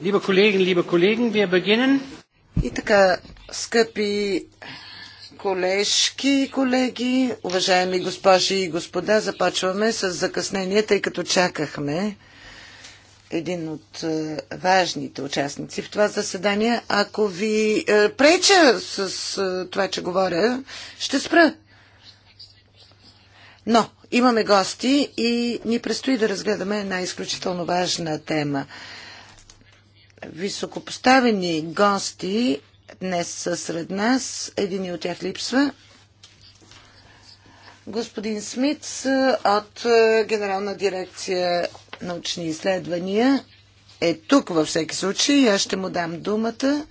Liebe Kolleginnen, liebe Kollegen, wir beginnen. И така, скъпи колежки и колеги, уважаеми госпожи и господа, започваме с закъснение, тъй като чакахме един от е, важните участници в това заседание. Ако ви е, преча с е, това, че говоря, ще спра. Но имаме гости и ни предстои да разгледаме една изключително важна тема – високопоставени гости днес са сред нас. Един от тях липсва. Господин Смит от е, Генерална дирекция научни изследвания е тук във всеки случай. Аз ще му дам думата,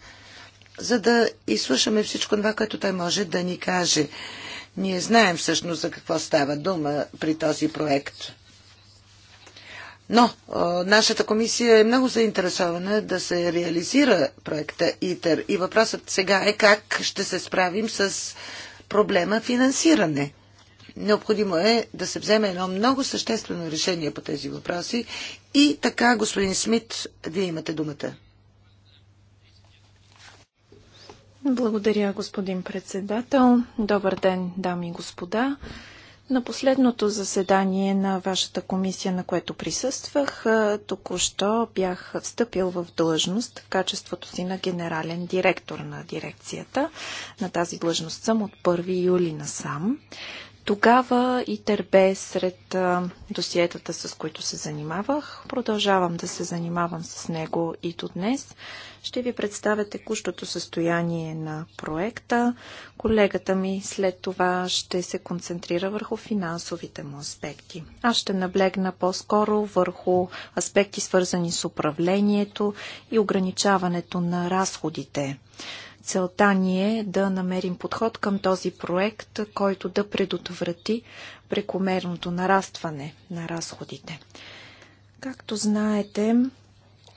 за да изслушаме всичко това, което той може да ни каже. Ние знаем всъщност за какво става дума при този проект. Но а, нашата комисия е много заинтересована да се реализира проекта ИТЕР и въпросът сега е как ще се справим с проблема финансиране. Необходимо е да се вземе едно много съществено решение по тези въпроси. И така, господин Смит, вие имате думата. Благодаря, господин председател. Добър ден, дами и господа. На последното заседание на вашата комисия, на което присъствах, току-що бях встъпил в длъжност в качеството си на генерален директор на дирекцията. На тази длъжност съм от 1 юли насам. Тогава и търбе сред досиетата, с които се занимавах. Продължавам да се занимавам с него и до днес. Ще ви представя текущото състояние на проекта. Колегата ми след това ще се концентрира върху финансовите му аспекти. Аз ще наблегна по-скоро върху аспекти свързани с управлението и ограничаването на разходите Целта ни е да намерим подход към този проект, който да предотврати прекомерното нарастване на разходите. Както знаете,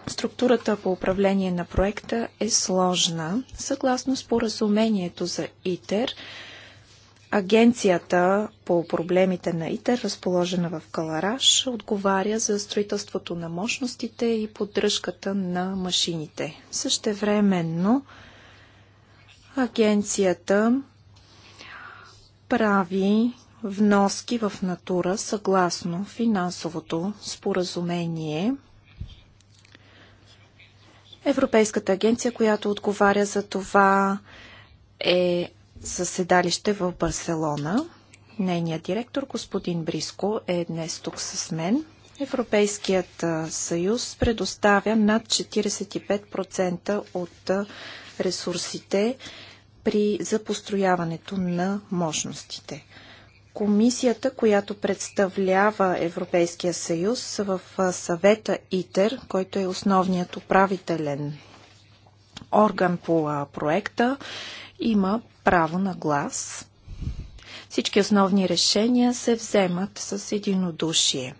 Структурата по управление на проекта е сложна. Съгласно споразумението за ИТЕР, агенцията по проблемите на ИТЕР, разположена в Калараш, отговаря за строителството на мощностите и поддръжката на машините. Същевременно, временно Агенцията прави вноски в натура съгласно финансовото споразумение. Европейската агенция, която отговаря за това, е със седалище в Барселона. Нейният директор, господин Бриско, е днес тук с мен. Европейският съюз предоставя над 45% от ресурсите при, за построяването на мощностите. Комисията, която представлява Европейския съюз в съвета ИТЕР, който е основният управителен орган по проекта, има право на глас. Всички основни решения се вземат с единодушие.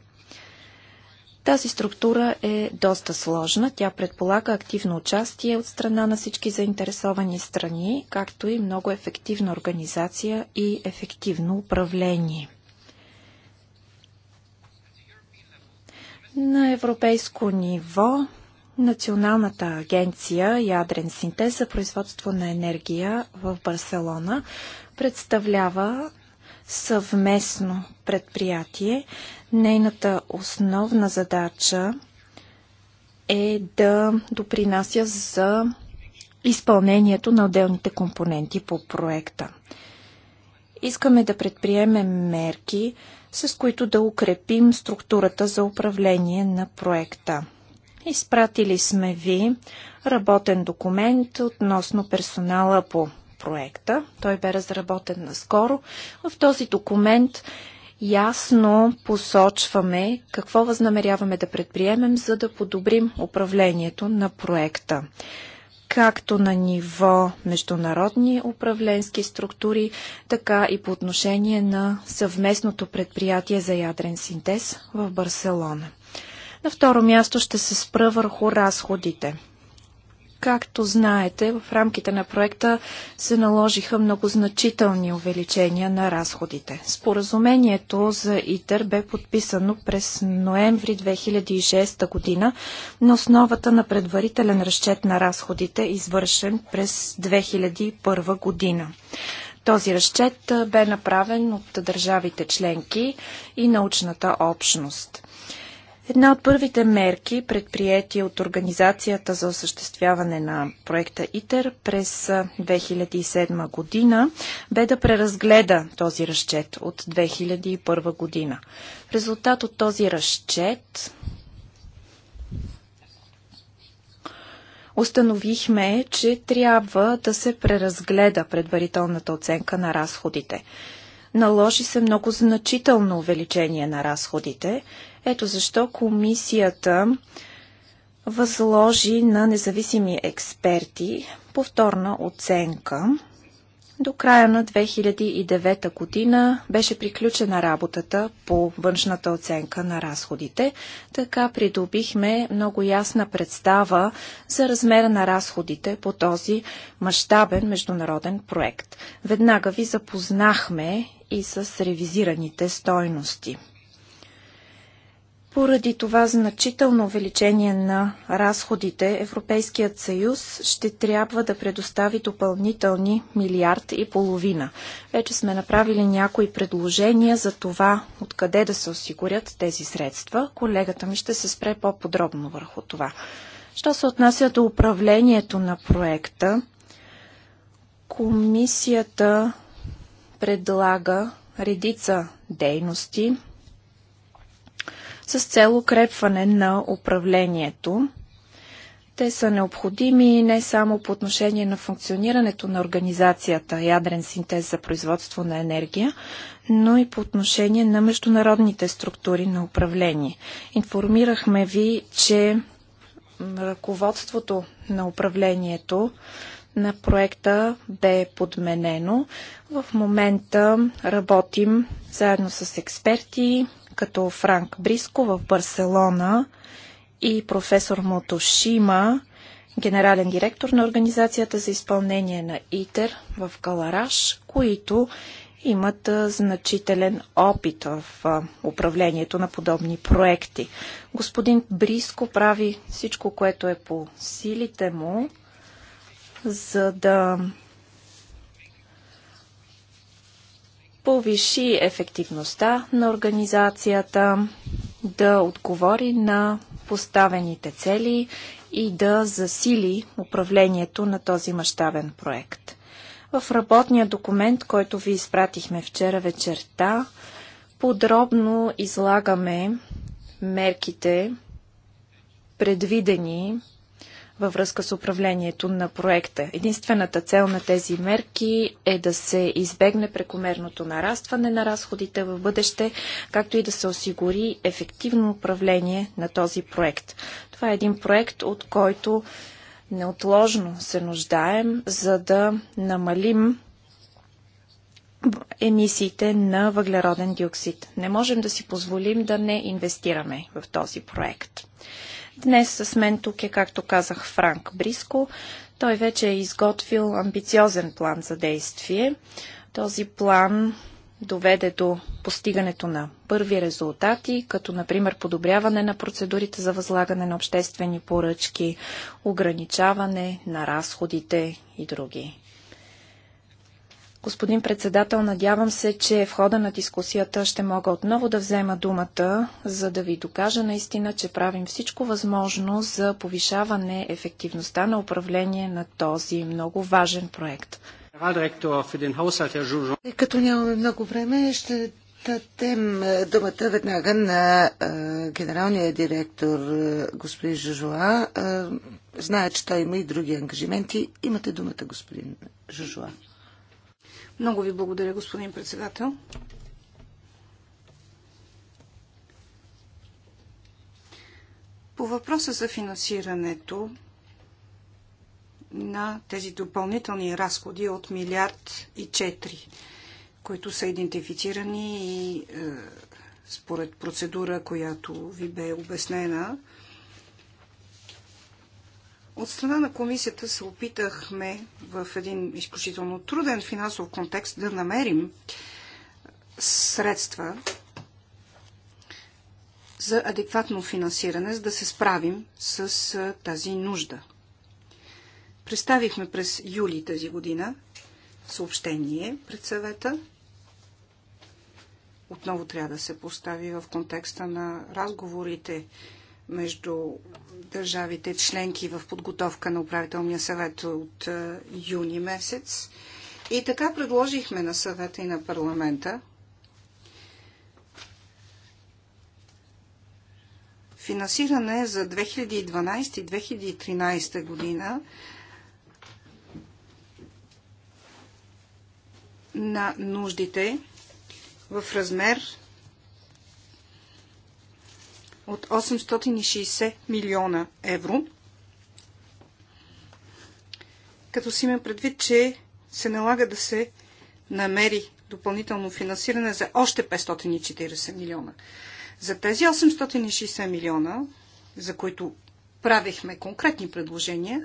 Тази структура е доста сложна. Тя предполага активно участие от страна на всички заинтересовани страни, както и много ефективна организация и ефективно управление. На европейско ниво Националната агенция Ядрен синтез за производство на енергия в Барселона представлява съвместно предприятие. Нейната основна задача е да допринася за изпълнението на отделните компоненти по проекта. Искаме да предприемем мерки, с които да укрепим структурата за управление на проекта. Изпратили сме ви работен документ относно персонала по проекта. Той бе разработен наскоро. В този документ ясно посочваме какво възнамеряваме да предприемем, за да подобрим управлението на проекта както на ниво международни управленски структури, така и по отношение на съвместното предприятие за ядрен синтез в Барселона. На второ място ще се спра върху разходите. Както знаете, в рамките на проекта се наложиха много значителни увеличения на разходите. Споразумението за ИТЕР бе подписано през ноември 2006 година на основата на предварителен разчет на разходите, извършен през 2001 година. Този разчет бе направен от държавите членки и научната общност. Една от първите мерки, предприяти от Организацията за осъществяване на проекта ИТЕР през 2007 година, бе да преразгледа този разчет от 2001 година. резултат от този разчет установихме, че трябва да се преразгледа предварителната оценка на разходите. Наложи се много значително увеличение на разходите, ето защо комисията възложи на независими експерти повторна оценка. До края на 2009 година беше приключена работата по външната оценка на разходите. Така придобихме много ясна представа за размера на разходите по този мащабен международен проект. Веднага ви запознахме и с ревизираните стойности. Поради това значително увеличение на разходите, Европейският съюз ще трябва да предостави допълнителни милиард и половина. Вече сме направили някои предложения за това откъде да се осигурят тези средства. Колегата ми ще се спре по-подробно върху това. Що се отнася до управлението на проекта, комисията предлага редица дейности – с цел укрепване на управлението. Те са необходими не само по отношение на функционирането на организацията Ядрен синтез за производство на енергия, но и по отношение на международните структури на управление. Информирахме ви, че ръководството на управлението на проекта бе подменено. В момента работим заедно с експерти, като Франк Бриско в Барселона и професор Мотошима, генерален директор на Организацията за изпълнение на ИТЕР в Калараш, които имат значителен опит в управлението на подобни проекти. Господин Бриско прави всичко, което е по силите му, за да повиши ефективността на организацията, да отговори на поставените цели и да засили управлението на този мащабен проект. В работния документ, който ви изпратихме вчера вечерта, подробно излагаме мерките, предвидени във връзка с управлението на проекта. Единствената цел на тези мерки е да се избегне прекомерното нарастване на разходите в бъдеще, както и да се осигури ефективно управление на този проект. Това е един проект, от който неотложно се нуждаем, за да намалим емисиите на въглероден диоксид. Не можем да си позволим да не инвестираме в този проект. Днес с мен тук е, както казах, Франк Бриско. Той вече е изготвил амбициозен план за действие. Този план доведе до постигането на първи резултати, като например подобряване на процедурите за възлагане на обществени поръчки, ограничаване на разходите и други. Господин председател, надявам се, че в хода на дискусията ще мога отново да взема думата, за да ви докажа наистина, че правим всичко възможно за повишаване ефективността на управление на този много важен проект. Като нямаме много време, ще дадем е, думата веднага на е, генералния директор е, господин Жужуа. Знае, че той има и други ангажименти. Имате думата, господин Жужуа. Много ви благодаря, господин председател. По въпроса за финансирането на тези допълнителни разходи от милиард и 4, които са идентифицирани и е, според процедура, която ви бе обяснена, от страна на комисията се опитахме в един изключително труден финансов контекст да намерим средства за адекватно финансиране, за да се справим с тази нужда. Представихме през юли тази година съобщение пред съвета. Отново трябва да се постави в контекста на разговорите между държавите членки в подготовка на управителния съвет от е, юни месец. И така предложихме на съвета и на парламента финансиране за 2012-2013 година на нуждите в размер от 860 милиона евро. Като си има предвид, че се налага да се намери допълнително финансиране за още 540 милиона. За тези 860 милиона, за които правихме конкретни предложения,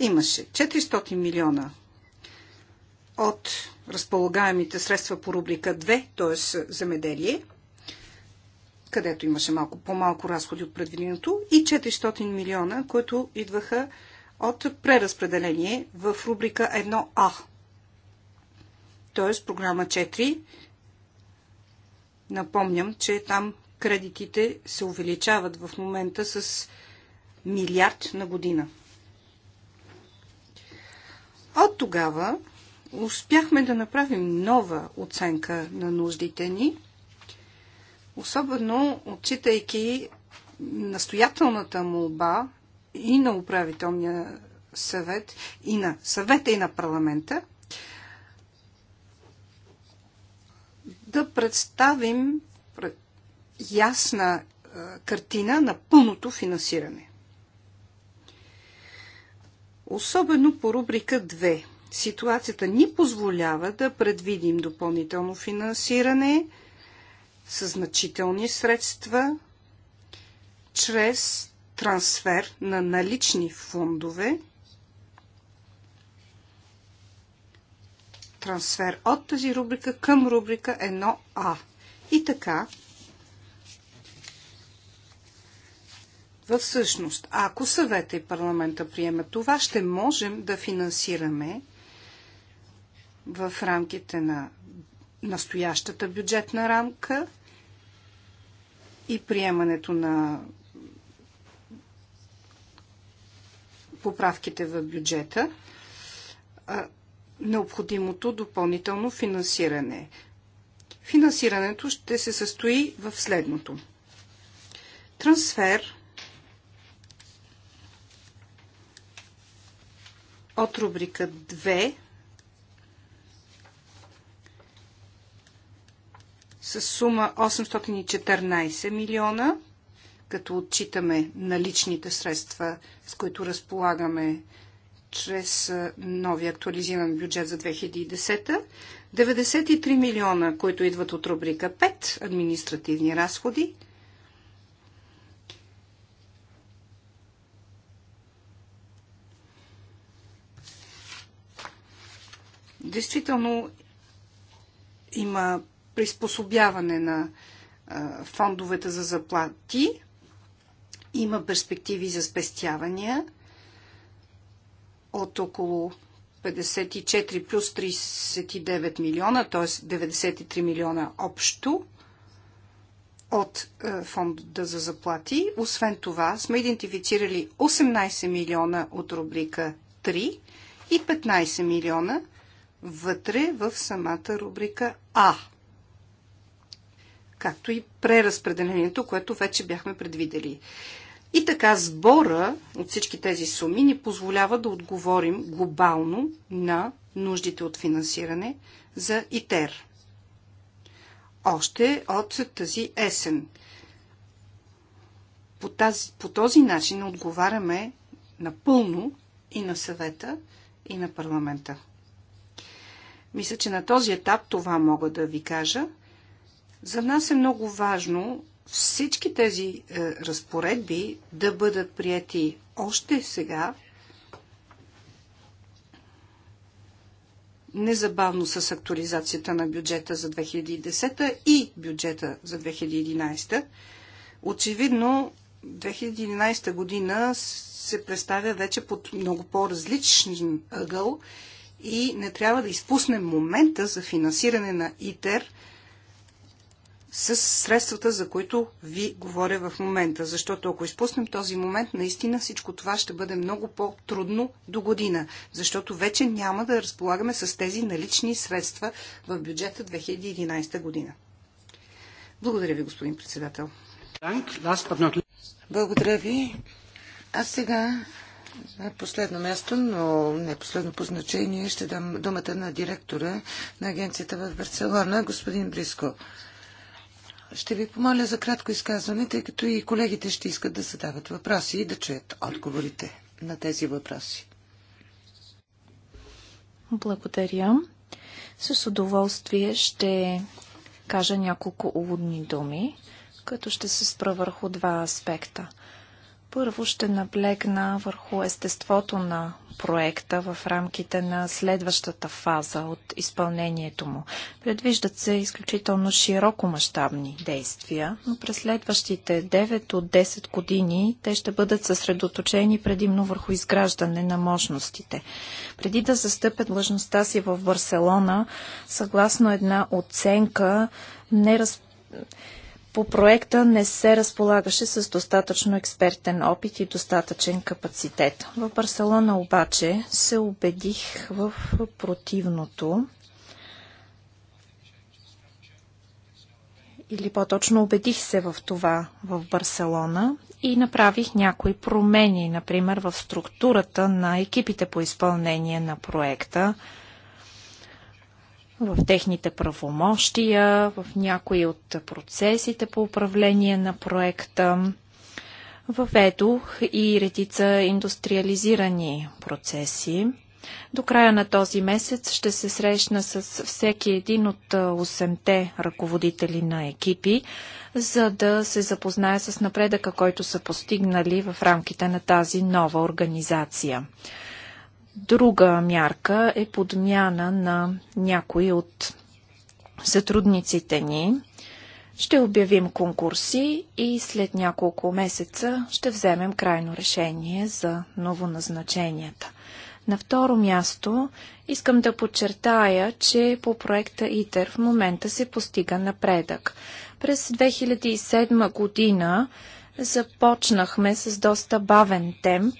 имаше 400 милиона от разполагаемите средства по рубрика 2, т.е. земеделие – където имаше малко по-малко разходи от предвиденото, и 400 милиона, които идваха от преразпределение в рубрика 1А. Тоест програма 4. Напомням, че там кредитите се увеличават в момента с милиард на година. От тогава успяхме да направим нова оценка на нуждите ни – Особено отчитайки настоятелната молба и на управителния съвет, и на съвета, и на парламента, да представим ясна е, картина на пълното финансиране. Особено по рубрика 2. Ситуацията ни позволява да предвидим допълнително финансиране – със значителни средства чрез трансфер на налични фондове, трансфер от тази рубрика към рубрика 1А. И така, Във всъщност, ако съвета и парламента приеме това, ще можем да финансираме в рамките на настоящата бюджетна рамка и приемането на поправките в бюджета, необходимото допълнително финансиране. Финансирането ще се състои в следното. Трансфер от рубрика 2 с сума 814 милиона, като отчитаме наличните средства, с които разполагаме чрез нови актуализиран бюджет за 2010. 93 милиона, които идват от рубрика 5, административни разходи. Действително има приспособяване на фондовете за заплати. Има перспективи за спестявания от около 54 плюс 39 милиона, т.е. 93 милиона общо от фонда за заплати. Освен това, сме идентифицирали 18 милиона от рубрика 3 и 15 милиона вътре в самата рубрика А както и преразпределението, което вече бяхме предвидели. И така сбора от всички тези суми ни позволява да отговорим глобално на нуждите от финансиране за ИТЕР. Още от тази есен. По, тази, по този начин отговаряме напълно и на съвета, и на парламента. Мисля, че на този етап това мога да ви кажа. За нас е много важно всички тези е, разпоредби да бъдат прияти още сега, незабавно с актуализацията на бюджета за 2010 и бюджета за 2011. Очевидно, 2011 година се представя вече под много по-различен ъгъл и не трябва да изпуснем момента за финансиране на ИТЕР – с средствата, за които ви говоря в момента. Защото ако изпуснем този момент, наистина всичко това ще бъде много по-трудно до година. Защото вече няма да разполагаме с тези налични средства в бюджета 2011 година. Благодаря ви, господин председател. Благодаря ви. А сега на последно място, но не последно по значение, ще дам думата на директора на агенцията в Барселона, господин Бриско. Ще ви помоля за кратко изказване, тъй като и колегите ще искат да задават въпроси и да чуят отговорите на тези въпроси. Благодаря. С удоволствие ще кажа няколко уводни думи, като ще се спра върху два аспекта. Първо ще наблегна върху естеството на проекта в рамките на следващата фаза от изпълнението му. Предвиждат се изключително широко мащабни действия, но през следващите 9 от 10 години те ще бъдат съсредоточени предимно върху изграждане на мощностите. Преди да застъпят длъжността си в Барселона, съгласно една оценка, не разпределят по проекта не се разполагаше с достатъчно експертен опит и достатъчен капацитет. В Барселона обаче се убедих в противното. Или по-точно убедих се в това в Барселона и направих някои промени, например в структурата на екипите по изпълнение на проекта, в техните правомощия, в някои от процесите по управление на проекта. Въведох и редица индустриализирани процеси. До края на този месец ще се срещна с всеки един от 8-те ръководители на екипи, за да се запозная с напредъка, който са постигнали в рамките на тази нова организация. Друга мярка е подмяна на някои от сътрудниците ни. Ще обявим конкурси и след няколко месеца ще вземем крайно решение за новоназначенията. На второ място искам да подчертая, че по проекта ИТЕР в момента се постига напредък. През 2007 година започнахме с доста бавен темп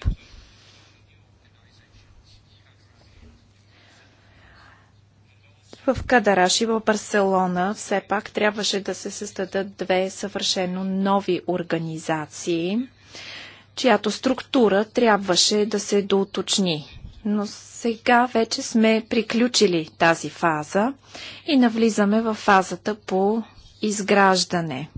В Кадараш и в Барселона все пак трябваше да се създадат две съвършено нови организации, чиято структура трябваше да се доуточни. Но сега вече сме приключили тази фаза и навлизаме в фазата по изграждане.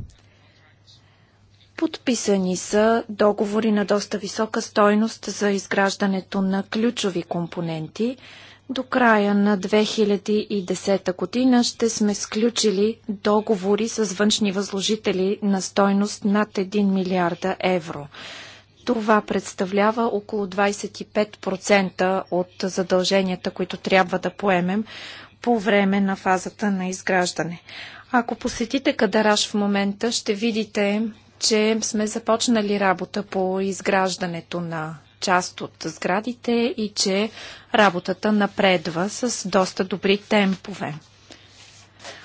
Подписани са договори на доста висока стойност за изграждането на ключови компоненти – до края на 2010 година ще сме сключили договори с външни възложители на стойност над 1 милиарда евро. Това представлява около 25% от задълженията, които трябва да поемем по време на фазата на изграждане. Ако посетите Кадараш в момента, ще видите, че сме започнали работа по изграждането на част от сградите и че работата напредва с доста добри темпове.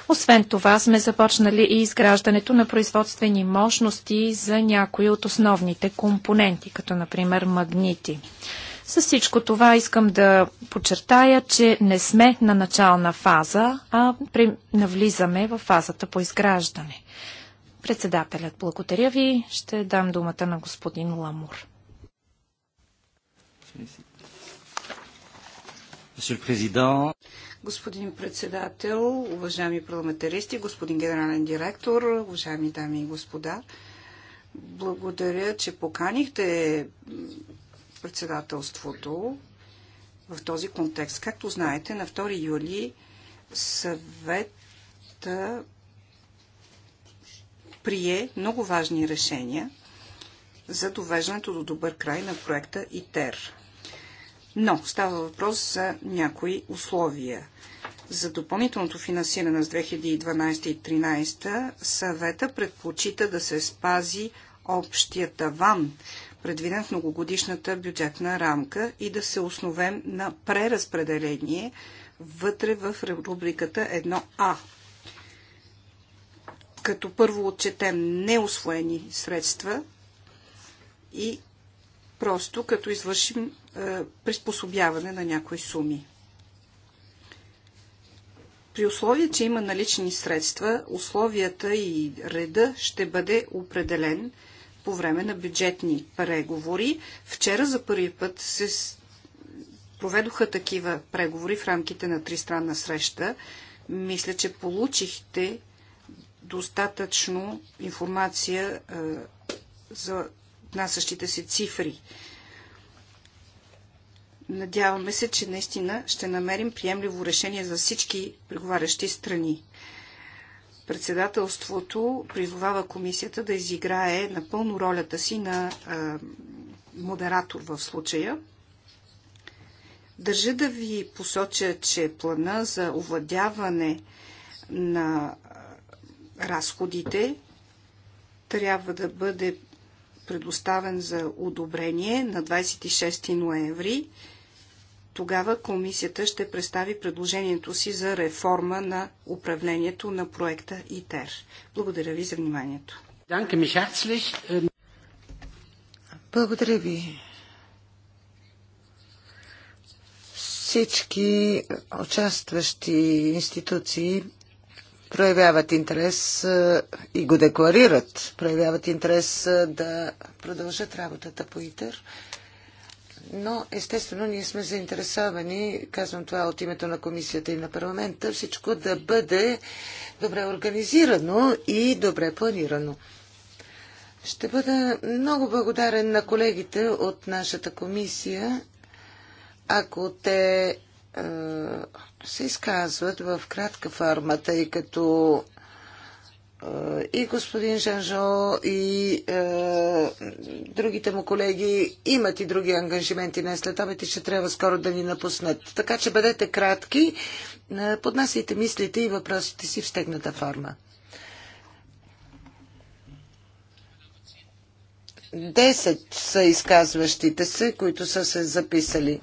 Освен това сме започнали и изграждането на производствени мощности за някои от основните компоненти, като например магнити. С всичко това искам да подчертая, че не сме на начална фаза, а навлизаме в фазата по изграждане. Председателят, благодаря ви. Ще дам думата на господин Ламур. Господин председател, уважаеми парламентаристи, господин генерален директор, уважаеми дами и господа, благодаря, че поканихте председателството в този контекст. Както знаете, на 2 юли съвета прие много важни решения за довеждането до добър край на проекта ИТЕР. Но става въпрос за някои условия. За допълнителното финансиране с 2012 и 2013 съвета предпочита да се спази общия таван, предвиден в многогодишната бюджетна рамка и да се основем на преразпределение вътре в рубриката 1А. Като първо отчетем неосвоени средства и просто като извършим е, приспособяване на някои суми. При условие, че има налични средства, условията и реда ще бъде определен по време на бюджетни преговори. Вчера за първи път се проведоха такива преговори в рамките на тристранна среща. Мисля, че получихте достатъчно информация е, за насъщите си цифри Надяваме се, че наистина ще намерим приемливо решение за всички преговарящи страни. Председателството призовава комисията да изиграе напълно ролята си на а, модератор в случая. Държа да ви посоча, че плана за овладяване на разходите трябва да бъде предоставен за одобрение на 26 ноември тогава комисията ще представи предложението си за реформа на управлението на проекта ИТЕР. Благодаря ви за вниманието. Благодаря ви. Всички участващи институции проявяват интерес и го декларират, проявяват интерес да продължат работата по ИТЕР но естествено ние сме заинтересовани, казвам това от името на комисията и на парламента, всичко да бъде добре организирано и добре планирано. Ще бъда много благодарен на колегите от нашата комисия, ако те е, се изказват в кратка форма, тъй като и господин Жанжо, и е, другите му колеги имат и други ангажименти днес след обед и ще трябва скоро да ни напуснат. Така че бъдете кратки, е, поднасяйте мислите и въпросите си в стегната форма. Десет са изказващите се, които са се записали.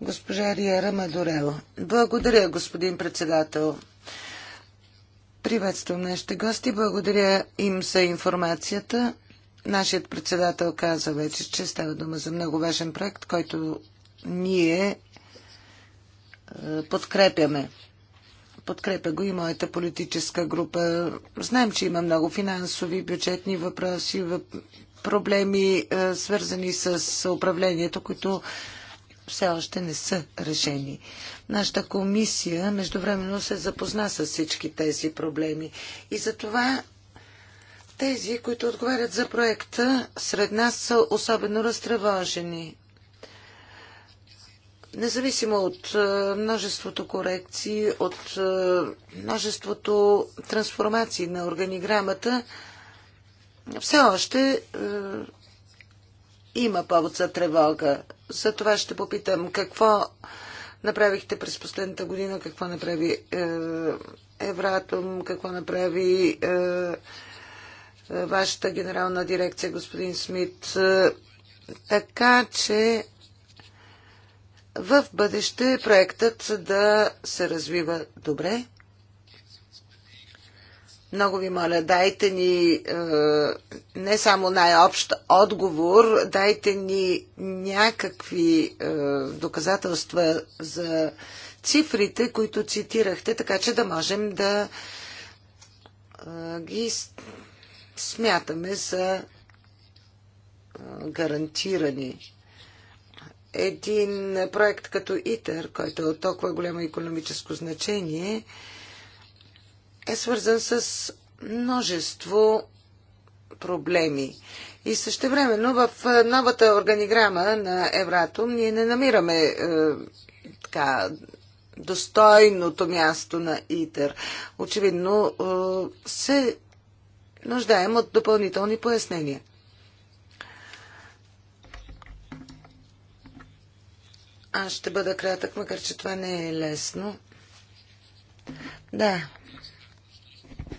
Госпожа Риера Мадорел. Благодаря, господин председател. Приветствам нашите гости. Благодаря им за информацията. Нашият председател каза вече, че става дума за много важен проект, който ние е, подкрепяме. Подкрепя го и моята политическа група. Знаем, че има много финансови, бюджетни въпроси, проблеми, е, свързани с управлението, които все още не са решени. Нашата комисия междувременно се запозна с всички тези проблеми и затова тези, които отговарят за проекта, сред нас са особено разтревожени. Независимо от е, множеството корекции, от е, множеството трансформации на органиграмата, все още е, има повод за тревога. За това ще попитам какво направихте през последната година, какво направи е, Евратом, какво направи е, е, вашата генерална дирекция, господин Смит. Е, така че в бъдеще проектът да се развива добре много ви моля, дайте ни е, не само най-общ отговор, дайте ни някакви е, доказателства за цифрите, които цитирахте, така че да можем да е, ги смятаме за е, гарантирани. Един проект като ИТЕР, който е от толкова голямо економическо значение, е, е свързан с множество проблеми. И същевременно в новата органиграма на Евратум ние не намираме е, така, достойното място на ИТЕР. Очевидно е, се нуждаем от допълнителни пояснения. Аз ще бъда кратък, макар че това не е лесно. Да,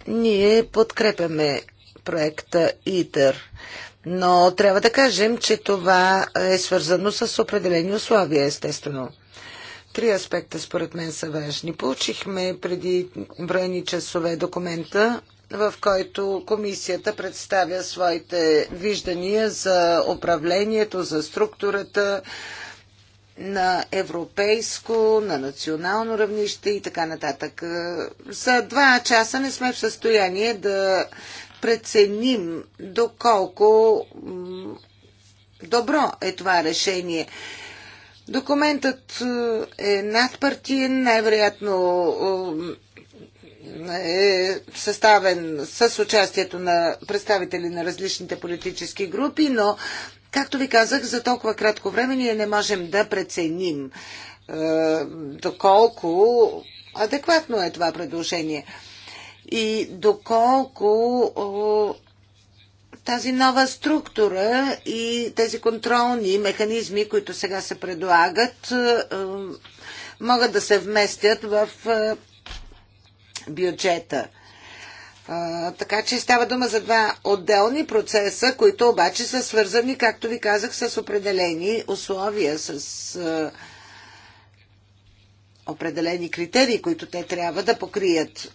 ние подкрепяме проекта ИТЕР. Но трябва да кажем, че това е свързано с определени условия, естествено. Три аспекта според мен са важни. Получихме преди броени часове документа, в който комисията представя своите виждания за управлението, за структурата, на европейско, на национално равнище и така нататък. За два часа не сме в състояние да преценим доколко добро е това решение. Документът е надпартиен, най-вероятно е съставен с участието на представители на различните политически групи, но Както ви казах, за толкова кратко време ние не можем да преценим е, доколко адекватно е това предложение и доколко тази нова структура и тези контролни механизми, които сега се предлагат, е, е могат да се вместят в е, бюджета. А, така че става дума за два отделни процеса, които обаче са свързани, както ви казах, с определени условия, с а, определени критерии, които те трябва да покрият.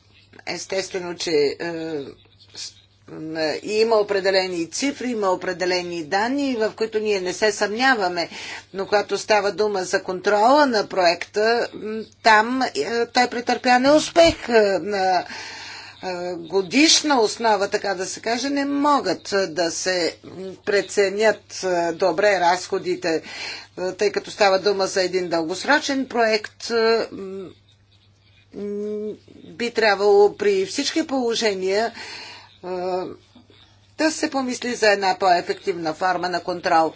Естествено, че а, има определени цифри, има определени данни, в които ние не се съмняваме. Но когато става дума за контрола на проекта, там той претърпя неуспех на годишна основа, така да се каже, не могат да се преценят добре разходите, тъй като става дума за един дългосрочен проект. Би трябвало при всички положения да се помисли за една по-ефективна форма на контрол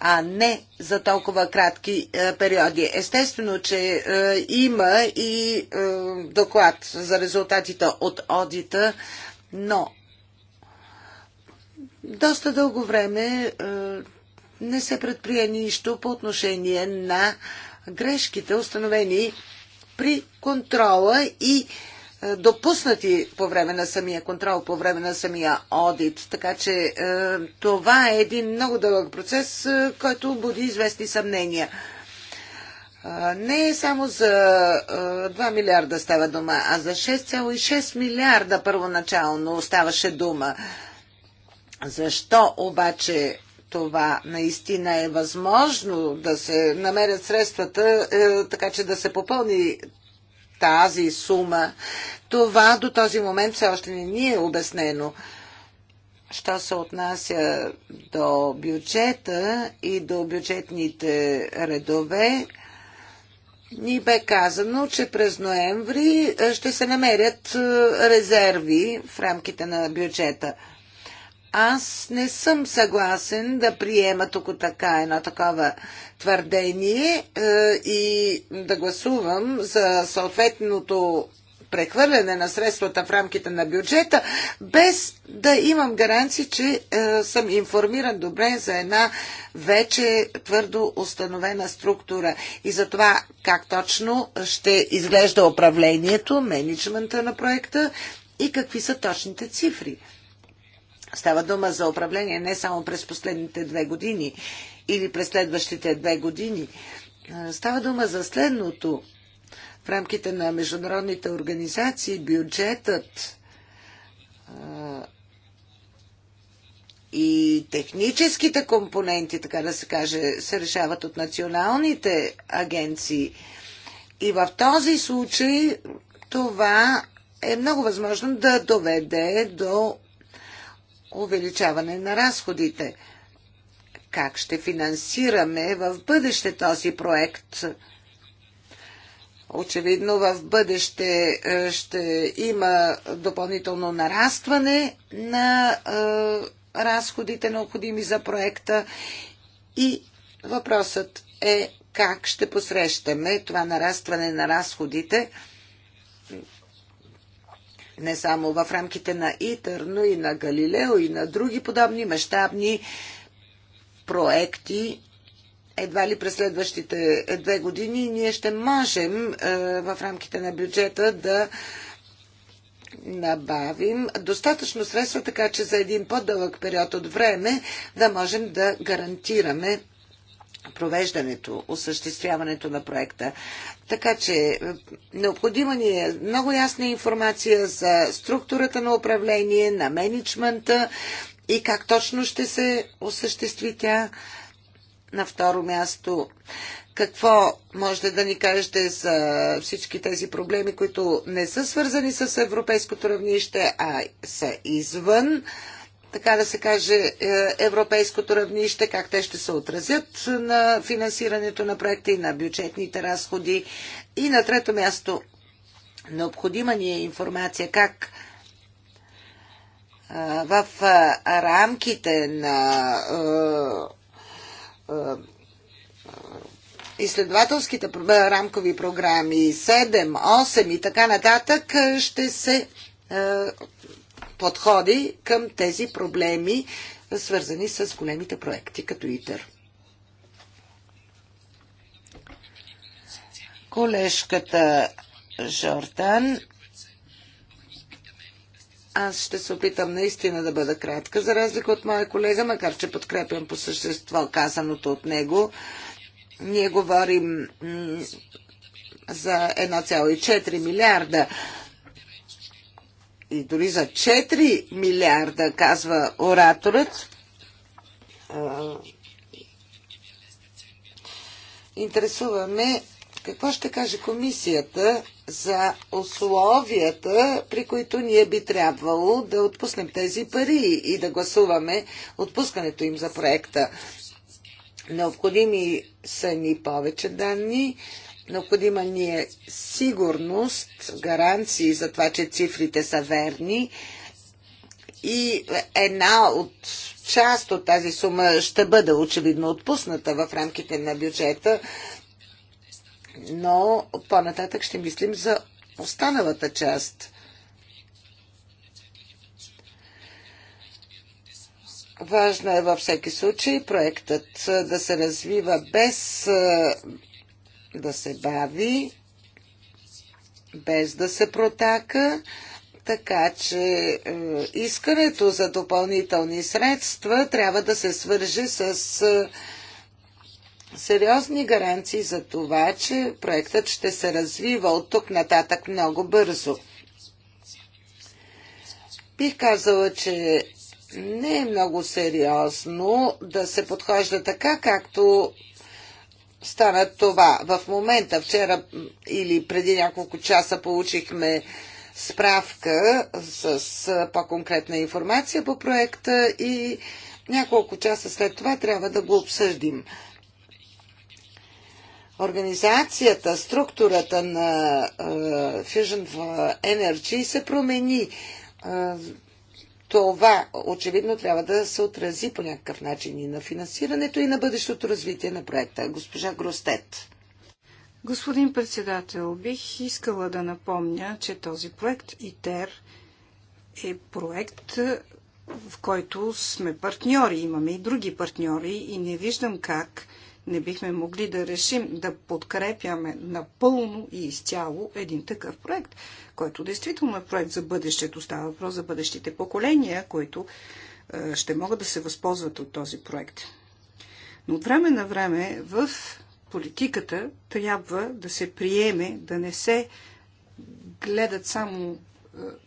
а не за толкова кратки е, периоди. Естествено, че е, има и е, доклад за резултатите от одита, но доста дълго време не се предприе нищо по отношение на грешките, установени при контрола и е, допуснати по време на самия контрол, по време на самия одит. Така че е, това е един много дълъг процес, е, който буди известни съмнения. не е само за 2 милиарда става дума, а за 6,6 милиарда първоначално ставаше дума. Защо обаче това наистина е възможно да се намерят средствата, така че да се попълни тази сума. Това до този момент все още не ни е обяснено. Що се отнася до бюджета и до бюджетните редове, ни бе казано, че през ноември ще се намерят е, резерви в рамките на бюджета аз не съм съгласен да приема тук така едно такова твърдение е, и да гласувам за съответното прехвърляне на средствата в рамките на бюджета, без да имам гаранции, че е, съм информиран добре за една вече твърдо установена структура и за това как точно ще изглежда управлението, менеджмента на проекта и какви са точните цифри. Става дума за управление не само през последните две години или през следващите две години. Става дума за следното. В рамките на международните организации бюджетът и техническите компоненти, така да се каже, се решават от националните агенции. И в този случай това е много възможно да доведе до увеличаване на разходите. Как ще финансираме в бъдеще този проект? Очевидно в бъдеще е, ще има допълнително нарастване на е, разходите необходими за проекта и въпросът е как ще посрещаме това нарастване на разходите – не само в рамките на ИТър, но и на Галилео и на други подобни мащабни проекти. Едва ли през следващите е, две години ние ще можем е, в рамките на бюджета да набавим достатъчно средства, така че за един по-дълъг период от време да можем да гарантираме провеждането, осъществяването на проекта. Така че е, необходима ни е много ясна информация за структурата на управление, на менеджмента и как точно ще се осъществи тя. На второ място, какво можете да ни кажете за всички тези проблеми, които не са свързани с европейското равнище, а са извън така да се каже, е, европейското равнище, как те ще се отразят на финансирането на проекта и на бюджетните разходи. И на трето място, необходима ни е информация как е, в е, рамките на изследователските рамкови програми 7, 8 и така нататък ще се подходи към тези проблеми, свързани с големите проекти, като ИТЕР. Колежката Жордан аз ще се опитам наистина да бъда кратка, за разлика от моя колега, макар че подкрепям по същество казаното от него. Ние говорим за 1,4 милиарда и дори за 4 милиарда, казва ораторът. Интересуваме какво ще каже комисията за условията, при които ние би трябвало да отпуснем тези пари и да гласуваме отпускането им за проекта. Необходими са ни повече данни Необходима ни е сигурност, гаранции за това, че цифрите са верни и една от част от тази сума ще бъде очевидно отпусната в рамките на бюджета, но по-нататък ще мислим за останалата част. Важно е във всеки случай проектът да се развива без да се бави, без да се протака. Така че е, искането за допълнителни средства трябва да се свърже с е, сериозни гаранции за това, че проектът ще се развива от тук нататък много бързо. Бих казала, че не е много сериозно да се подхожда така, както стана това. В момента, вчера или преди няколко часа получихме справка с по-конкретна информация по проекта и няколко часа след това трябва да го обсъдим. Организацията, структурата на Fusion Energy се промени това очевидно трябва да се отрази по някакъв начин и на финансирането, и на бъдещото развитие на проекта. Госпожа Гростет. Господин председател, бих искала да напомня, че този проект ИТЕР е проект, в който сме партньори. Имаме и други партньори и не виждам как не бихме могли да решим да подкрепяме напълно и изцяло един такъв проект, който действително е проект за бъдещето. Става въпрос за бъдещите поколения, които е, ще могат да се възползват от този проект. Но от време на време в политиката трябва да се приеме, да не се гледат само е,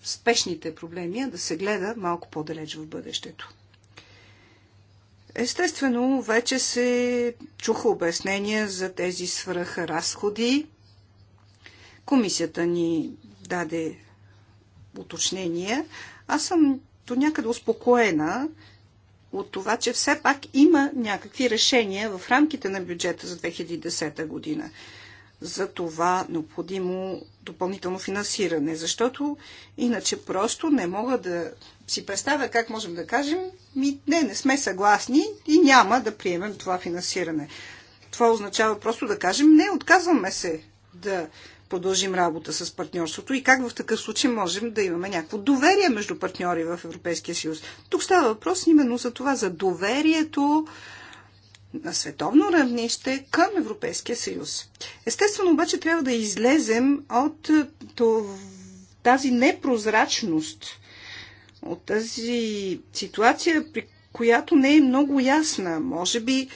спешните проблеми, а да се гледа малко по-далеч в бъдещето. Естествено, вече се чуха обяснения за тези свръхразходи. Комисията ни даде уточнение. Аз съм до някъде успокоена от това, че все пак има някакви решения в рамките на бюджета за 2010 година за това необходимо допълнително финансиране, защото иначе просто не мога да си представя как можем да кажем, ми, не, не сме съгласни и няма да приемем това финансиране. Това означава просто да кажем, не, отказваме се да продължим работа с партньорството и как в такъв случай можем да имаме някакво доверие между партньори в Европейския съюз. Тук става въпрос именно за това, за доверието на световно равнище към Европейския съюз. Естествено обаче трябва да излезем от е, тази непрозрачност, от тази ситуация, при която не е много ясна. Може би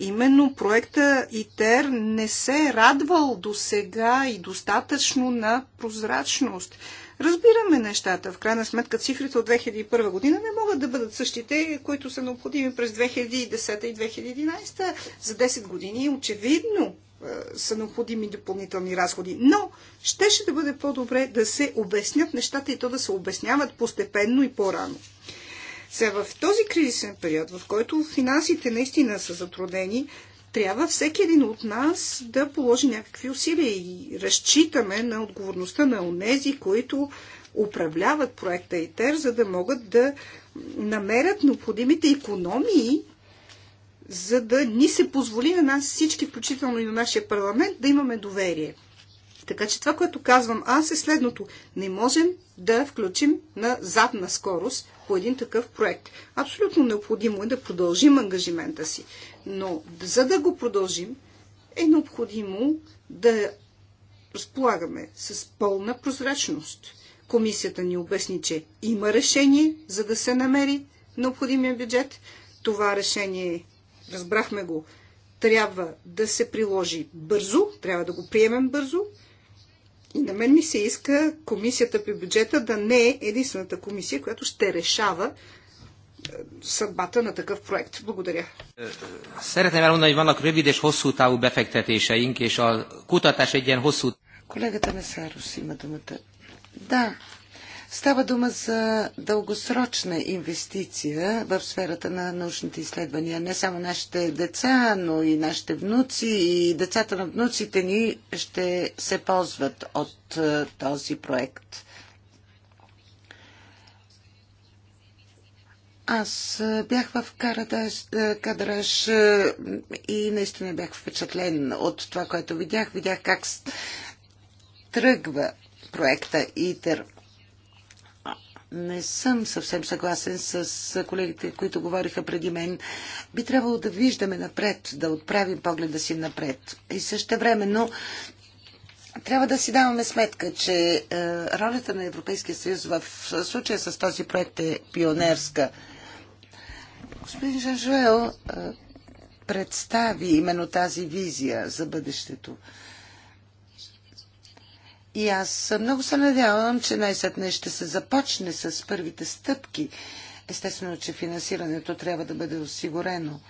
именно проекта ИТЕР не се е радвал до сега и достатъчно на прозрачност. Разбираме нещата. В крайна сметка цифрите от 2001 година не могат да бъдат същите, които са необходими през 2010 и 2011. За 10 години очевидно е, са необходими допълнителни разходи. Но щеше да бъде по-добре да се обяснят нещата и то да се обясняват постепенно и по-рано. Сега в този кризисен период, в който финансите наистина са затруднени, трябва всеки един от нас да положи някакви усилия и разчитаме на отговорността на онези, които управляват проекта ИТЕР, за да могат да намерят необходимите економии, за да ни се позволи на нас всички, включително и на нашия парламент, да имаме доверие. Така че това, което казвам аз е следното. Не можем да включим на задна скорост по един такъв проект. Абсолютно необходимо е да продължим ангажимента си. Но за да го продължим, е необходимо да разполагаме с пълна прозрачност. Комисията ни обясни, че има решение, за да се намери необходимия бюджет. Това решение, разбрахме го, трябва да се приложи бързо, трябва да го приемем бързо. И на мен ми се иска комисията при бюджета да не е единствената комисия, която ще решава съдбата на такъв проект. Благодаря. Szeretném elmondani, hogy vannak rövid és hosszú távú befektetéseink, és a kutatás egy ilyen hosszú... Колегата Месарус има думата. Да, става дума за дългосрочна инвестиция в сферата на научните изследвания. Не само нашите деца, но и нашите внуци и децата на внуците ни ще се ползват от е, този проект. Аз бях в Кадраш и наистина бях впечатлен от това, което видях. Видях как тръгва проекта ИТЕР. Не съм съвсем съгласен с колегите, които говориха преди мен. Би трябвало да виждаме напред, да отправим погледа си напред. И също времено трябва да си даваме сметка, че ролята на Европейския съюз в случая с този проект е пионерска. Господин Жанжуел представи именно тази визия за бъдещето. И аз много се надявам, че най-сетне ще се започне с първите стъпки. Естествено, че финансирането трябва да бъде осигурено.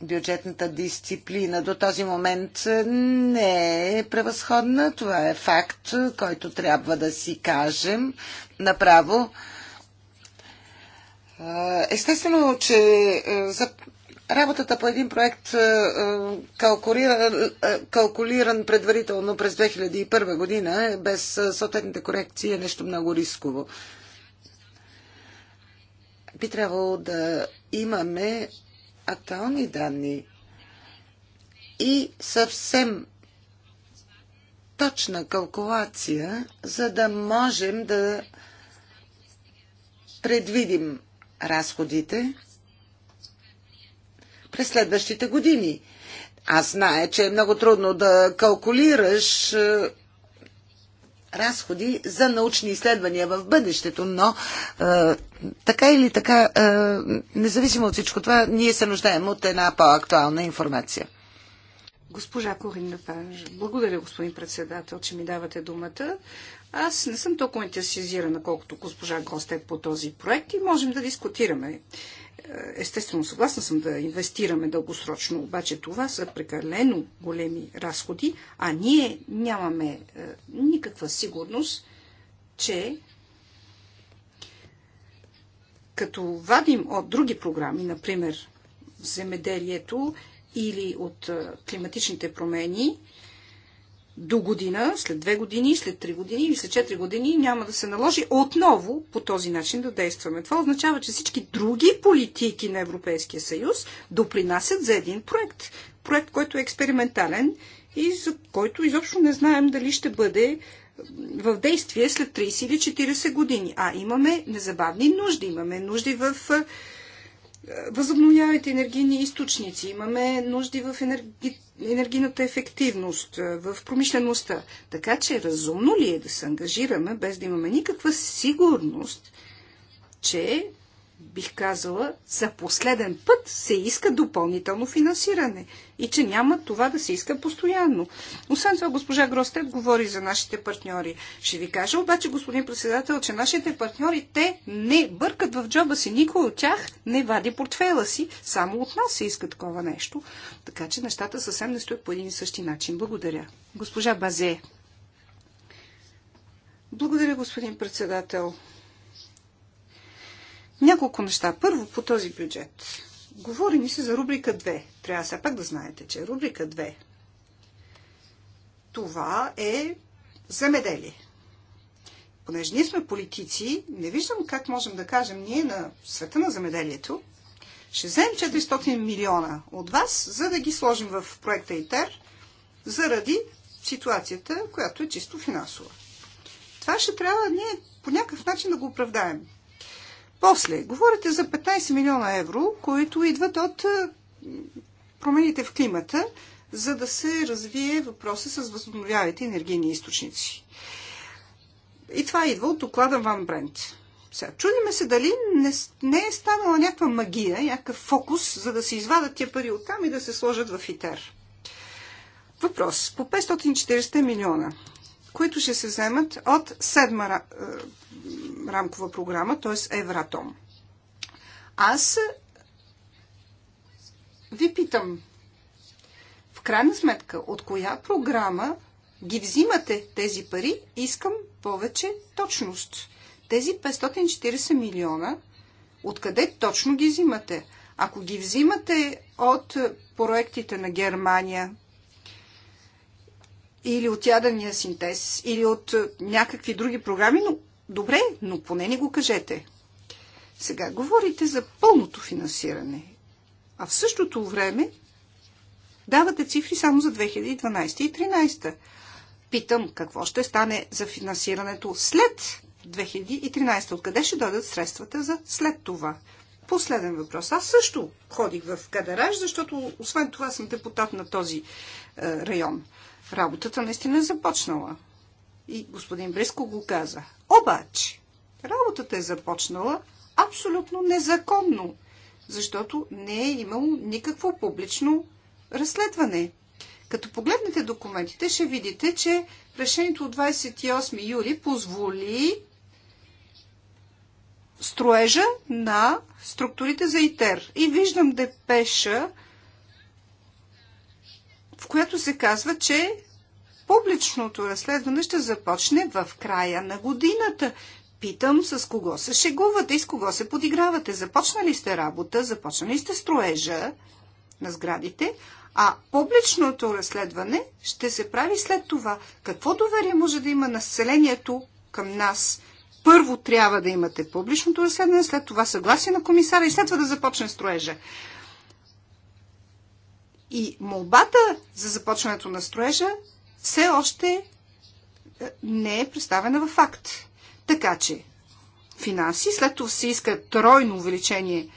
Бюджетната дисциплина до този момент не е превъзходна. Това е факт, който трябва да си кажем направо. Естествено, че е, за работата по един проект, е, е, калкулиран, калкулиран предварително през 2001 година, без съответните корекции, е нещо много рисково. Би трябвало да имаме актуални данни и съвсем точна калкулация, за да можем да предвидим разходите през следващите години. Аз знае, че е много трудно да калкулираш е, разходи за научни изследвания в бъдещето, но е, така или така, е, независимо от всичко това, ние се нуждаем от една по-актуална информация. Госпожа Корин Лепанж, благодаря господин председател, че ми давате думата. Аз не съм толкова интересизирана, колкото госпожа е по този проект и можем да дискутираме. Е, естествено, съгласна съм да инвестираме дългосрочно, обаче това са прекалено големи разходи, а ние нямаме е, никаква сигурност, че като вадим от други програми, например земеделието или от е, климатичните промени, до година, след две години, след три години или след четири години няма да се наложи отново по този начин да действаме. Това означава, че всички други политики на Европейския съюз допринасят за един проект. Проект, който е експериментален и за който изобщо не знаем дали ще бъде в действие след 30 или 40 години. А имаме незабавни нужди. Имаме нужди в Възобновявайте енергийни източници. Имаме нужди в енерги... енергийната ефективност, е, в промишлеността. Така че разумно ли е да се ангажираме, без да имаме никаква сигурност, че бих казала, за последен път се иска допълнително финансиране и че няма това да се иска постоянно. Освен това, госпожа Гростет говори за нашите партньори. Ще ви кажа обаче, господин председател, че нашите партньори, те не бъркат в джоба си. Никой от тях не вади портфела си. Само от нас се иска такова нещо. Така че нещата съвсем не стоят по един и същи начин. Благодаря. Госпожа Базе. Благодаря, господин председател. Няколко неща. Първо по този бюджет. Говори ни се за рубрика 2. Трябва все пак да знаете, че рубрика 2 това е земеделие. Понеже ние сме политици, не виждам как можем да кажем ние на света на земеделието, ще вземем 400 милиона от вас, за да ги сложим в проекта ИТЕР, заради ситуацията, която е чисто финансова. Това ще трябва ние по някакъв начин да го оправдаем. После, говорите за 15 милиона евро, които идват от е, промените в климата, за да се развие въпроса с възобновявите енергийни източници. И това идва от доклада Ван Брент. Сега, чудиме се дали не, не е станала някаква магия, някакъв фокус, за да се извадат тия пари оттам и да се сложат в ИТЕР. Въпрос. По 540 милиона, които ще се вземат от седма е, рамкова програма, т.е. Евратом. Аз ви питам, в крайна сметка, от коя програма ги взимате тези пари? Искам повече точност. Тези 540 милиона, откъде точно ги взимате? Ако ги взимате от проектите на Германия, или от ядения синтез, или от някакви други програми, но Добре, но поне не го кажете. Сега говорите за пълното финансиране, а в същото време давате цифри само за 2012 и 2013. Питам, какво ще стане за финансирането след 2013? Откъде ще дойдат средствата за след това? Последен въпрос. Аз също ходих в Кадараж, защото освен това съм депутат на този е, район. Работата наистина е започнала. И господин Бриско го каза. Обаче, работата е започнала абсолютно незаконно, защото не е имало никакво публично разследване. Като погледнете документите, ще видите, че решението от 28 юли позволи строежа на структурите за ИТЕР. И виждам депеша, в която се казва, че публичното разследване ще започне в края на годината. Питам с кого се шегувате и с кого се подигравате. Започнали сте работа, започнали сте строежа на сградите, а публичното разследване ще се прави след това. Какво доверие може да има населението към нас? Първо трябва да имате публичното разследване, след това съгласие на комисара и след това да започне строежа. И молбата за започването на строежа все още е, не е представена във факт. Така че финанси, след това се иска тройно увеличение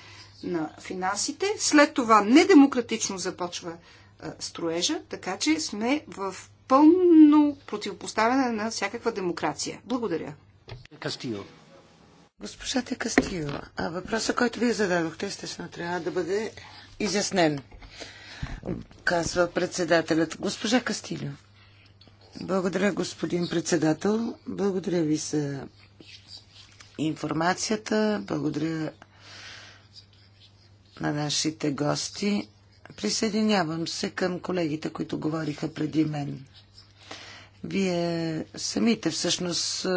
на финансите, след това недемократично започва а, е, строежа, така че сме в пълно противопоставяне на всякаква демокрация. Благодаря. Кастио. Госпожата Кастио, а въпросът, който вие зададохте, естествено, трябва да бъде изяснен, казва председателят. Госпожа Кастилио. Благодаря, господин председател. Благодаря ви за информацията. Благодаря на нашите гости. Присъединявам се към колегите, които говориха преди мен. Вие самите всъщност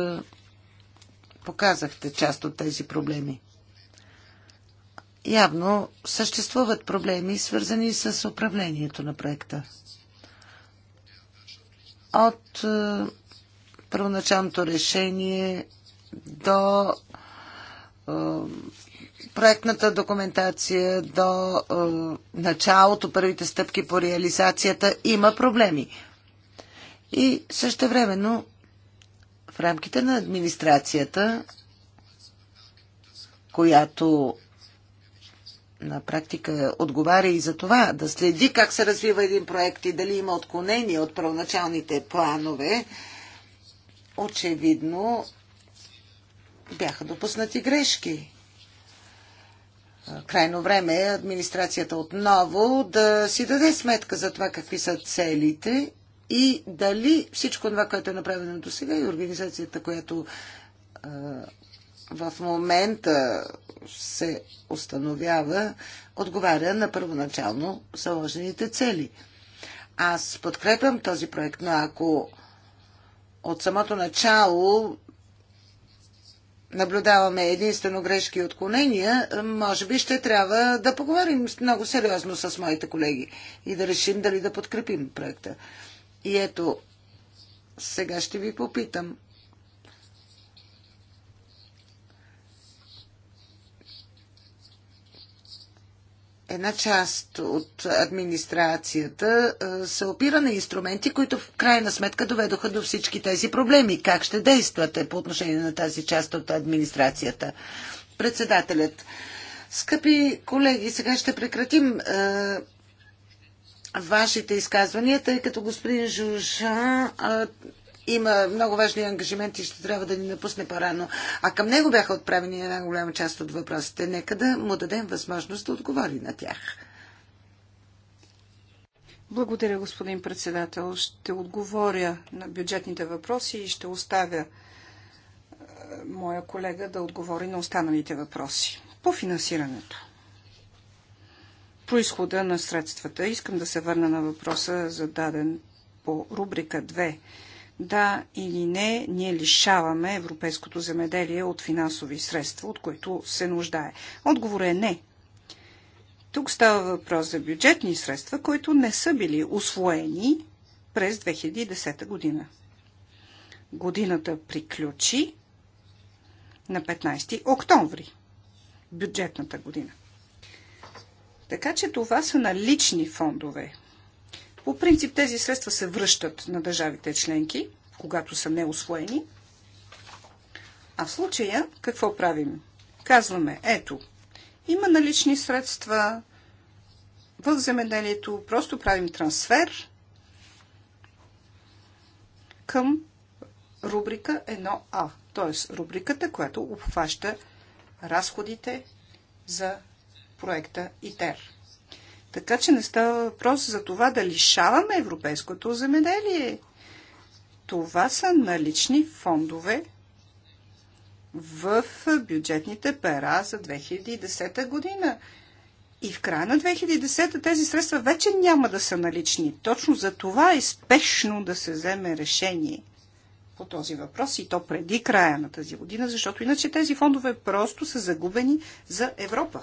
показахте част от тези проблеми. Явно съществуват проблеми, свързани с управлението на проекта от е, първоначалното решение до е, проектната документация, до е, началото, първите стъпки по реализацията има проблеми. И също времено в рамките на администрацията, която на практика отговаря и за това, да следи как се развива един проект и дали има отклонение от първоначалните планове, очевидно бяха допуснати грешки. Крайно време е администрацията отново да си даде сметка за това какви са целите и дали всичко това, което е направено до сега и организацията, която в момента се установява, отговаря на първоначално заложените цели. Аз подкрепям този проект, но ако от самото начало наблюдаваме единствено грешки и отклонения, може би ще трябва да поговорим много сериозно с моите колеги и да решим дали да подкрепим проекта. И ето, сега ще ви попитам – една част от администрацията се опира на инструменти, които в крайна сметка доведоха до всички тези проблеми. Как ще действате по отношение на тази част от администрацията? Председателят. Скъпи колеги, сега ще прекратим е, вашите изказвания, тъй като господин Жужа е, има много важни ангажименти и ще трябва да ни напусне по-рано. А към него бяха отправени една голяма част от въпросите. Нека да му дадем възможност да отговори на тях. Благодаря, господин председател. Ще отговоря на бюджетните въпроси и ще оставя е, моя колега да отговори на останалите въпроси. По финансирането. Происхода на средствата. Искам да се върна на въпроса зададен по рубрика да или не, ние лишаваме европейското земеделие от финансови средства, от които се нуждае. Отговор е не. Тук става въпрос за бюджетни средства, които не са били освоени през 2010 година. Годината приключи на 15 октомври, бюджетната година. Така че това са налични фондове, по принцип тези средства се връщат на държавите членки, когато са неосвоени. А в случая какво правим? Казваме, ето, има налични средства в земеделието, просто правим трансфер към рубрика 1А, т.е. рубриката, която обхваща разходите за проекта ИТЕР. Така че не става въпрос за това да лишаваме европейското земеделие. Това са налични фондове в бюджетните пера за 2010 година. И в края на 2010 тези средства вече няма да са налични. Точно за това е спешно да се вземе решение по този въпрос и то преди края на тази година, защото иначе тези фондове просто са загубени за Европа.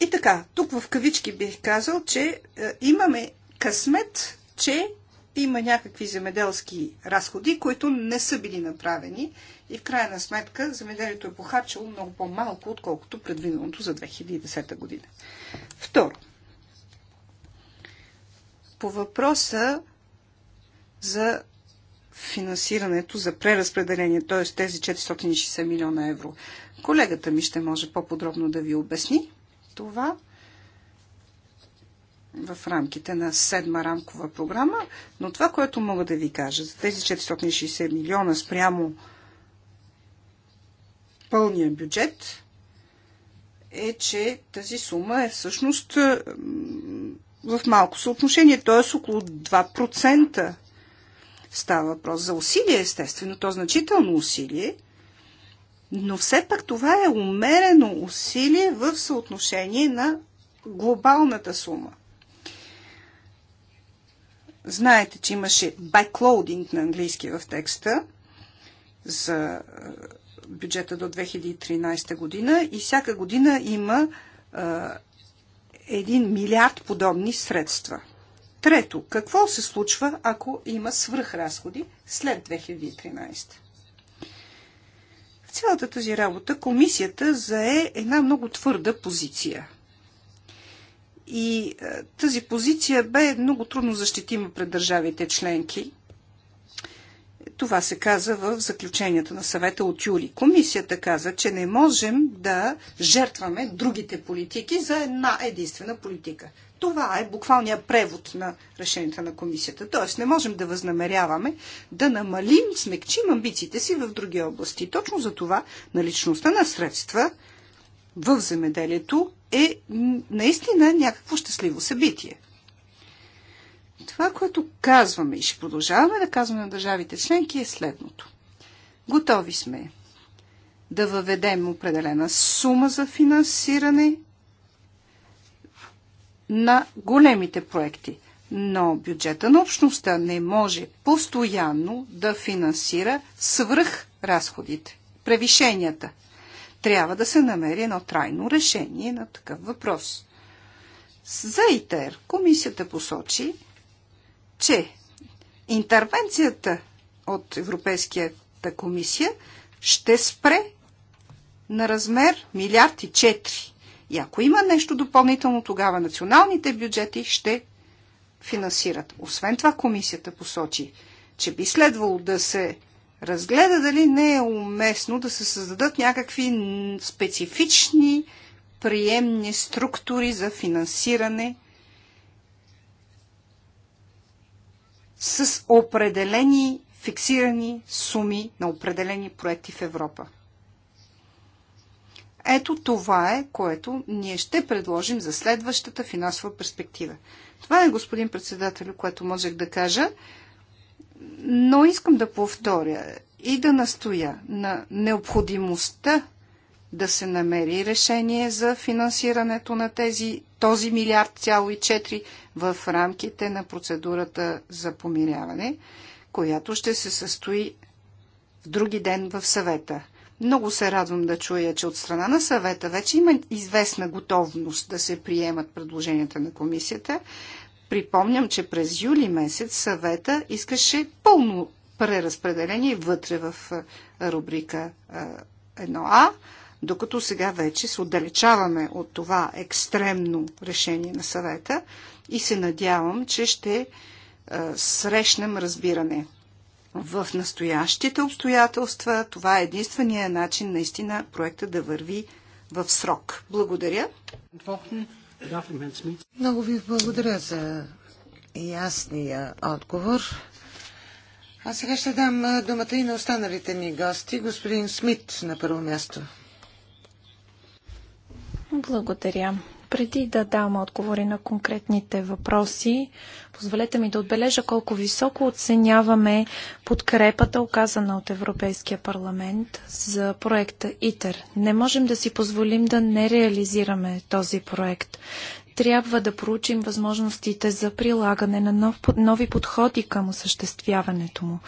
И така, тук в кавички бих казал, че е, имаме късмет, че има някакви земеделски разходи, които не са били направени и в крайна сметка земеделието е похарчило много по-малко, отколкото предвиденото за 2010 година. Второ, по въпроса за финансирането за преразпределение, т.е. тези 460 милиона евро. Колегата ми ще може по-подробно да ви обясни това в рамките на седма рамкова програма, но това, което мога да ви кажа за тези 460 милиона спрямо пълния бюджет, е, че тази сума е всъщност в малко съотношение, т.е. около 2% става въпрос за усилие, естествено, то значително усилие – но все пак това е умерено усилие в съотношение на глобалната сума. Знаете, че имаше backloading на английски в текста за е, бюджета до 2013 година и всяка година има а, е, 1 милиард подобни средства. Трето, какво се случва, ако има свръхразходи след 2013? В цялата тази работа комисията зае една много твърда позиция. И е, тази позиция бе много трудно защитима пред държавите членки. Това се каза в заключенията на съвета от юли. Комисията каза, че не можем да жертваме другите политики за една единствена политика. Това е буквалният превод на решенията на комисията. Тоест не можем да възнамеряваме да намалим, смекчим амбициите си в други области. Точно за това наличността на средства в земеделието е наистина някакво щастливо събитие. Това, което казваме и ще продължаваме да казваме на държавите членки е следното. Готови сме да въведем определена сума за финансиране на големите проекти. Но бюджета на общността не може постоянно да финансира свръх разходите, превишенията. Трябва да се намери едно трайно решение на такъв въпрос. За ИТЕР комисията посочи, че интервенцията от Европейската комисия ще спре на размер милиард и 4 и ако има нещо допълнително, тогава националните бюджети ще финансират. Освен това, комисията посочи, че би следвало да се разгледа дали не е уместно да се създадат някакви специфични приемни структури за финансиране с определени фиксирани суми на определени проекти в Европа. Ето това е, което ние ще предложим за следващата финансова перспектива. Това е, господин председател, което можех да кажа, но искам да повторя и да настоя на необходимостта да се намери решение за финансирането на тези, този милиард цяло и четири в рамките на процедурата за помиряване, която ще се състои в други ден в съвета. Много се радвам да чуя, че от страна на съвета вече има известна готовност да се приемат предложенията на комисията. Припомням, че през юли месец съвета искаше пълно преразпределение вътре в рубрика 1А, докато сега вече се отдалечаваме от това екстремно решение на съвета и се надявам, че ще срещнем разбиране в настоящите обстоятелства това е единствения начин наистина проекта да върви в срок. Благодаря. Много ви благодаря за ясния отговор. А сега ще дам думата и на останалите ми гости. Господин Смит на първо място. Благодаря. Преди да дам отговори на конкретните въпроси, позволете ми да отбележа колко високо оценяваме подкрепата, оказана от Европейския парламент за проекта ИТЕР. Не можем да си позволим да не реализираме този проект трябва да проучим възможностите за прилагане на нов, нови подходи към осъществяването му.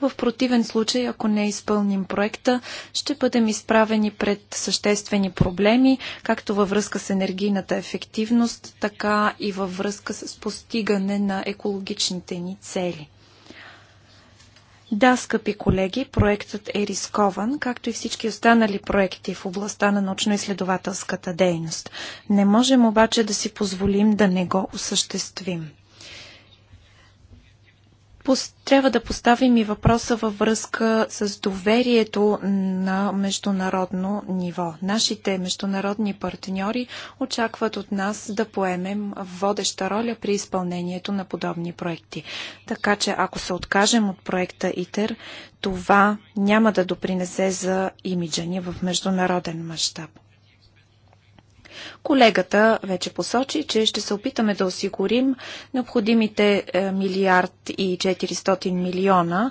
В противен случай, ако не изпълним проекта, ще бъдем изправени пред съществени проблеми, както във връзка с енергийната ефективност, така и във връзка с постигане на екологичните ни цели. Да, скъпи колеги, проектът е рискован, както и всички останали проекти в областта на научно-изследователската дейност. Не можем обаче да си позволим да не го осъществим трябва да поставим и въпроса във връзка с доверието на международно ниво. Нашите международни партньори очакват от нас да поемем водеща роля при изпълнението на подобни проекти. Така че ако се откажем от проекта ИТЕР, това няма да допринесе за имиджа ни в международен мащаб. Колегата вече посочи, че ще се опитаме да осигурим необходимите е, милиард и 400 милиона,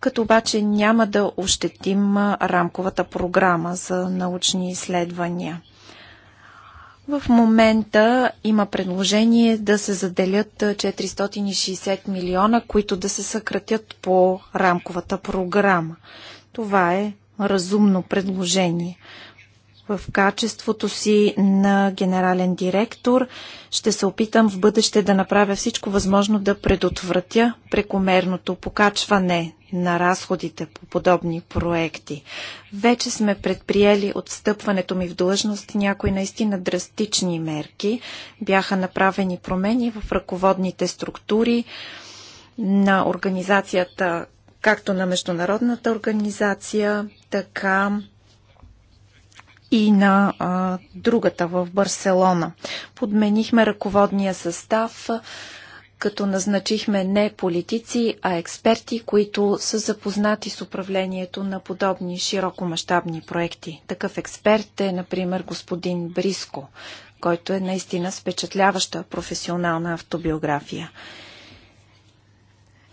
като обаче няма да ощетим е, рамковата програма за научни изследвания. В момента има предложение да се заделят 460 е, милиона, които да се съкратят по рамковата програма. Това е разумно предложение. В качеството си на генерален директор ще се опитам в бъдеще да направя всичко възможно да предотвратя прекомерното покачване на разходите по подобни проекти. Вече сме предприели от ми в длъжност някои наистина драстични мерки. Бяха направени промени в ръководните структури на организацията, както на международната организация, така и на а, другата в Барселона. Подменихме ръководния състав, като назначихме не политици, а експерти, които са запознати с управлението на подобни широкомащабни проекти. Такъв експерт е, например, господин Бриско, който е наистина спечатляваща впечатляваща професионална автобиография.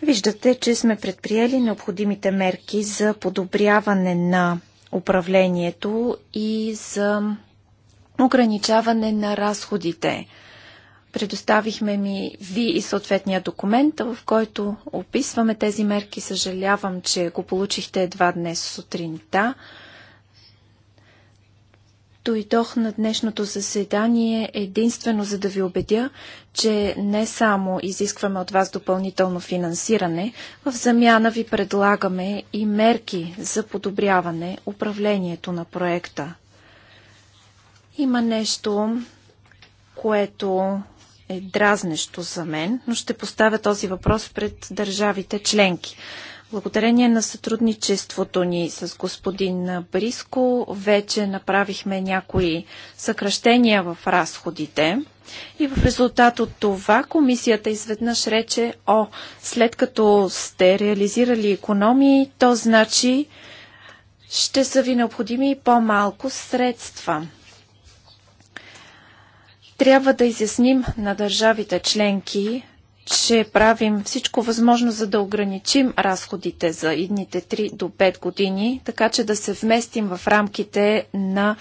Виждате, че сме предприели необходимите мерки за подобряване на управлението и за ограничаване на разходите. Предоставихме ми ви и съответния документ, в който описваме тези мерки. Съжалявам, че го получихте едва днес сутринта. Да. Дойдох на днешното заседание единствено за да ви убедя, че не само изискваме от вас допълнително финансиране, в замяна ви предлагаме и мерки за подобряване управлението на проекта. Има нещо, което е дразнещо за мен, но ще поставя този въпрос пред държавите членки. Благодарение на сътрудничеството ни с господин Бриско, вече направихме някои съкръщения в разходите. И в резултат от това комисията изведнъж рече, о, след като сте реализирали економии, то значи ще са ви необходими и по-малко средства. Трябва да изясним на държавите членки че правим всичко възможно, за да ограничим разходите за едните 3 до 5 години, така че да се вместим в рамките на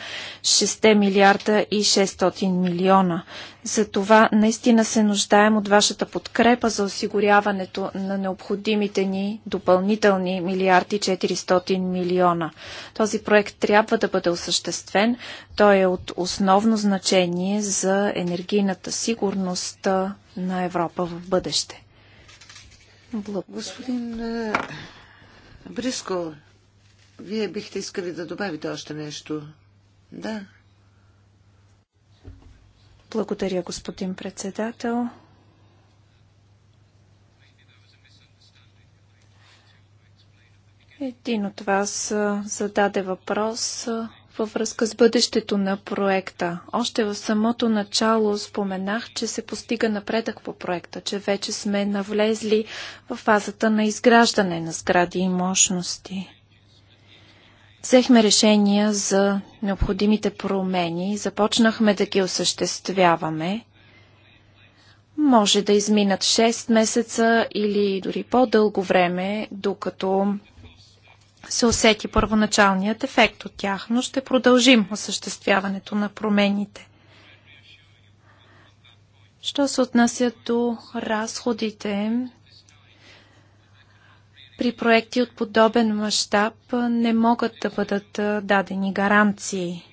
6 милиарда и 600 милиона. Затова наистина се нуждаем от вашата подкрепа за осигуряването на необходимите ни допълнителни милиарди 400 милиона. Този проект трябва да бъде осъществен. Той е от основно значение за енергийната сигурност на Европа в бъдеще. Благодаря. Господин е, Бриско, вие бихте искали да добавите още нещо. Да. Благодаря, господин председател. Един от вас е, зададе въпрос е, във връзка с бъдещето на проекта. Още в самото начало споменах, че се постига напредък по проекта, че вече сме навлезли в фазата на изграждане на сгради и мощности. Взехме решения за необходимите промени, започнахме да ги осъществяваме. Може да изминат 6 месеца или дори по-дълго време, докато се усети първоначалният ефект от тях, но ще продължим осъществяването на промените. Що се отнася до разходите при проекти от подобен мащаб не могат да бъдат дадени гаранции.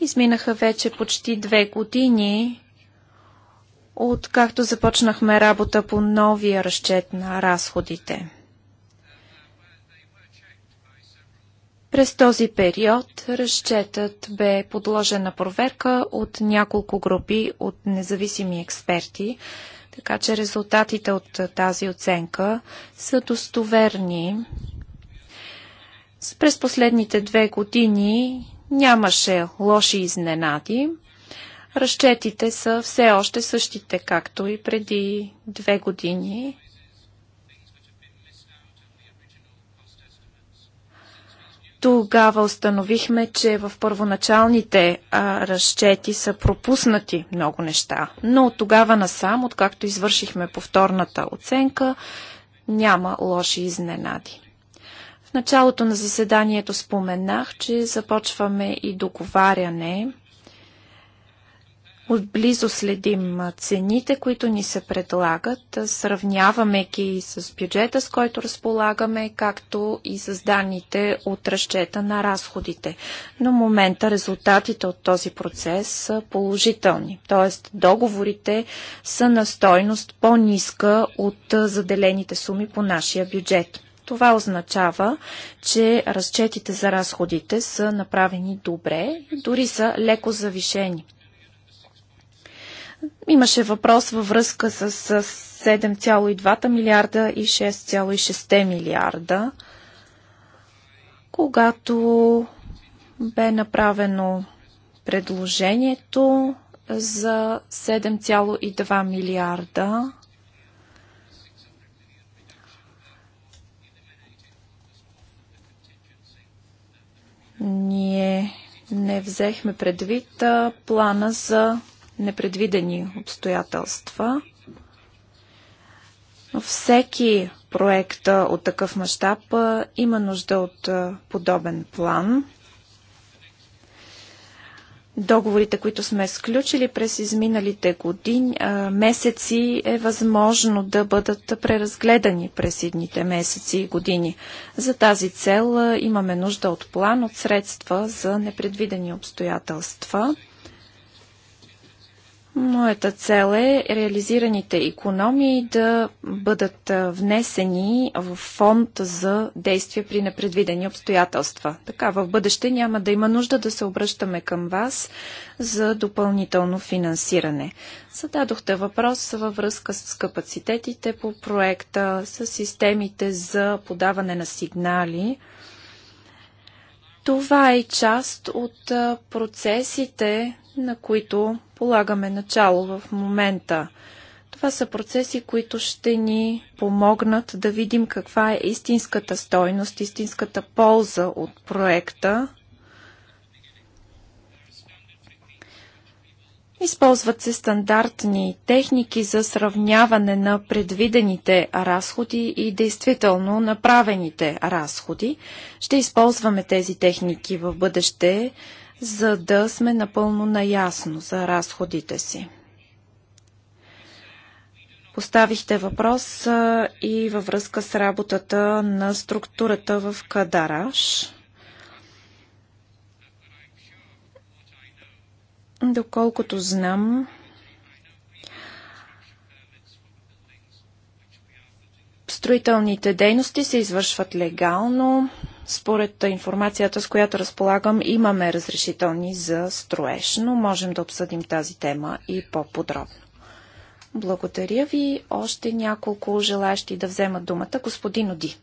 Изминаха вече почти две години, откакто започнахме работа по новия разчет на разходите. През този период разчетът бе подложен на проверка от няколко групи от независими експерти, така че резултатите от тази оценка са достоверни. През последните две години нямаше лоши изненади. Разчетите са все още същите, както и преди две години. Тогава установихме, че в първоначалните а, разчети са пропуснати много неща, но от тогава насам, откакто извършихме повторната оценка, няма лоши изненади. В началото на заседанието споменах, че започваме и договаряне Отблизо следим цените, които ни се предлагат, сравняваме ги с бюджета, с който разполагаме, както и с данните от разчета на разходите. Но момента резултатите от този процес са положителни, т.е. договорите са на стойност по-ниска от заделените суми по нашия бюджет. Това означава, че разчетите за разходите са направени добре, дори са леко завишени. Имаше въпрос във връзка с 7,2 милиарда и 6,6 милиарда. Когато бе направено предложението за 7,2 милиарда, ние не взехме предвид плана за непредвидени обстоятелства. Но всеки проект от такъв мащаб има нужда от подобен план. Договорите, които сме сключили през изминалите години, месеци е възможно да бъдат преразгледани през едните месеци и години. За тази цел имаме нужда от план, от средства за непредвидени обстоятелства. Моята цел е реализираните економии да бъдат внесени в фонд за действия при непредвидени обстоятелства. Така в бъдеще няма да има нужда да се обръщаме към вас за допълнително финансиране. Зададохте въпрос във връзка с капацитетите по проекта, с системите за подаване на сигнали. Това е част от процесите на които полагаме начало в момента. Това са процеси, които ще ни помогнат да видим каква е истинската стойност, истинската полза от проекта. Използват се стандартни техники за сравняване на предвидените разходи и действително направените разходи. Ще използваме тези техники в бъдеще, за да сме напълно наясно за разходите си. Поставихте въпрос и във връзка с работата на структурата в Кадараш. Доколкото знам, строителните дейности се извършват легално. Според информацията, с която разполагам, имаме разрешителни за строеж, но можем да обсъдим тази тема и по-подробно. Благодаря ви. Още няколко желащи да вземат думата. Господин Оди.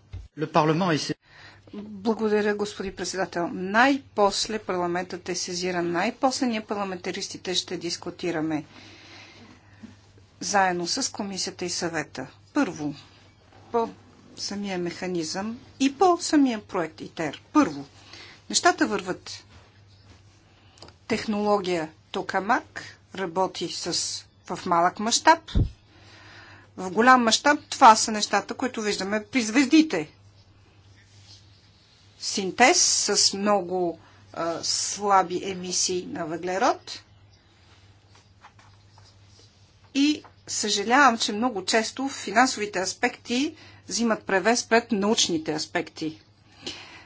Благодаря, господин председател. Най-после парламентът е сезиран. Най-после ние парламентаристите ще дискутираме заедно с комисията и съвета. Първо, по самия механизъм и по самия проект ИТЕР. Първо, нещата върват. Технология Токамак работи с, в малък мащаб. В голям мащаб това са нещата, които виждаме при звездите. Синтез с много а, слаби емисии на въглерод. И съжалявам, че много често финансовите аспекти взимат превес пред научните аспекти.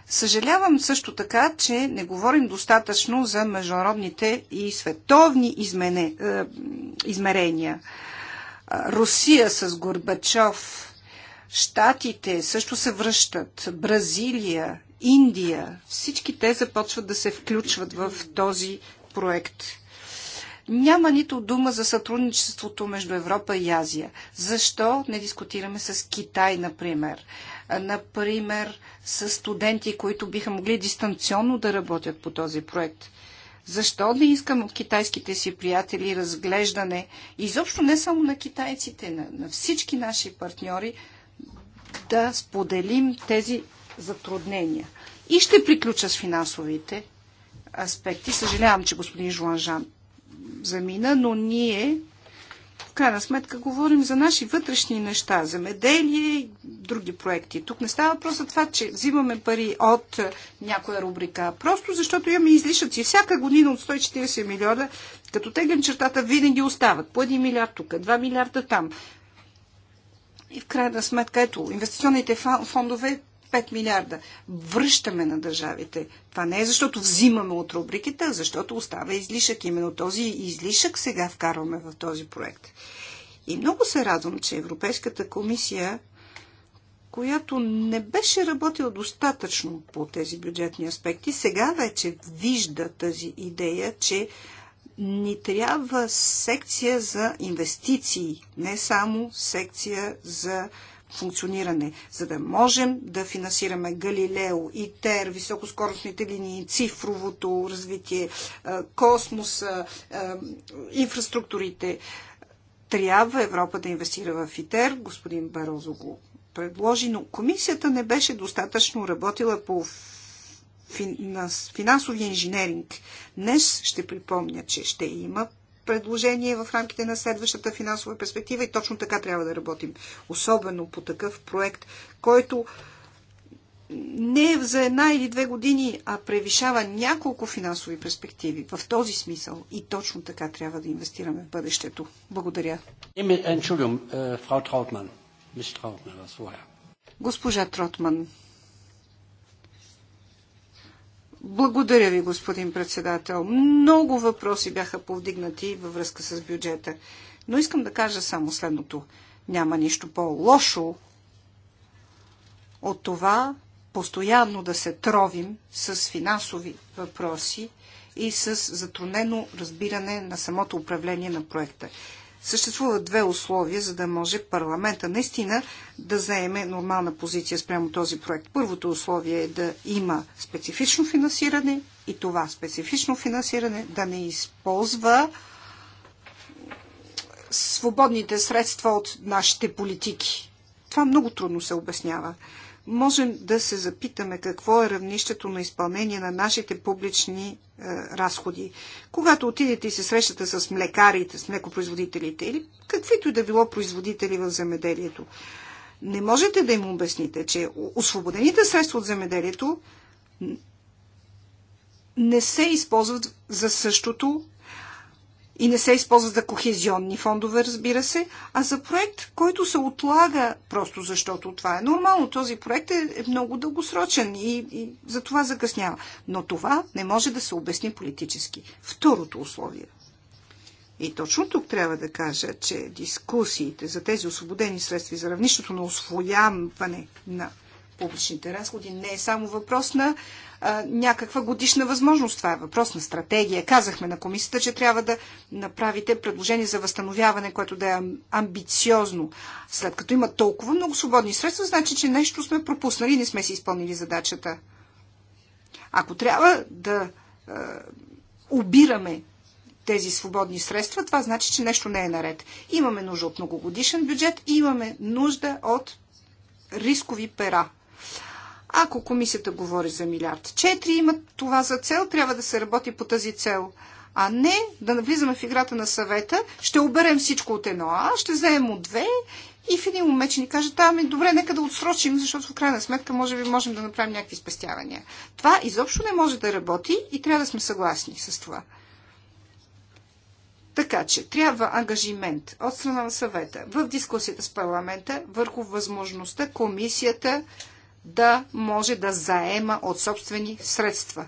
Съжалявам също така, че не говорим достатъчно за международните и световни измене, е, измерения. Русия с Горбачов, Штатите също се връщат, Бразилия, Индия, всички те започват да се включват в този проект – няма нито дума за сътрудничеството между Европа и Азия. Защо не дискутираме с Китай, например? Например, с студенти, които биха могли дистанционно да работят по този проект. Защо не искам от китайските си приятели разглеждане, изобщо не само на китайците, на, на всички наши партньори, да споделим тези затруднения. И ще приключа с финансовите аспекти. Съжалявам, че господин Жан замина, но ние в крайна сметка говорим за наши вътрешни неща, за меделие и други проекти. Тук не става въпрос за това, че взимаме пари от някоя рубрика, просто защото имаме излишъци. Всяка година от 140 милиона, като теглям чертата, винаги остават. По 1 милиард тук, 2 милиарда там. И в крайна сметка, ето, инвестиционните фондове 5 милиарда. Връщаме на държавите. Това не е защото взимаме от рубриките, а защото остава излишък. Именно този излишък сега вкарваме в този проект. И много се радвам, че Европейската комисия, която не беше работила достатъчно по тези бюджетни аспекти, сега вече вижда тази идея, че ни трябва секция за инвестиции, не само секция за функциониране, за да можем да финансираме Галилео, ИТЕР, високоскоростните линии, цифровото развитие, е, космоса, е, инфраструктурите. Трябва Европа да инвестира в ИТЕР, господин Барозо го предложи, но комисията не беше достатъчно работила по финансовия инженеринг. Днес ще припомня, че ще има предложение в рамките на следващата финансова перспектива и точно така трябва да работим. Особено по такъв проект, който не е за една или две години, а превишава няколко финансови перспективи. В този смисъл и точно така трябва да инвестираме в бъдещето. Благодаря. Е, е, Госпожа Тротман. Благодаря ви, господин председател. Много въпроси бяха повдигнати във връзка с бюджета. Но искам да кажа само следното. Няма нищо по-лошо от това постоянно да се тровим с финансови въпроси и с затруднено разбиране на самото управление на проекта. Съществуват две условия, за да може парламента наистина да заеме нормална позиция спрямо този проект. Първото условие е да има специфично финансиране и това специфично финансиране да не използва свободните средства от нашите политики. Това много трудно се обяснява можем да се запитаме какво е равнището на изпълнение на нашите публични е, разходи. Когато отидете и се срещате с млекарите, с млекопроизводителите или каквито и да било производители в земеделието, не можете да им обясните, че освободените средства от земеделието не се използват за същото и не се използва за кохезионни фондове, разбира се, а за проект, който се отлага просто защото това е нормално. Този проект е, е много дългосрочен и, и за това закъснява. Но това не може да се обясни политически. Второто условие. И точно тук трябва да кажа, че дискусиите за тези освободени средства за равнището на освояване на публичните разходи не е само въпрос на някаква годишна възможност. Това е въпрос на стратегия. Казахме на комисията, че трябва да направите предложение за възстановяване, което да е амбициозно. След като има толкова много свободни средства, значи, че нещо сме пропуснали, и не сме си изпълнили задачата. Ако трябва да е, обираме тези свободни средства, това значи, че нещо не е наред. Имаме нужда от многогодишен бюджет и имаме нужда от рискови пера. Ако комисията говори за милиард 4, имат това за цел, трябва да се работи по тази цел. А не да навлизаме в играта на съвета, ще оберем всичко от едно А, ще вземем от две и в един момент ще ни кажат, ами добре, нека да отсрочим, защото в крайна сметка може би можем да направим някакви спестявания. Това изобщо не може да работи и трябва да сме съгласни с това. Така че трябва ангажимент от страна на съвета в дискусията с парламента върху възможността комисията да може да заема от собствени средства.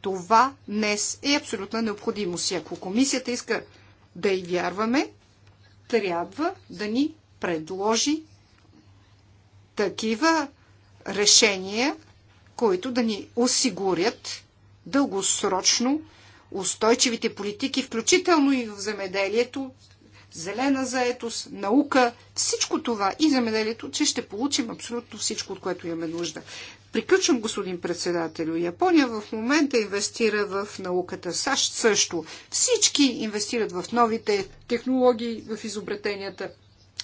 Това днес е абсолютна необходимост. И ако комисията иска да й вярваме, трябва да ни предложи такива решения, които да ни осигурят дългосрочно устойчивите политики, включително и в земеделието, зелена заетост, наука, всичко това и замеделието, че ще получим абсолютно всичко, от което имаме нужда. Приключвам, господин председател, Япония в момента инвестира в науката. САЩ също. Всички инвестират в новите технологии, в изобретенията,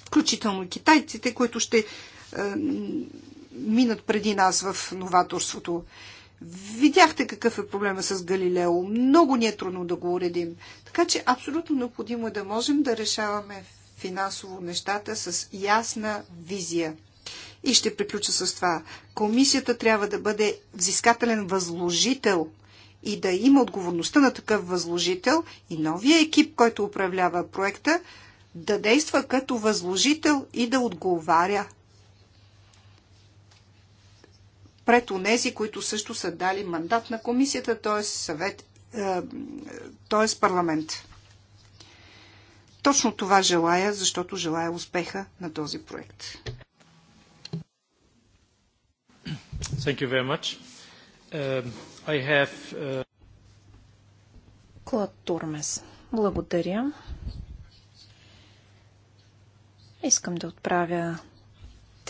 включително и китайците, които ще е, минат преди нас в новаторството. Видяхте какъв е проблема с Галилео. Много ни е трудно да го уредим. Така че абсолютно необходимо е да можем да решаваме финансово нещата с ясна визия. И ще приключа с това. Комисията трябва да бъде взискателен възложител и да има отговорността на такъв възложител и новия екип, който управлява проекта, да действа като възложител и да отговаря пред онези, които също са дали мандат на комисията, т.е. съвет, е, т.е. парламент. Точно това желая, защото желая успеха на този проект. Thank you very much. Uh, I have, uh... Турмес. Благодаря. Искам да отправя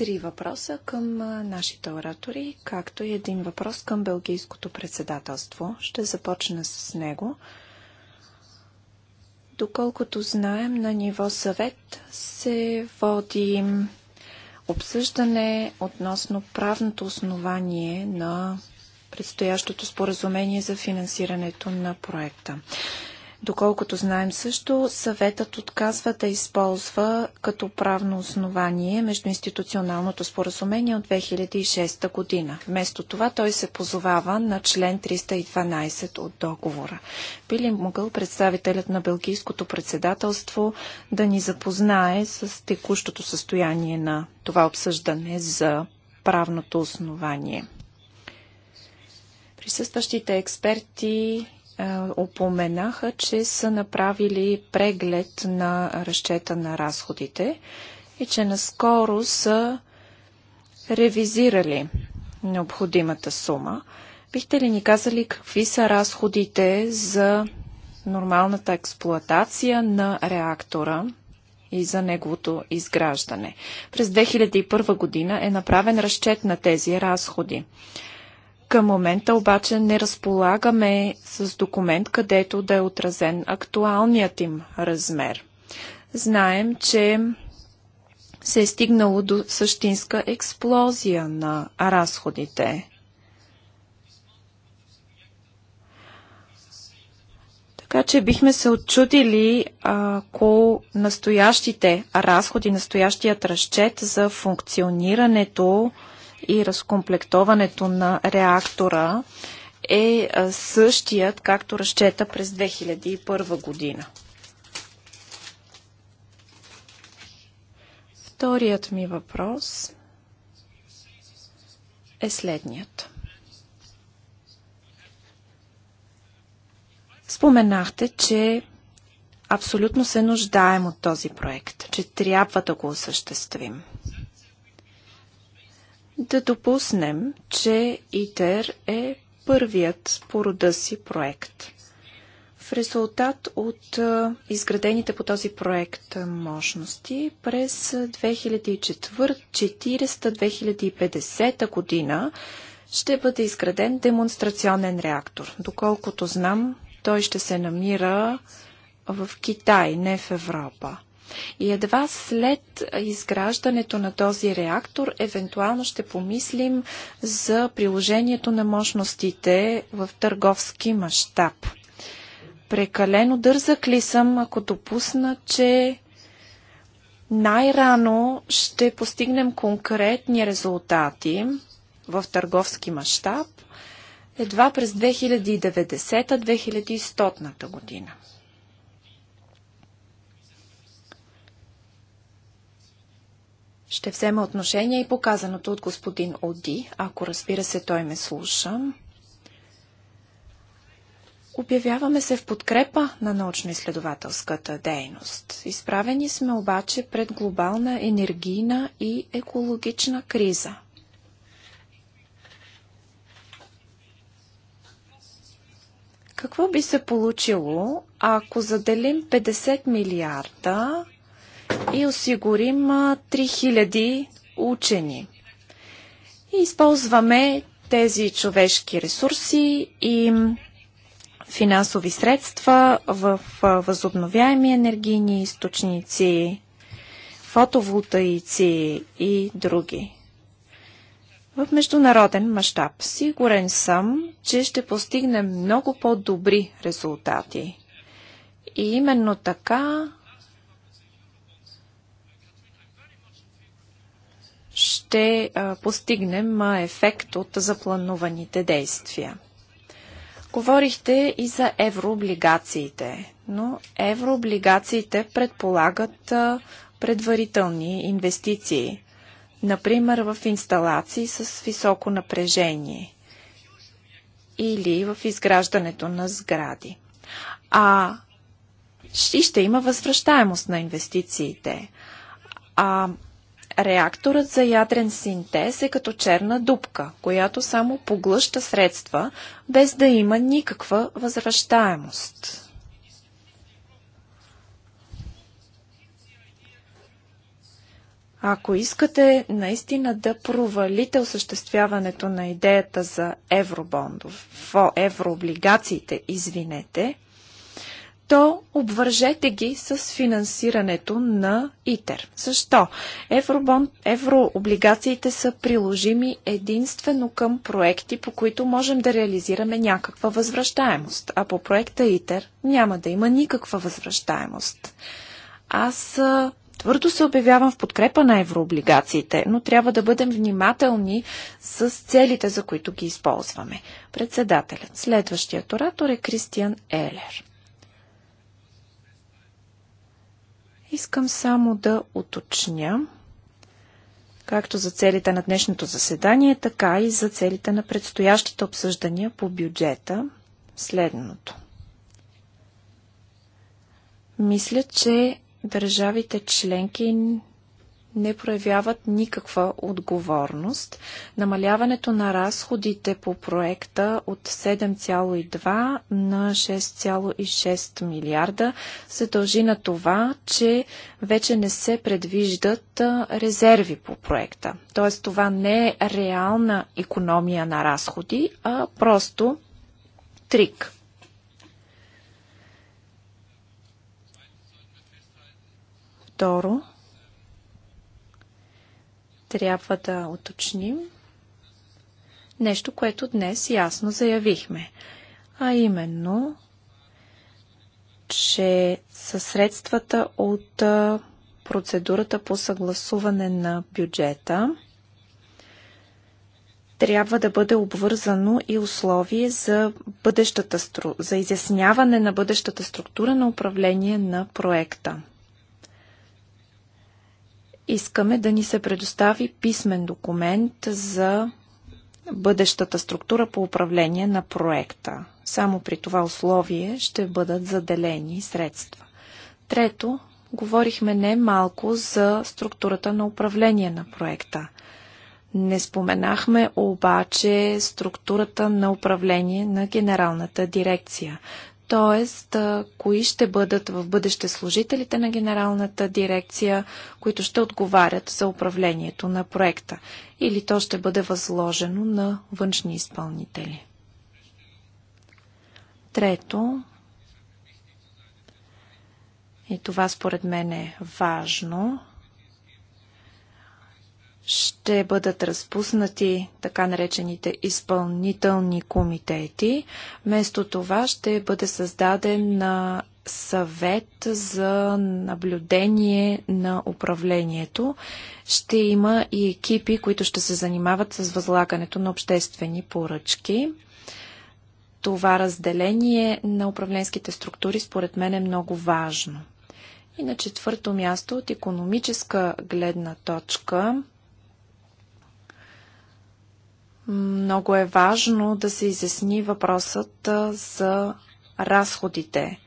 три въпроса към нашите оратори, както и един въпрос към Белгийското председателство. Ще започна с него. Доколкото знаем, на ниво съвет се води обсъждане относно правното основание на предстоящото споразумение за финансирането на проекта. Доколкото знаем също, съветът отказва да използва като правно основание междуинституционалното споразумение от 2006 година. Вместо това той се позовава на член 312 от договора. Би ли могъл представителят на Белгийското председателство да ни запознае с текущото състояние на това обсъждане за правното основание? Присъстващите експерти опоменаха, е, че са направили преглед на разчета на разходите и че наскоро са ревизирали необходимата сума. Бихте ли ни казали какви са разходите за нормалната експлоатация на реактора и за неговото изграждане? През 2001 година е направен разчет на тези разходи. Към момента обаче не разполагаме с документ, където да е отразен актуалният им размер. Знаем, че се е стигнало до същинска експлозия на разходите. Така че бихме се отчудили, ако настоящите разходи, настоящият разчет за функционирането и разкомплектоването на реактора е същият, както разчета през 2001 година. Вторият ми въпрос е следният. Споменахте, че абсолютно се нуждаем от този проект, че трябва да го осъществим. Да допуснем, че ИТЕР е първият по рода си проект. В резултат от изградените по този проект мощности през 2040-2050 година ще бъде изграден демонстрационен реактор. Доколкото знам, той ще се намира в Китай, не в Европа. И едва след изграждането на този реактор, евентуално ще помислим за приложението на мощностите в търговски мащаб. Прекалено дързък ли съм, ако допусна, че най-рано ще постигнем конкретни резултати в търговски мащаб едва през 2090-2100 година. Ще взема отношение и показаното от господин Оди, ако разбира се той ме слуша. Обявяваме се в подкрепа на научно-изследователската дейност. Изправени сме обаче пред глобална енергийна и екологична криза. Какво би се получило, ако заделим 50 милиарда и осигурим 3000 учени. И използваме тези човешки ресурси и финансови средства в възобновяеми енергийни източници, фотоволтаици и други. В международен мащаб сигурен съм, че ще постигнем много по-добри резултати. И именно така ще постигнем ефект от заплануваните действия. Говорихте и за еврооблигациите, но еврооблигациите предполагат предварителни инвестиции, например в инсталации с високо напрежение или в изграждането на сгради. А и ще има възвръщаемост на инвестициите. А Реакторът за ядрен синтез е като черна дупка, която само поглъща средства, без да има никаква възвръщаемост. Ако искате наистина да провалите осъществяването на идеята за евробондов, еврооблигациите, извинете, то обвържете ги с финансирането на ИТЕР. Защо? Евробон, еврооблигациите са приложими единствено към проекти, по които можем да реализираме някаква възвръщаемост, а по проекта ИТЕР няма да има никаква възвръщаемост. Аз твърдо се обявявам в подкрепа на еврооблигациите, но трябва да бъдем внимателни с целите, за които ги използваме. Председателят, следващият оратор е Кристиан Елер. Искам само да уточня, както за целите на днешното заседание, така и за целите на предстоящите обсъждания по бюджета, следното. Мисля, че държавите членки не проявяват никаква отговорност. Намаляването на разходите по проекта от 7,2 на 6,6 милиарда се дължи на това, че вече не се предвиждат резерви по проекта. Тоест това не е реална економия на разходи, а просто трик. Второ, трябва да уточним нещо, което днес ясно заявихме, а именно, че със средствата от процедурата по съгласуване на бюджета трябва да бъде обвързано и условие за, бъдещата, за изясняване на бъдещата структура на управление на проекта. Искаме да ни се предостави писмен документ за бъдещата структура по управление на проекта. Само при това условие ще бъдат заделени средства. Трето, говорихме не малко за структурата на управление на проекта. Не споменахме обаче структурата на управление на генералната дирекция. Тоест, кои ще бъдат в бъдеще служителите на генералната дирекция, които ще отговарят за управлението на проекта или то ще бъде възложено на външни изпълнители. Трето, и това според мен е важно, ще бъдат разпуснати така наречените изпълнителни комитети. Вместо това ще бъде създаден на съвет за наблюдение на управлението. Ще има и екипи, които ще се занимават с възлагането на обществени поръчки. Това разделение на управленските структури според мен е много важно. И на четвърто място от економическа гледна точка много е важно да се изясни въпросът за разходите.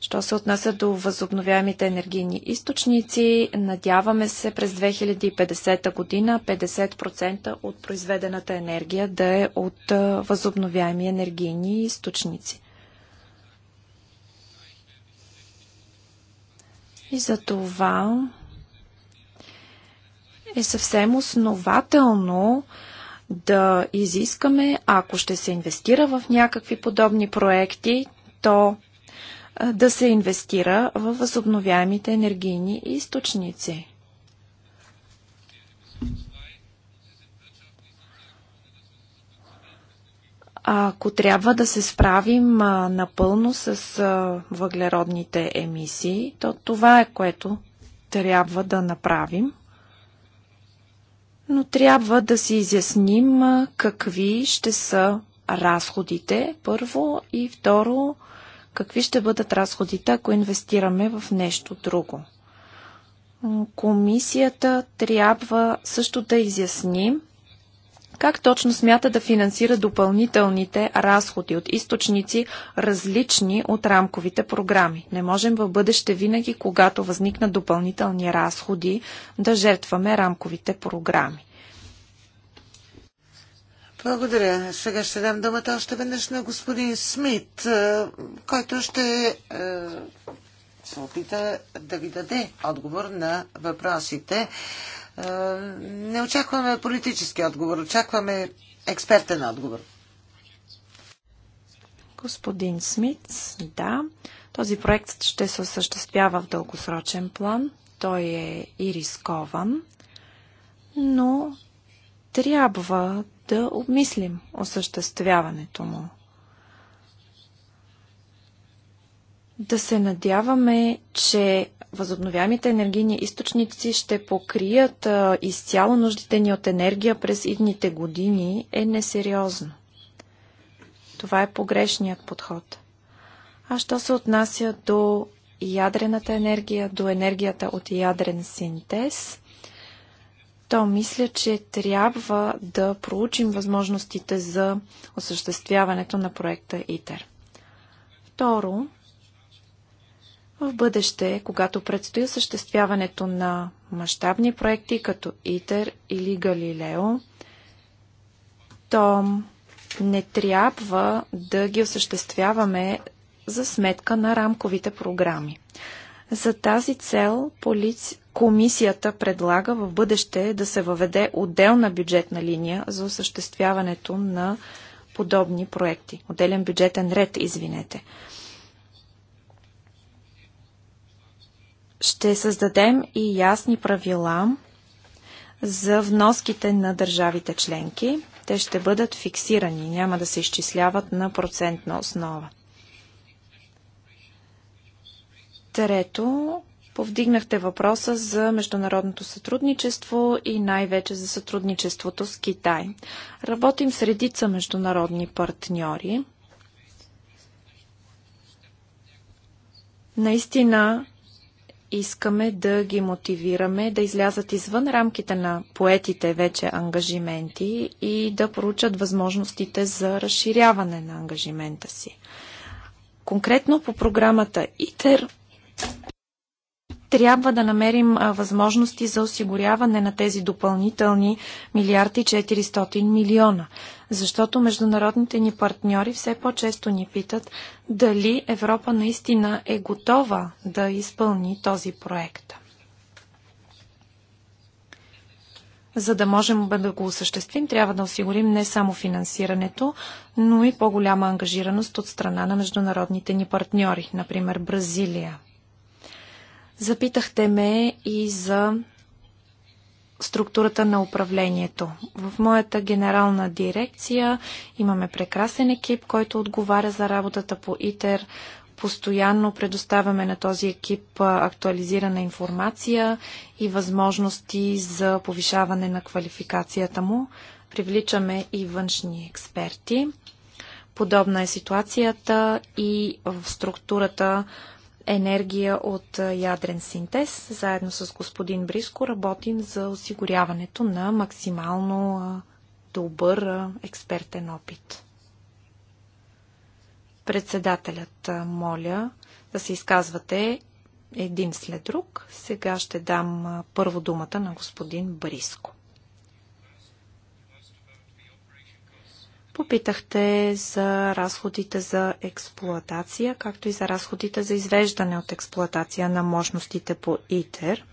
Що се отнася до възобновяемите енергийни източници, надяваме се през 2050 година 50% от произведената енергия да е от възобновяеми енергийни източници. И за това е съвсем основателно да изискаме, ако ще се инвестира в някакви подобни проекти, то да се инвестира в възобновяемите енергийни източници. ако трябва да се справим напълно с въглеродните емисии, то това е което трябва да направим но трябва да си изясним какви ще са разходите, първо, и второ, какви ще бъдат разходите, ако инвестираме в нещо друго. Комисията трябва също да изясни как точно смята да финансира допълнителните разходи от източници, различни от рамковите програми? Не можем в бъдеще винаги, когато възникнат допълнителни разходи, да жертваме рамковите програми. Благодаря. Сега ще дам думата още веднъж на господин Смит, е, който ще е, се опита да ви даде отговор на въпросите не очакваме политически отговор, очакваме експертен отговор. Господин Смитс, да. Този проект ще се осъществява в дългосрочен план. Той е и рискован, но трябва да обмислим осъществяването му. Да се надяваме, че възобновяемите енергийни източници ще покрият а, изцяло нуждите ни от енергия през идните години е несериозно. Това е погрешният подход. А що се отнася до ядрената енергия, до енергията от ядрен синтез, то мисля, че трябва да проучим възможностите за осъществяването на проекта ИТЕР. Второ, в бъдеще, когато предстои осъществяването на мащабни проекти като ИТЕР или Галилео, то не трябва да ги осъществяваме за сметка на рамковите програми. За тази цел полици... комисията предлага в бъдеще да се въведе отделна бюджетна линия за осъществяването на подобни проекти. Отделен бюджетен ред, извинете. ще създадем и ясни правила за вноските на държавите членки. Те ще бъдат фиксирани, няма да се изчисляват на процентна основа. Трето, повдигнахте въпроса за международното сътрудничество и най-вече за сътрудничеството с Китай. Работим с редица международни партньори. Наистина искаме да ги мотивираме да излязат извън рамките на поетите вече ангажименти и да проучат възможностите за разширяване на ангажимента си. Конкретно по програмата ИТЕР трябва да намерим възможности за осигуряване на тези допълнителни милиарди 400 милиона. Защото международните ни партньори все по-често ни питат дали Европа наистина е готова да изпълни този проект. За да можем да го осъществим, трябва да осигурим не само финансирането, но и по-голяма ангажираност от страна на международните ни партньори, например Бразилия. Запитахте ме и за структурата на управлението. В моята генерална дирекция имаме прекрасен екип, който отговаря за работата по ИТЕР. Постоянно предоставяме на този екип актуализирана информация и възможности за повишаване на квалификацията му. Привличаме и външни експерти. Подобна е ситуацията и в структурата енергия от ядрен синтез. Заедно с господин Бриско работим за осигуряването на максимално добър експертен опит. Председателят моля да се изказвате един след друг. Сега ще дам първо думата на господин Бриско. Попитахте за разходите за експлоатация, както и за разходите за извеждане от експлоатация на мощностите по ИТЕР.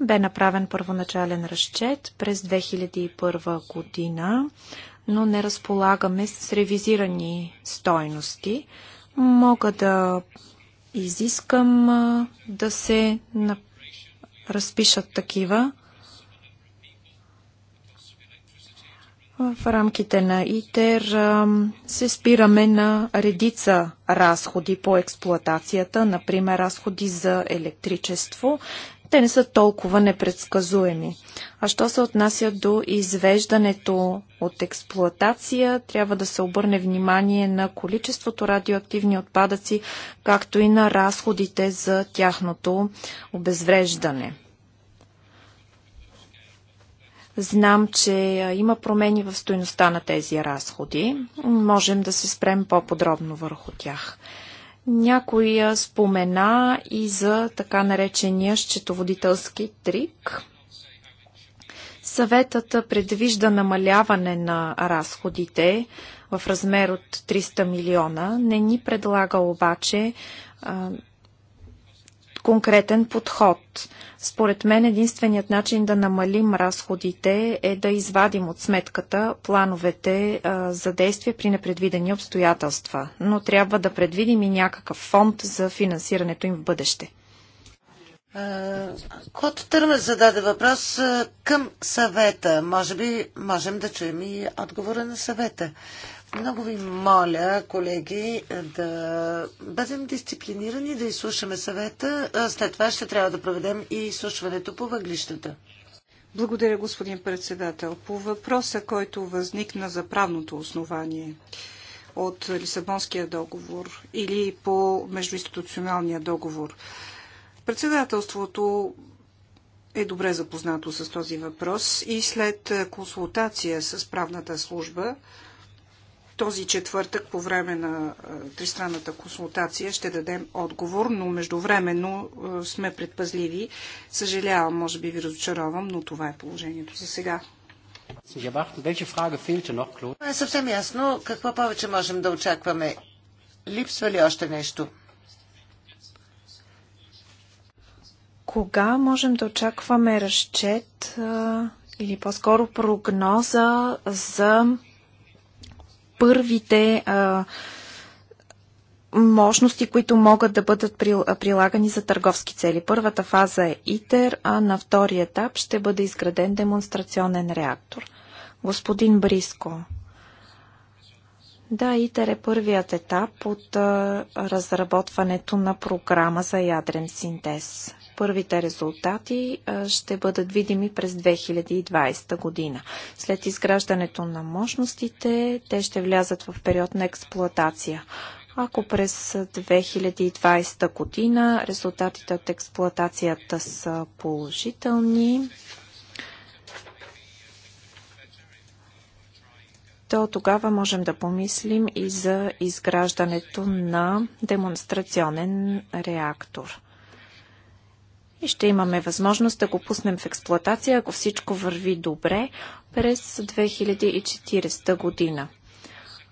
Бе направен първоначален разчет през 2001 година, но не разполагаме с ревизирани стойности. Мога да изискам да се разпишат такива В рамките на ИТЕР се спираме на редица разходи по експлоатацията, например разходи за електричество. Те не са толкова непредсказуеми. А що се отнася до извеждането от експлоатация, трябва да се обърне внимание на количеството радиоактивни отпадъци, както и на разходите за тяхното обезвреждане. Знам, че има промени в стоеността на тези разходи. Можем да се спрем по-подробно върху тях. Някой спомена и за така наречения счетоводителски трик. Съветът предвижда намаляване на разходите в размер от 300 милиона. Не ни предлага обаче конкретен подход. Според мен единственият начин да намалим разходите е да извадим от сметката плановете а, за действие при непредвидени обстоятелства, но трябва да предвидим и някакъв фонд за финансирането им в бъдеще. Кот Търмес зададе въпрос към съвета. Може би можем да чуем и отговора на съвета. Много ви моля, колеги, да бъдем дисциплинирани, да изслушаме съвета. След това ще трябва да проведем и изслушването по въглищата. Благодаря, господин председател. По въпроса, който възникна за правното основание от Лисабонския договор или по междуинституционалния договор. Председателството е добре запознато с този въпрос и след консултация с правната служба този четвъртък по време на тристранната консултация ще дадем отговор, но междувременно сме предпазливи. Съжалявам, може би ви разочаровам, но това е положението за сега. Е съвсем ясно. Какво повече можем да очакваме? Липсва ли още нещо? Кога можем да очакваме разчет или по-скоро прогноза за първите а, мощности, които могат да бъдат прилагани за търговски цели. Първата фаза е ИТЕР, а на втори етап ще бъде изграден демонстрационен реактор. Господин Бриско. Да, ИТЕР е първият етап от а, разработването на програма за ядрен синтез. Първите резултати ще бъдат видими през 2020 година. След изграждането на мощностите, те ще влязат в период на експлоатация. Ако през 2020 година резултатите от експлоатацията са положителни, то тогава можем да помислим и за изграждането на демонстрационен реактор и ще имаме възможност да го пуснем в експлоатация, ако всичко върви добре, през 2040 година.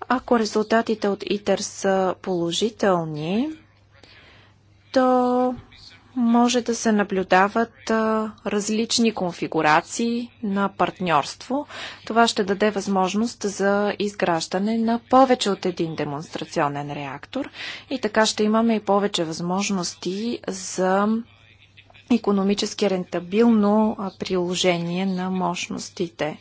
Ако резултатите от ИТЕР са положителни, то може да се наблюдават различни конфигурации на партньорство. Това ще даде възможност за изграждане на повече от един демонстрационен реактор и така ще имаме и повече възможности за економически рентабилно приложение на мощностите.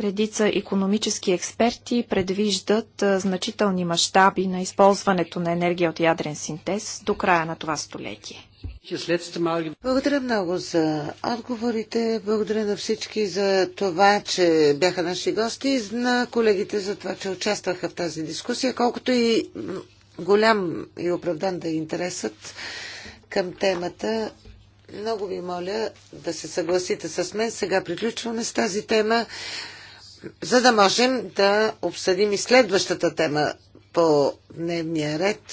Редица економически експерти предвиждат значителни мащаби на използването на енергия от ядрен синтез до края на това столетие. Благодаря много за отговорите. Благодаря на всички за това, че бяха наши гости и на колегите за това, че участваха в тази дискусия, колкото и голям и оправдан да е интересът към темата. Много ви моля да се съгласите с мен. Сега приключваме с тази тема, за да можем да обсъдим и следващата тема по дневния ред.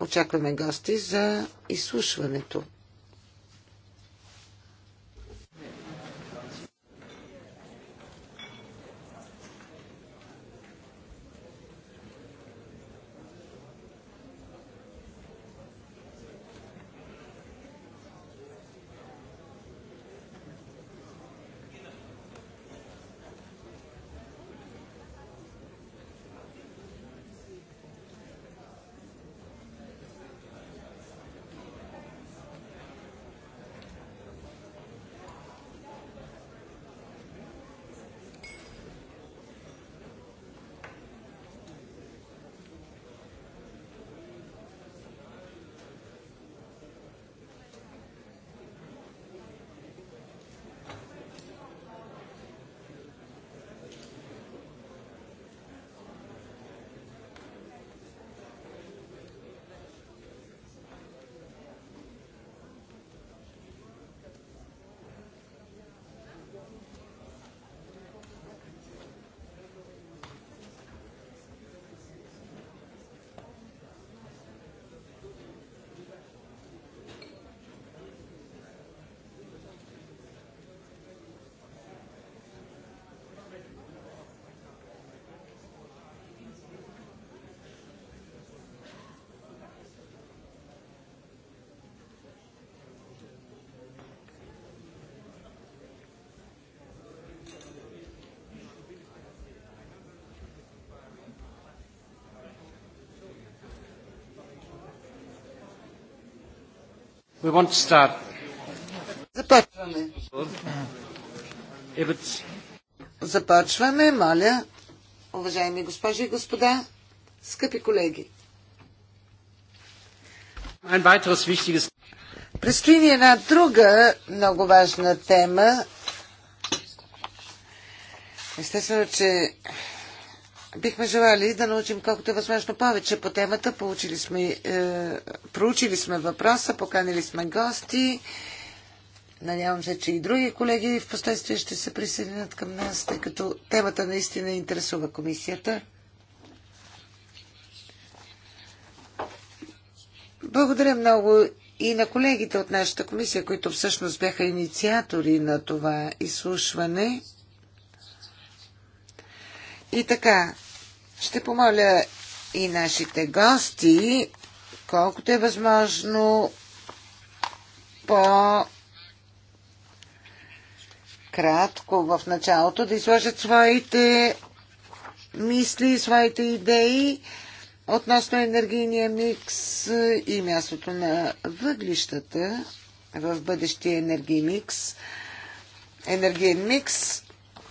Очакваме гости за изслушването. We want to start. Започваме. Започваме, моля, уважаеми госпожи и господа, скъпи колеги. Предстои ни една друга много важна тема. Естествено, че бихме желали да научим колкото е възможно повече по темата. Получили сме е, проучили сме въпроса, поканили сме гости. Надявам се, че и други колеги в последствие ще се присъединят към нас, тъй като темата наистина интересува комисията. Благодаря много и на колегите от нашата комисия, които всъщност бяха инициатори на това изслушване. И така, ще помоля и нашите гости колкото е възможно по кратко в началото да изложат своите мисли, своите идеи относно енергийния микс и мястото на въглищата в бъдещия енергий микс, енергиен микс,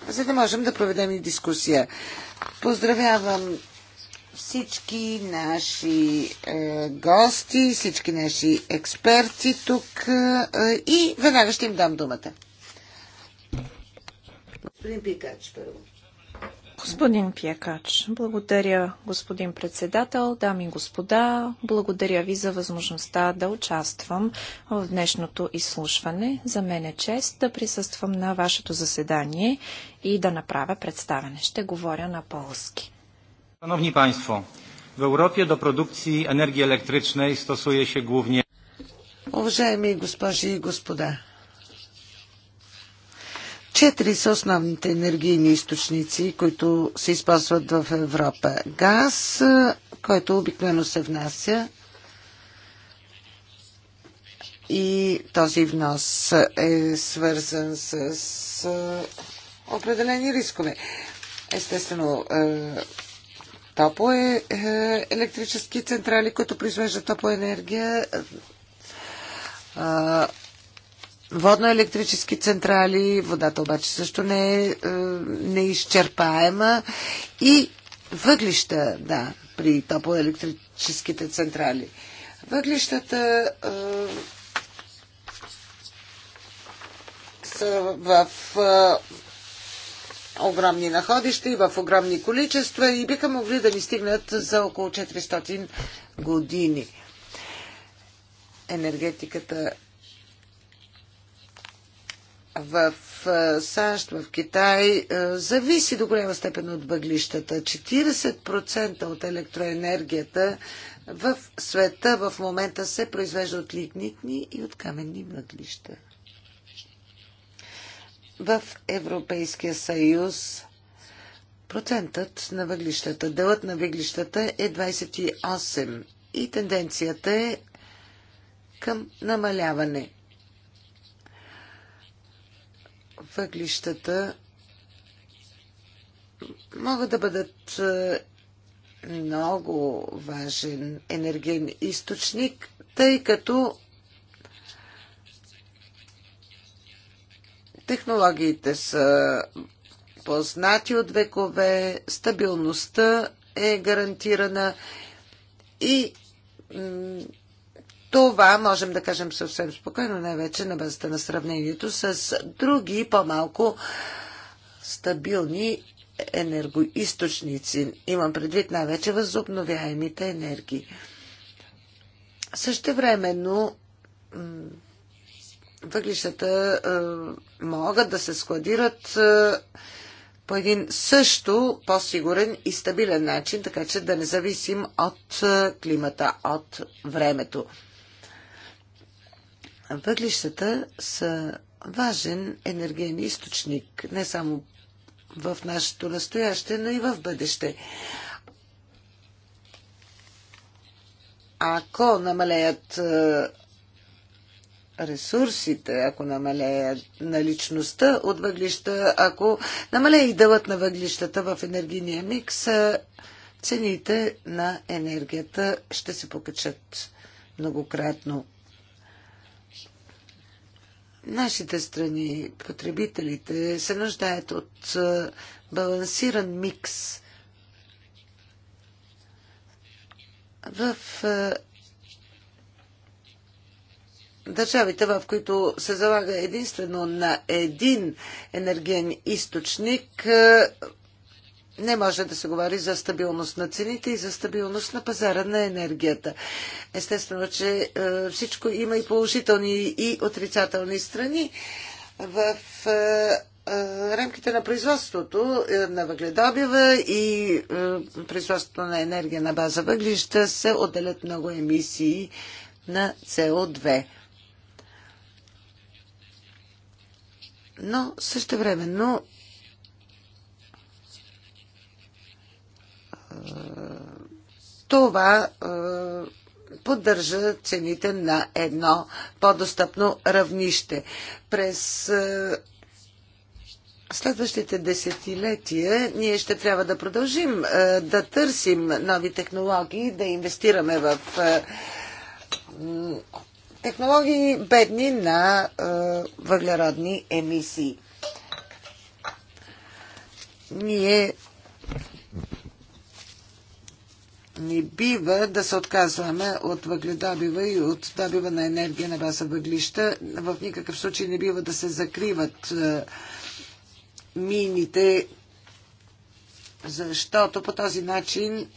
за да можем да проведем и дискусия. Поздравявам всички наши е, гости, всички наши експерти тук е, е, и веднага ще им дам думата. Господин Пикач, първо. Господин Пиякач, благодаря, господин председател, дами и господа, благодаря ви за възможността да участвам в днешното изслушване. За мен е чест да присъствам на вашето заседание и да направя представяне. Ще говоря на полски. Szanowni Państwo, w Europie do produkcji energii elektrycznej stosuje się głównie... Уважаеми госпожи и господа, четири са основните енергийни източници, които се използват в Европа. Газ, който обикновено се внася и този внос е свързан с е, определени рискове. Естествено, е, топло е, е, електрически централи, които произвеждат топлоенергия, водно-електрически централи, водата обаче също не е, е неизчерпаема и въглища, да, при топоелектрическите централи. Въглищата е, са в е, огромни находища и в огромни количества и биха могли да ни стигнат за около 400 години. Енергетиката в САЩ, в Китай зависи до голяма степен от въглищата. 40% от електроенергията в света в момента се произвежда от лигнитни и от каменни въглища в Европейския съюз процентът на въглищата, делът на въглищата е 28 и тенденцията е към намаляване. Въглищата могат да бъдат е, много важен енергиен източник, тъй като Технологиите са познати от векове, стабилността е гарантирана и това можем да кажем съвсем спокойно, най-вече на базата на сравнението с други по-малко стабилни енергоисточници. Имам предвид най-вече възобновяемите енергии. времено, въглищата а, могат да се складират а, по един също по-сигурен и стабилен начин, така че да не зависим от а, климата, от времето. Въглищата са важен енергиен източник, не само в нашето настояще, но и в бъдеще. Ако намалеят ресурсите, ако намалее наличността от въглища, ако намалее и дълът на въглищата в енергийния микс, цените на енергията ще се покачат многократно. Нашите страни, потребителите, се нуждаят от балансиран микс. В държавите, в които се залага единствено на един енергиен източник, е, не може да се говори за стабилност на цените и за стабилност на пазара на енергията. Естествено, че е, всичко има и положителни и отрицателни страни. В е, рамките на производството на въгледобива и производството на енергия на база въглища се отделят много емисии на со 2 но също но е, това е, поддържа цените на едно по-достъпно равнище. През е, следващите десетилетия ние ще трябва да продължим да търсим нови технологии, да инвестираме в технологии, бедни на е, въглеродни емисии. Ние не бива да се отказваме от въгледобива и от добива на енергия на база въглища. В никакъв случай не бива да се закриват е, мините, защото по този начин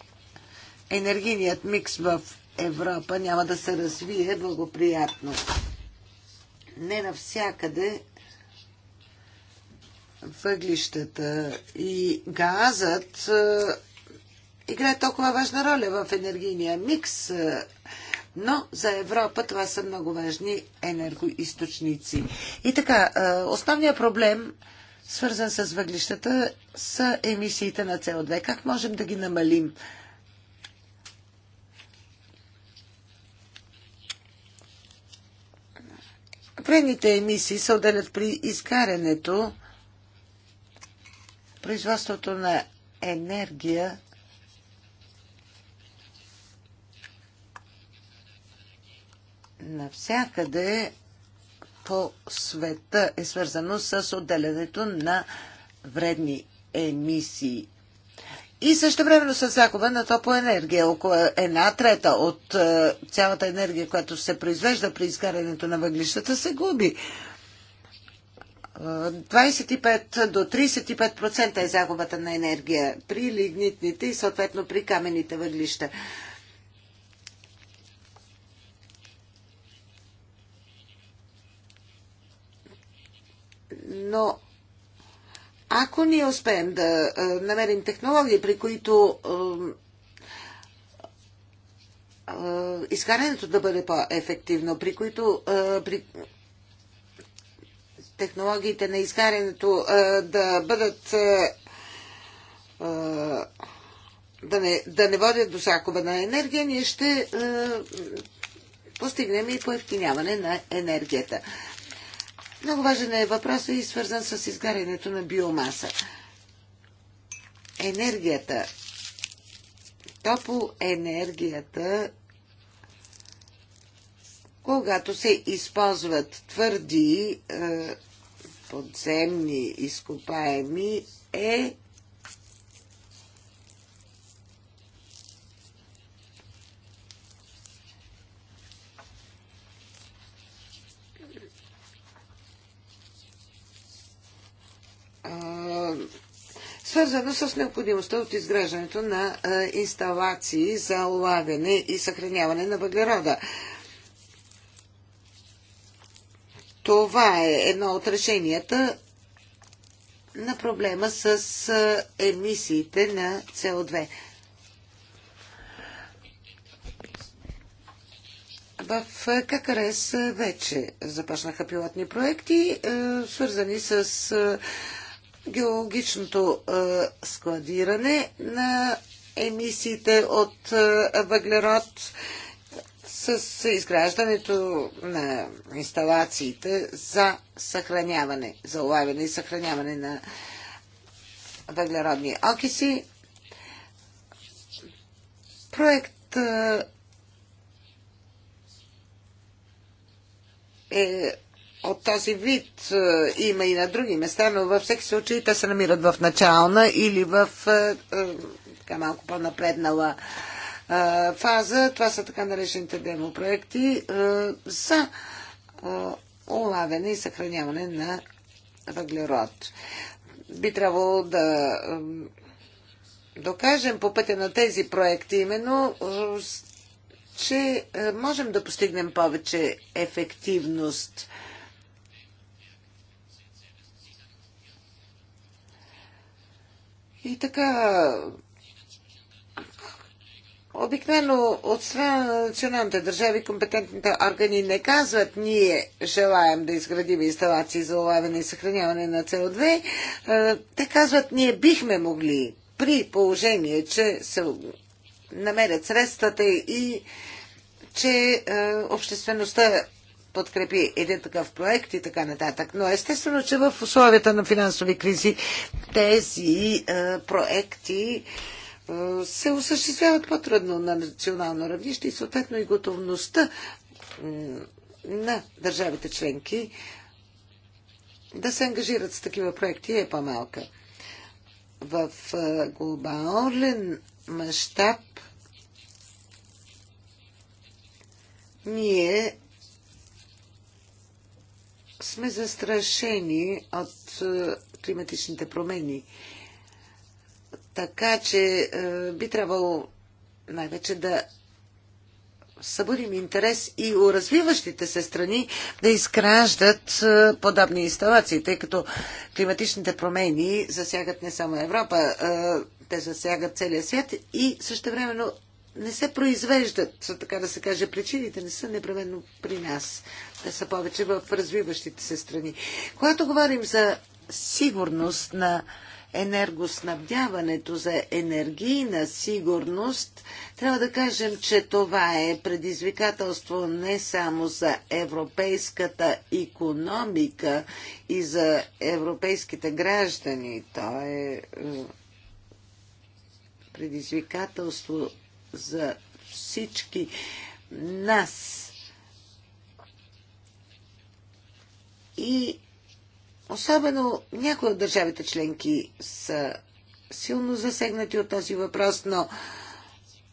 енергийният микс в Европа няма да се развие благоприятно. Не навсякъде въглищата и газът е, играе толкова важна роля в енергийния микс, е, но за Европа това са много важни енергоисточници. И така, е, основният проблем, свързан с въглищата, са емисиите на со 2 Как можем да ги намалим? Вредните емисии се отделят при изгарянето, производството на енергия навсякъде по света е свързано с отделянето на вредни емисии и също времено с загуба на топлоенергия, около една трета от е, цялата енергия, която се произвежда при изгарянето на въглищата, се губи. 25 е, до 35% е загубата на енергия при лигнитните и съответно при камените въглища. Но ако ние успеем да намерим технологии, при които изгарянето да бъде по-ефективно, при които при технологиите на изгарянето да бъдат да не, да не водят до загуба на енергия, ние ще постигнем и поевтиняване на енергията. Много важен е въпросът и свързан с изгарянето на биомаса. Енергията, топлоенергията, когато се използват твърди е, подземни изкопаеми, е свързана с необходимостта от изграждането на инсталации за улавяне и съхраняване на въглерода. Това е едно от решенията на проблема с емисиите на СО2. В ККРС вече започнаха пилотни проекти, свързани с геологичното складиране на емисиите от въглерод с изграждането на инсталациите за съхраняване, за улавяне и съхраняване на въглеродни окиси. Проект е от този вид е, има и на други места, но във всеки случай те се намират в начална или в е, е, така малко по-напреднала фаза. Това са така наречените демопроекти за улавяне и съхраняване на въглерод. Би трябвало да докажем по пътя на тези проекти именно, че можем да постигнем повече ефективност – И така, Обикновено, от страна на националните държави, компетентните органи не казват, ние желаем да изградим инсталации за улавяне и съхраняване на СО2. Е, те казват, ние бихме могли при положение, че се намерят средствата и че е, обществеността подкрепи един такъв проект и така нататък. Но естествено, че в условията на финансови кризи тези е, проекти е, се осъществяват по-трудно на национално равнище и съответно и готовността на държавите членки да се ангажират с такива проекти е по-малка. В е, глобален мащаб ние сме застрашени от е, климатичните промени. Така че е, би трябвало най-вече да събудим интерес и у развиващите се страни да изграждат е, подобни инсталации, тъй като климатичните промени засягат не само Европа, те засягат целия свят и също времено не се произвеждат, така да се каже, причините не са непременно при нас. Те са повече в развиващите се страни. Когато говорим за сигурност на енергоснабдяването, за енергийна сигурност, трябва да кажем, че това е предизвикателство не само за европейската економика и за европейските граждани. То е, е предизвикателство за всички нас. И особено някои от държавите членки са силно засегнати от този въпрос, но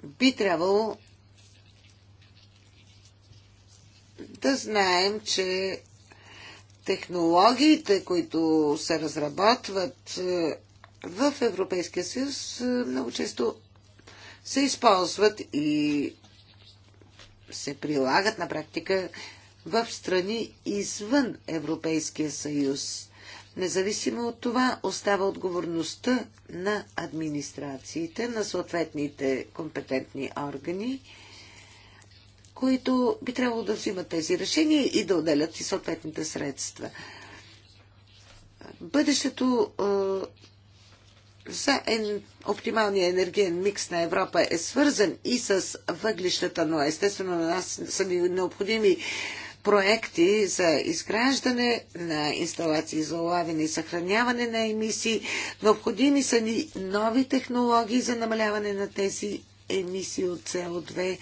би трябвало да знаем, че технологиите, които се разработват е, в Европейския съюз, е, много често се използват и се прилагат на практика в страни извън Европейския съюз. Независимо от това, остава отговорността на администрациите, на съответните компетентни органи, които би трябвало да взимат тези решения и да отделят и съответните средства. Бъдещето за ен... оптималния енергиен микс на Европа е свързан и с въглищата, но естествено на нас са ни необходими проекти за изграждане на инсталации за улавяне и съхраняване на емисии. Необходими са ни нови технологии за намаляване на тези емисии от СО2.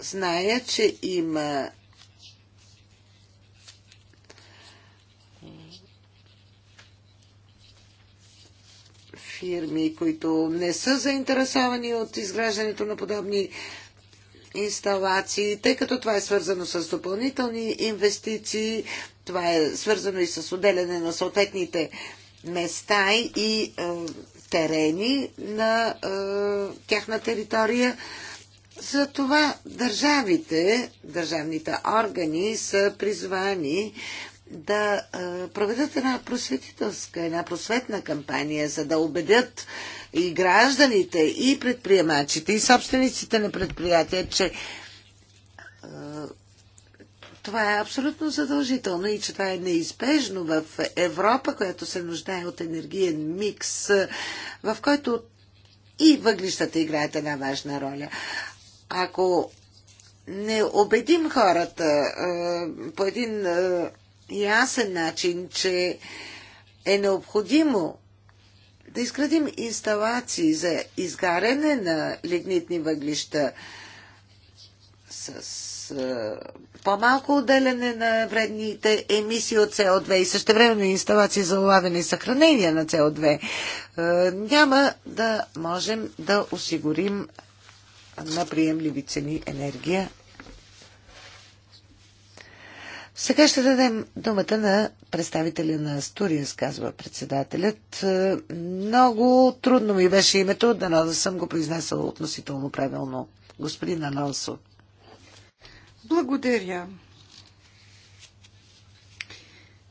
Зная, че има фирми, които не са заинтересовани от изграждането на подобни инсталации, тъй като това е свързано с допълнителни инвестиции, това е свързано и с отделяне на съответните места и е, терени на е, тяхна територия. Затова държавите, държавните органи са призвани да проведат една просветителска, една просветна кампания, за да убедят и гражданите, и предприемачите, и собствениците на предприятия, че това е абсолютно задължително и че това е неизбежно в Европа, която се нуждае от енергиен микс, в който и въглищата играят една важна роля. Ако не убедим хората по един ясен начин, че е необходимо да изградим инсталации за изгаряне на лигнитни въглища с по-малко отделяне на вредните емисии от СО2 и същевременно инсталации за улавяне и съхранение на СО2, няма да можем да осигурим на приемливи цени енергия сега ще дадем думата на представителя на Астуриас, казва председателят. Е, много трудно ми беше името, дано да съм го произнесъл относително правилно. Господин Анонсо. Благодаря.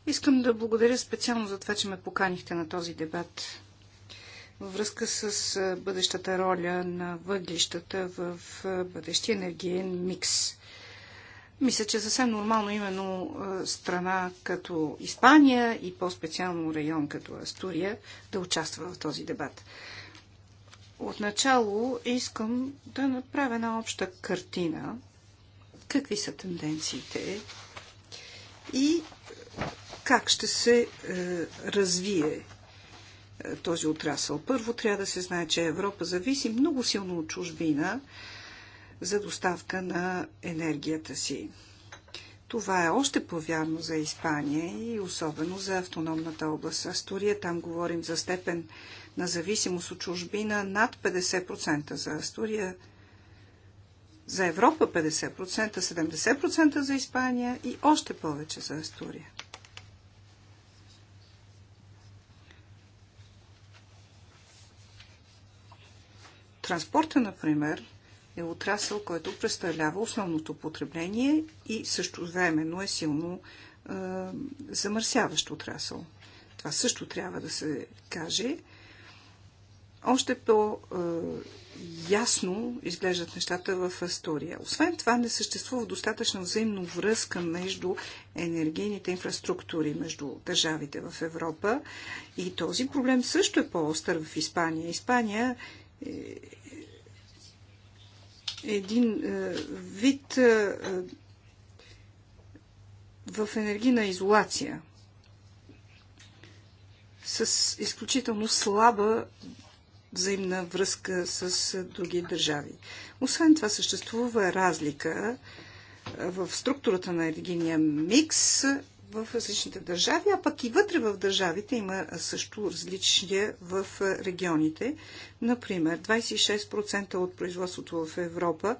Искам да благодаря специално за това, че ме поканихте на този дебат във връзка с е, бъдещата роля на въглищата в е, бъдещия енергиен микс. Мисля, че е съвсем нормално именно страна като Испания и по-специално район като Астурия да участва в този дебат. Отначало искам да направя една обща картина. Какви са тенденциите и как ще се е, развие е, този отрасъл. Първо трябва да се знае, че Европа зависи много силно от чужбина за доставка на енергията си. Това е още повярно за Испания и особено за автономната област Астория. Там говорим за степен на зависимост от чужбина над 50% за Астория, за Европа 50%, 70% за Испания и още повече за Астория. Транспорта, например, е отрасъл, който представлява основното потребление и също времено е силно е, замърсяващ отрасъл. Това също трябва да се каже. Още по-ясно е, изглеждат нещата в Астория. Освен това, не съществува достатъчно взаимно връзка между енергийните инфраструктури, между държавите в Европа. И този проблем също е по-остър в Испания. Испания е, един е, вид е, е, в енергийна изолация с изключително слаба взаимна връзка с други държави. Освен това съществува разлика в структурата на енергийния микс в различните държави, а пък и вътре в държавите има също различия в регионите. Например, 26% от производството в Европа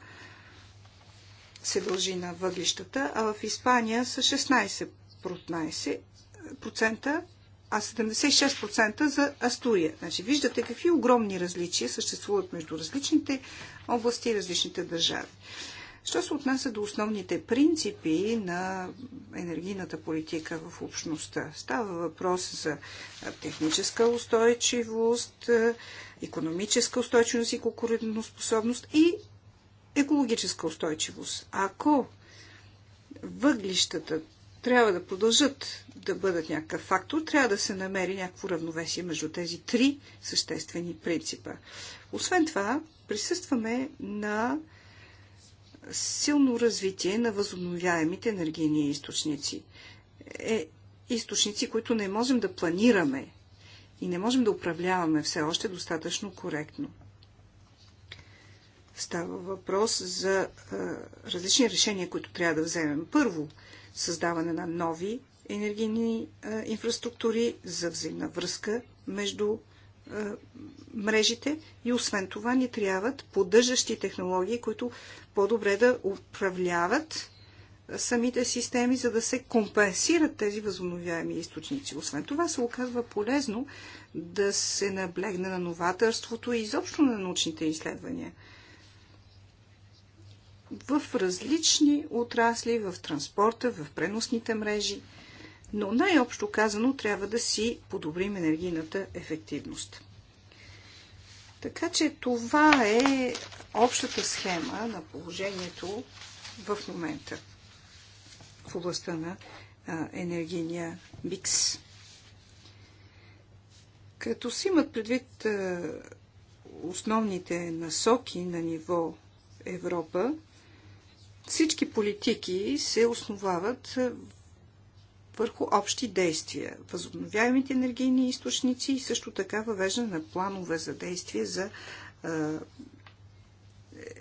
се дължи на въглищата, а в Испания са 16%, а 76% за Астурия. Значи, виждате какви огромни различия съществуват между различните области и различните държави. Що се отнася до основните принципи на енергийната политика в общността? Става въпрос за техническа устойчивост, економическа устойчивост и конкурентоспособност и екологическа устойчивост. Ако въглищата трябва да продължат да бъдат някакъв фактор, трябва да се намери някакво равновесие между тези три съществени принципа. Освен това, присъстваме на силно развитие на възобновяемите енергийни източници. Е, източници, които не можем да планираме и не можем да управляваме все още достатъчно коректно. Става въпрос за е, различни решения, които трябва да вземем. Първо, създаване на нови енергийни е, инфраструктури за взаимна връзка между мрежите и освен това ни трябват поддържащи технологии, които по-добре да управляват самите системи, за да се компенсират тези възобновяеми източници. Освен това се оказва полезно да се наблегне на новаторството и изобщо на научните изследвания в различни отрасли, в транспорта, в преносните мрежи – но най-общо казано трябва да си подобрим енергийната ефективност. Така че това е общата схема на положението в момента в областта на енергийния микс. Като си имат предвид основните насоки на ниво Европа, всички политики се основават върху общи действия, възобновяемите енергийни източници и също така въвеждане на планове за действие за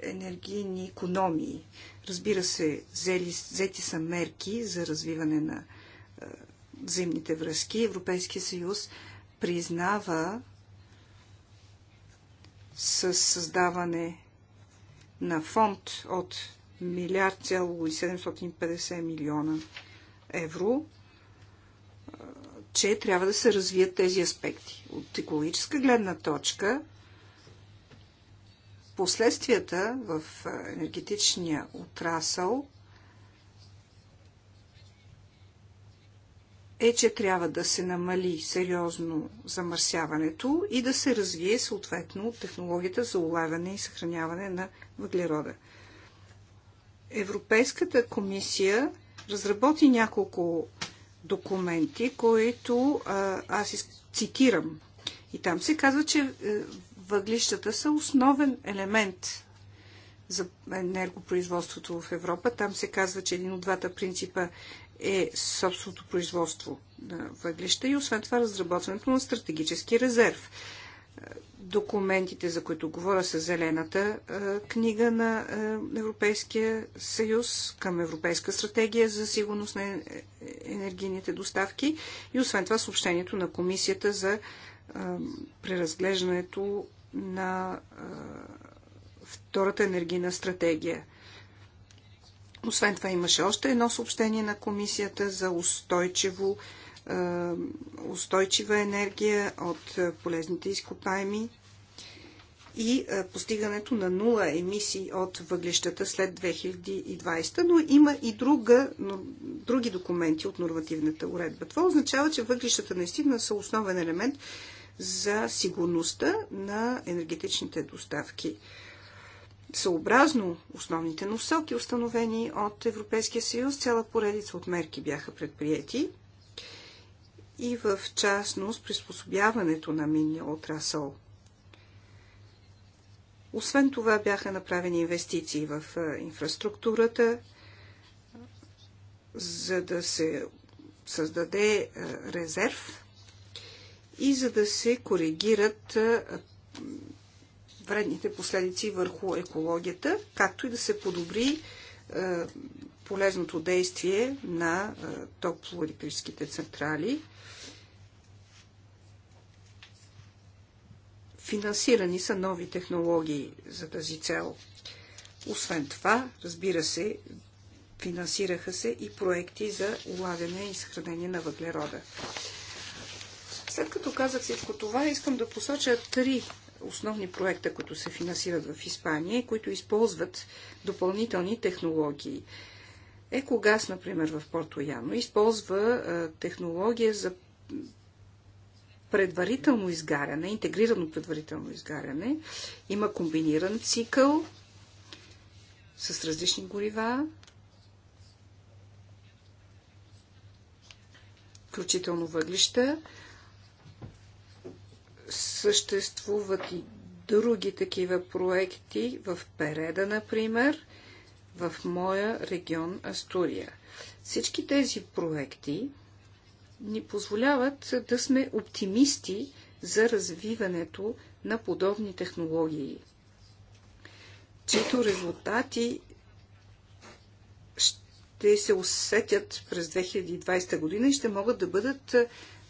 енергийни економии. Разбира се, взели, взети са мерки за развиване на е, взаимните връзки. Европейския съюз признава с създаване на фонд от милиард 750 милиона евро че трябва да се развият тези аспекти. От екологическа гледна точка, последствията в енергетичния отрасъл е, че трябва да се намали сериозно замърсяването и да се развие съответно технологията за улавяне и съхраняване на въглерода. Европейската комисия разработи няколко документи, които аз цитирам. И там се казва, че е, въглищата са основен елемент за енергопроизводството в Европа. Там се казва, че един от двата принципа е собственото производство на въглища и освен това разработването на стратегически резерв документите, за които говоря, са зелената е, книга на е, Европейския съюз към Европейска стратегия за сигурност на е, енергийните доставки и освен това съобщението на комисията за преразглеждането на втората енергийна стратегия. Освен това имаше още едно съобщение на комисията за устойчиво устойчива енергия от полезните изкопаеми и постигането на нула емисии от въглищата след 2020, но има и друга, но, други документи от нормативната уредба. Това означава, че въглищата наистина са основен елемент за сигурността на енергетичните доставки. Съобразно основните носоки, установени от Европейския съюз, цяла поредица от мерки бяха предприяти и в частност приспособяването на минния отрасъл – освен това бяха направени инвестиции в инфраструктурата, за да се създаде резерв и за да се коригират вредните последици върху екологията, както и да се подобри полезното действие на топлоелектрическите централи. Финансирани са нови технологии за тази цел. Освен това, разбира се, финансираха се и проекти за улавяне и съхранение на въглерода. След като казах всичко това, искам да посоча три основни проекта, които се финансират в Испания и които използват допълнителни технологии. Екогаз, например, в Порто Яно, използва технология за предварително изгаряне, интегрирано предварително изгаряне. Има комбиниран цикъл с различни горива, включително въглища. Съществуват и други такива проекти в Переда, например, в моя регион Астурия. Всички тези проекти ни позволяват да сме оптимисти за развиването на подобни технологии, чието резултати ще се усетят през 2020 година и ще могат да бъдат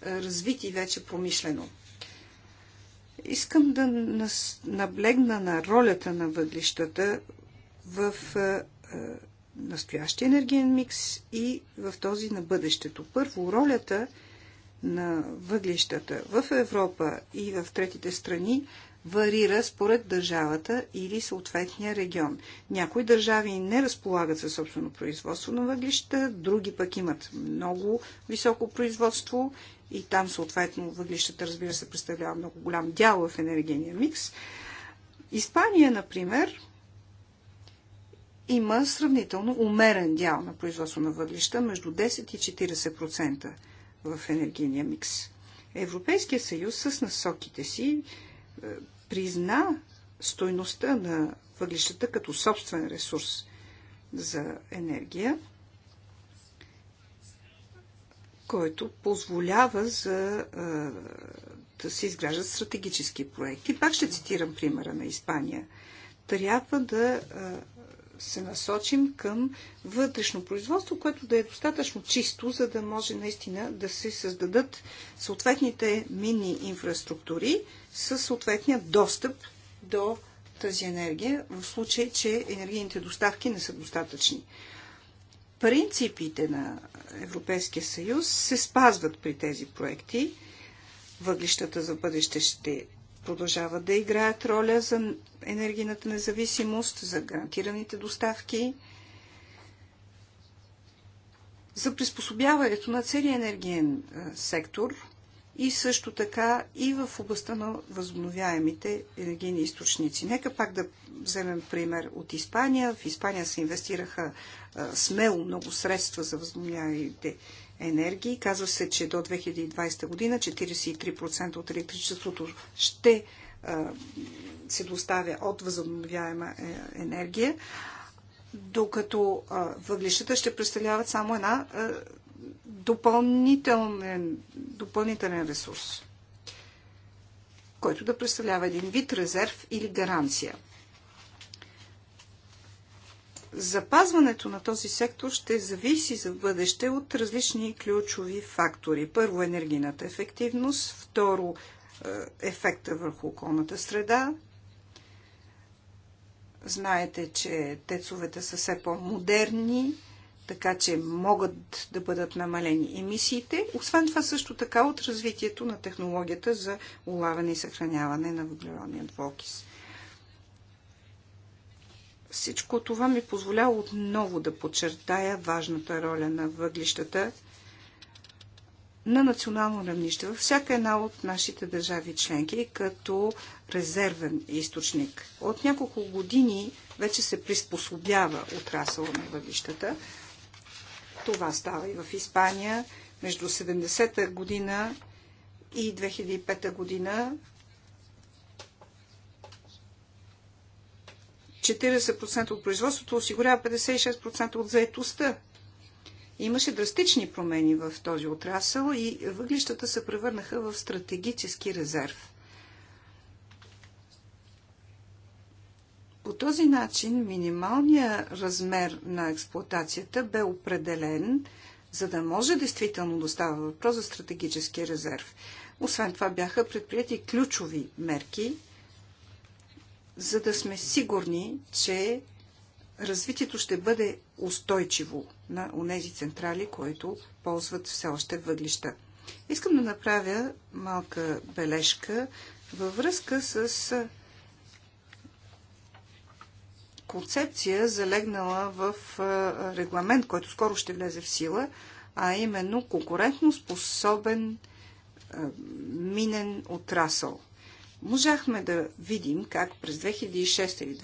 развити вече промишлено. Искам да наблегна на ролята на въглищата в настоящия енергиен микс и в този на бъдещето. Първо, ролята на въглищата в Европа и в третите страни варира според държавата или съответния регион. Някои държави не разполагат със собствено производство на въглища, други пък имат много високо производство и там съответно въглищата, разбира се, представлява много голям дял в енергийния микс. Испания, например, има сравнително умерен дял на производство на въглища между 10 и 40% в енергийния микс. Европейския съюз с насоките си е, призна стойността на въглищата като собствен ресурс за енергия, който позволява за, е, да се изграждат стратегически проекти. Пак ще цитирам примера на Испания. Трябва да е, се насочим към вътрешно производство, което да е достатъчно чисто, за да може наистина да се създадат съответните мини инфраструктури с съответния достъп до тази енергия, в случай, че енергийните доставки не са достатъчни. Принципите на Европейския съюз се спазват при тези проекти. Въглищата за бъдеще ще продължават да играят роля за енергийната независимост, за гарантираните доставки, за приспособяването на целия енергиен сектор и също така и в областта на възобновяемите енергийни източници. Нека пак да вземем пример от Испания. В Испания се инвестираха смело много средства за възобновяемите енергии. Казва се, че до 2020 година 43% от електричеството ще се доставя от възобновяема е, енергия, докато въглищата ще представляват само една допълнителен, допълнителен ресурс, който да представлява един вид резерв или гаранция – Запазването на този сектор ще зависи за бъдеще от различни ключови фактори. Първо енергийната ефективност, второ е, ефекта върху околната среда. Знаете, че тецовете са все по-модерни, така че могат да бъдат намалени емисиите. Освен това също така от развитието на технологията за улавяне и съхраняване на въглеродния двокис. Всичко това ми позволява отново да подчертая важната роля на въглищата на национално равнище във всяка една от нашите държави членки като резервен източник. От няколко години вече се приспособява отрасъл на въглищата. Това става и в Испания. Между 70-та година и 2005 година 40% от производството осигурява 56% от заетостта. Имаше драстични промени в този отрасъл и въглищата се превърнаха в стратегически резерв. По този начин минималният размер на експлоатацията бе определен, за да може действително да става въпрос за стратегически резерв. Освен това бяха предприяти ключови мерки за да сме сигурни, че развитието ще бъде устойчиво на онези централи, които ползват все още въглища. Искам да направя малка бележка във връзка с концепция, залегнала в регламент, който скоро ще влезе в сила, а именно конкурентно способен минен отрасъл можахме да видим как през 2006 или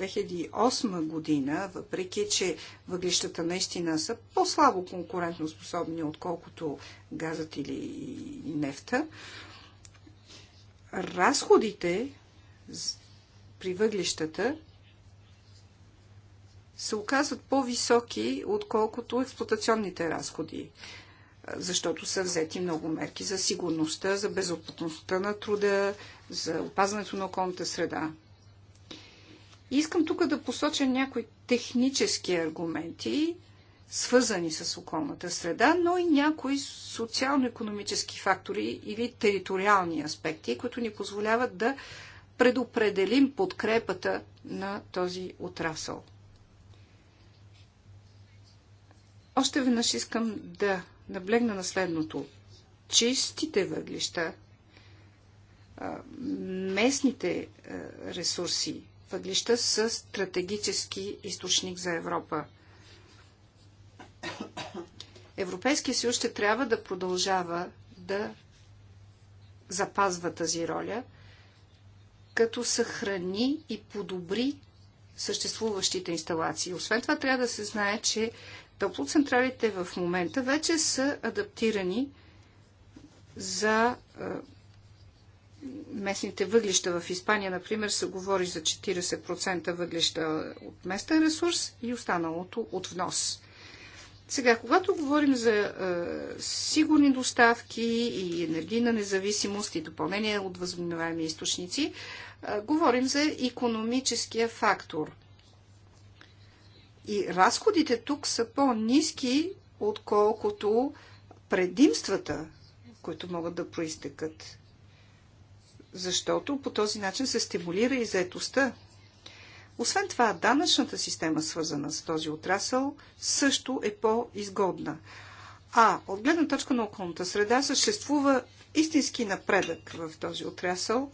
2008 година, въпреки че въглищата наистина са по-слабо конкурентно способни, отколкото газът или нефта, разходите при въглищата се оказват по-високи, отколкото експлуатационните разходи, защото са взети много мерки за сигурността, за безопасността на труда, за опазването на околната среда. И искам тук да посоча някои технически аргументи, свързани с околната среда, но и някои социално-економически фактори или териториални аспекти, които ни позволяват да предопределим подкрепата на този отрасъл. Още веднъж искам да наблегна на следното. Чистите въглища местните ресурси, въглища са стратегически източник за Европа. Европейския съюз ще трябва да продължава да запазва тази роля, като съхрани и подобри съществуващите инсталации. Освен това трябва да се знае, че топлоцентралите в момента вече са адаптирани за местните въглища в Испания, например, се говори за 40% въглища от местен ресурс и останалото от внос. Сега, когато говорим за е, сигурни доставки и енергийна независимост и допълнение от възобновяеми източници, е, говорим за економическия фактор. И разходите тук са по-низки, отколкото предимствата, които могат да проистекат защото по този начин се стимулира и заетостта. Освен това, данъчната система, свързана с този отрасъл, също е по-изгодна. А от гледна точка на околната среда съществува истински напредък в този отрасъл.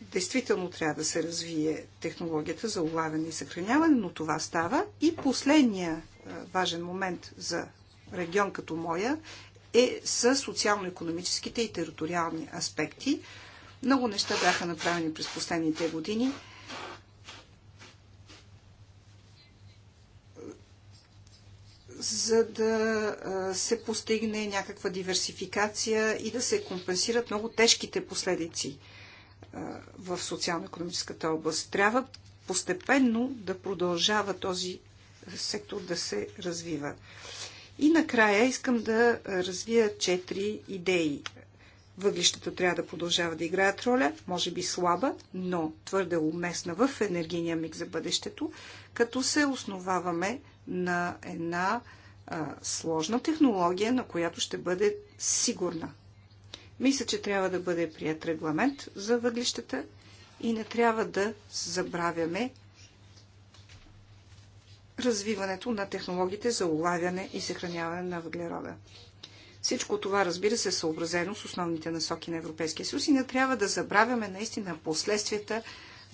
Действително трябва да се развие технологията за улавяне и съхраняване, но това става. И последния важен момент за регион като моя е са социално-економическите и териториални аспекти – много неща бяха направени през последните години. за да се постигне някаква диверсификация и да се компенсират много тежките последици в социално-економическата област. Трябва постепенно да продължава този сектор да се развива. И накрая искам да развия четири идеи. Въглищата трябва да продължават да играят роля, може би слаба, но твърде уместна в енергийния миг за бъдещето, като се основаваме на една а, сложна технология, на която ще бъде сигурна. Мисля, че трябва да бъде прият регламент за въглищата и не трябва да забравяме развиването на технологиите за улавяне и съхраняване на въглерода. Всичко това, разбира се, е съобразено с основните насоки на Европейския съюз и не трябва да забравяме наистина последствията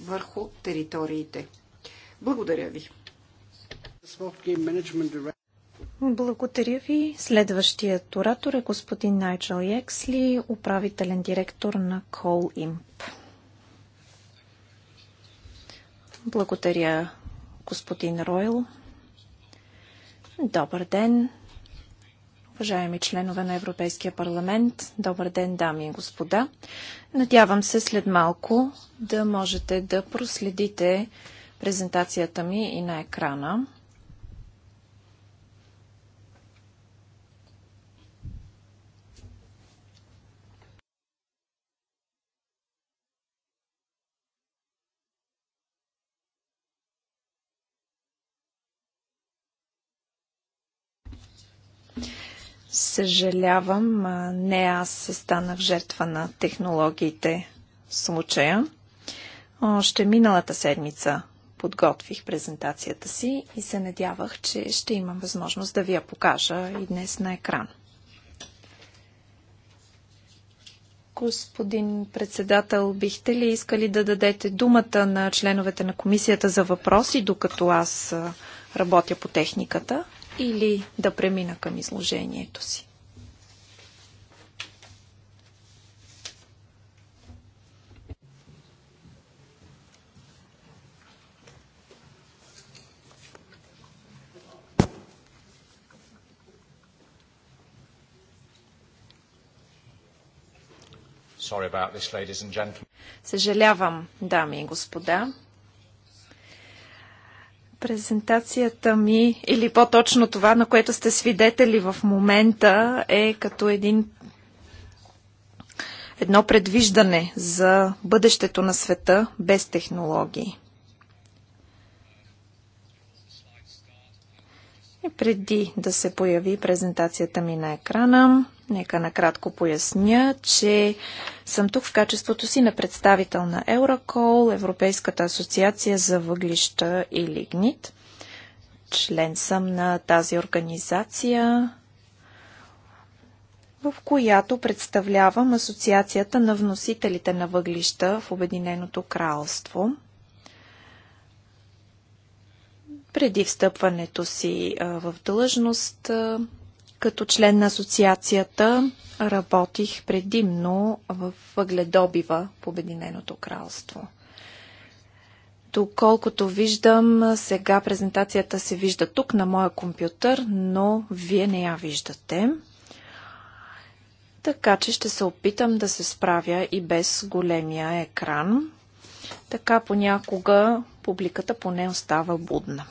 върху териториите. Благодаря ви. Благодаря ви. Следващият оратор е господин Найджел Ексли, управителен директор на Кол Имп. Благодаря, господин Ройл. Добър ден. Уважаеми членове на Европейския парламент, добър ден, дами и господа. Надявам се след малко да можете да проследите презентацията ми и на екрана. Съжалявам, не аз станах жертва на технологиите в случая. Още миналата седмица подготвих презентацията си и се надявах, че ще имам възможност да ви я покажа и днес на екран. Господин председател, бихте ли искали да дадете думата на членовете на комисията за въпроси, докато аз работя по техниката? или да премина към изложението си? Съжалявам, дами и господа. Презентацията ми, или по-точно това, на което сте свидетели в момента, е като един едно предвиждане за бъдещето на света без технологии. И преди да се появи презентацията ми на екрана, Нека накратко поясня, че съм тук в качеството си на представител на Еврокол, Европейската асоциация за въглища и лигнит. Член съм на тази организация, в която представлявам Асоциацията на вносителите на въглища в Обединеното кралство. Преди встъпването си в длъжност като член на асоциацията работих предимно в въгледобива в Обединеното кралство. Доколкото виждам, сега презентацията се вижда тук на моя компютър, но вие не я виждате. Така че ще се опитам да се справя и без големия екран. Така понякога публиката поне остава будна.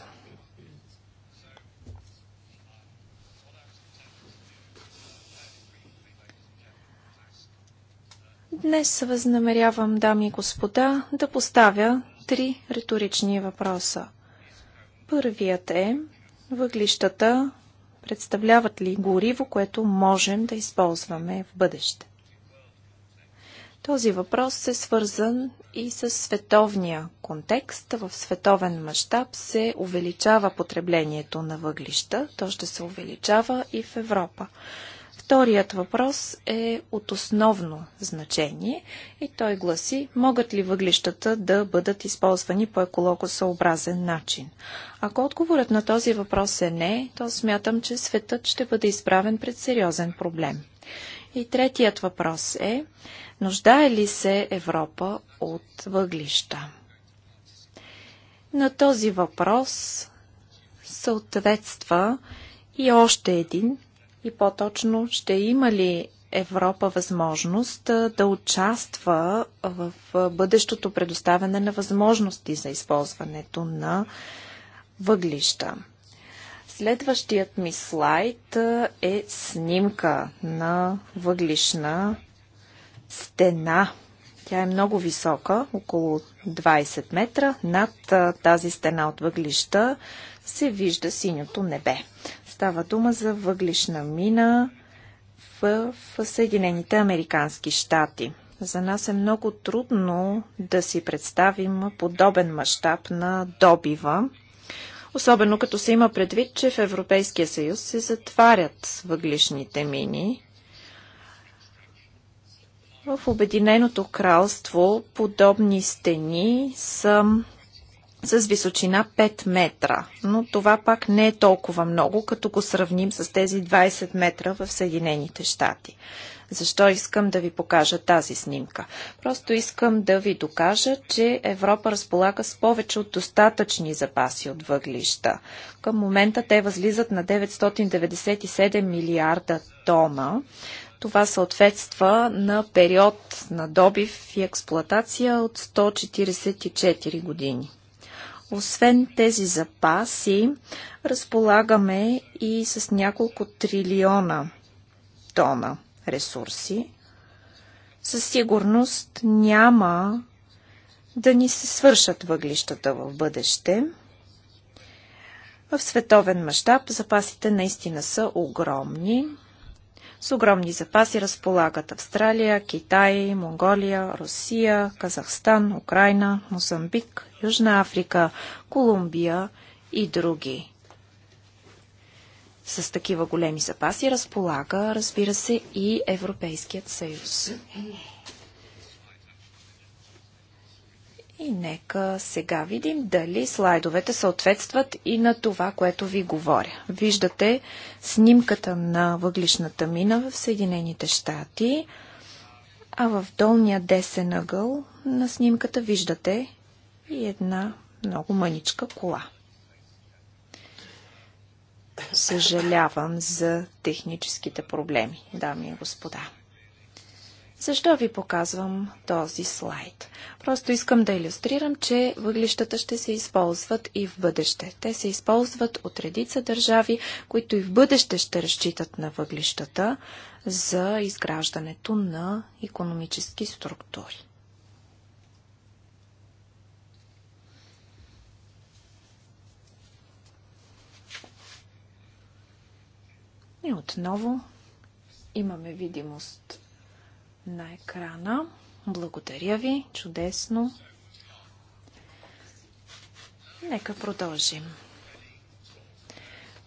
Днес възнамерявам, дами и господа, да поставя три риторични въпроса. Първият е въглищата представляват ли гориво, което можем да използваме в бъдеще. Този въпрос е свързан и с световния контекст. В световен мащаб се увеличава потреблението на въглища. То ще се увеличава и в Европа. Вторият въпрос е от основно значение и той гласи, могат ли въглищата да бъдат използвани по екологосъобразен начин. Ако отговорът на този въпрос е не, то смятам, че светът ще бъде изправен пред сериозен проблем. И третият въпрос е, нуждае ли се Европа от въглища? На този въпрос съответства и още един и по-точно, ще има ли Европа възможност да участва в бъдещото предоставяне на възможности за използването на въглища? Следващият ми слайд е снимка на въглишна стена. Тя е много висока, около 20 метра. Над тази стена от въглища се вижда синьото небе. Става дума за въглишна мина в, в Съединените Американски щати. За нас е много трудно да си представим подобен мащаб на добива, особено като се има предвид, че в Европейския съюз се затварят въглишните мини. В Обединеното кралство подобни стени са с височина 5 метра, но това пак не е толкова много, като го сравним с тези 20 метра в Съединените щати. Защо искам да ви покажа тази снимка? Просто искам да ви докажа, че Европа разполага с повече от достатъчни запаси от въглища. Към момента те възлизат на 997 милиарда тона. Това съответства на период на добив и експлоатация от 144 години. Освен тези запаси, разполагаме и с няколко трилиона тона ресурси. Със сигурност няма да ни се свършат въглищата в бъдеще. В световен мащаб запасите наистина са огромни. С огромни запаси разполагат Австралия, Китай, Монголия, Русия, Казахстан, Украина, Мозамбик, Южна Африка, Колумбия и други. С такива големи запаси разполага, разбира се, и Европейският съюз. И нека сега видим дали слайдовете съответстват и на това, което ви говоря. Виждате снимката на въглишната мина в Съединените щати, а в долния десен ъгъл на снимката виждате и една много мъничка кола. Съжалявам за техническите проблеми, дами и господа. Защо ви показвам този слайд? Просто искам да иллюстрирам, че въглищата ще се използват и в бъдеще. Те се използват от редица държави, които и в бъдеще ще разчитат на въглищата за изграждането на економически структури. И отново имаме видимост на екрана. Благодаря ви. Чудесно. Нека продължим.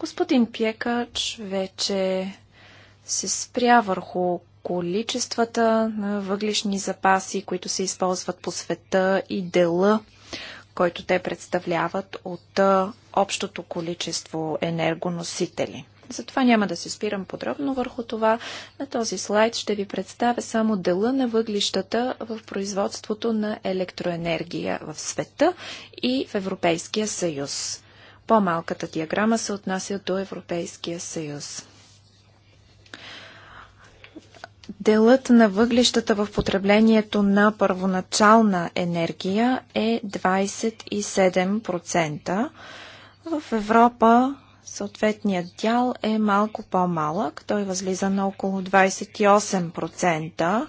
Господин Пекач вече се спря върху количествата на въглишни запаси, които се използват по света и дела, който те представляват от общото количество енергоносители. Затова няма да се спирам подробно върху това. На този слайд ще ви представя само дела на въглищата в производството на електроенергия в света и в Европейския съюз. По-малката диаграма се отнася до Европейския съюз. Делът на въглищата в потреблението на първоначална енергия е 27%. В Европа съответният дял е малко по-малък. Той възлиза на около 28%.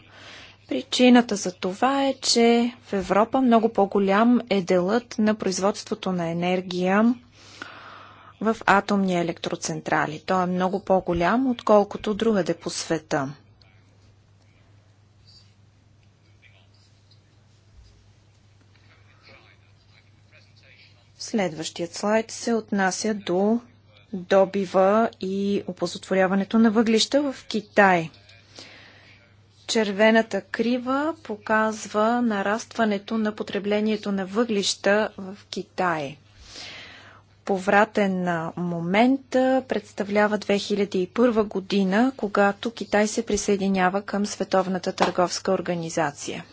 Причината за това е, че в Европа много по-голям е делът на производството на енергия в атомни електроцентрали. Той е много по-голям, отколкото другаде по света. Следващият слайд се отнася до добива и опозотворяването на въглища в Китай. Червената крива показва нарастването на потреблението на въглища в Китай. Повратен момент представлява 2001 година, когато Китай се присъединява към Световната търговска организация.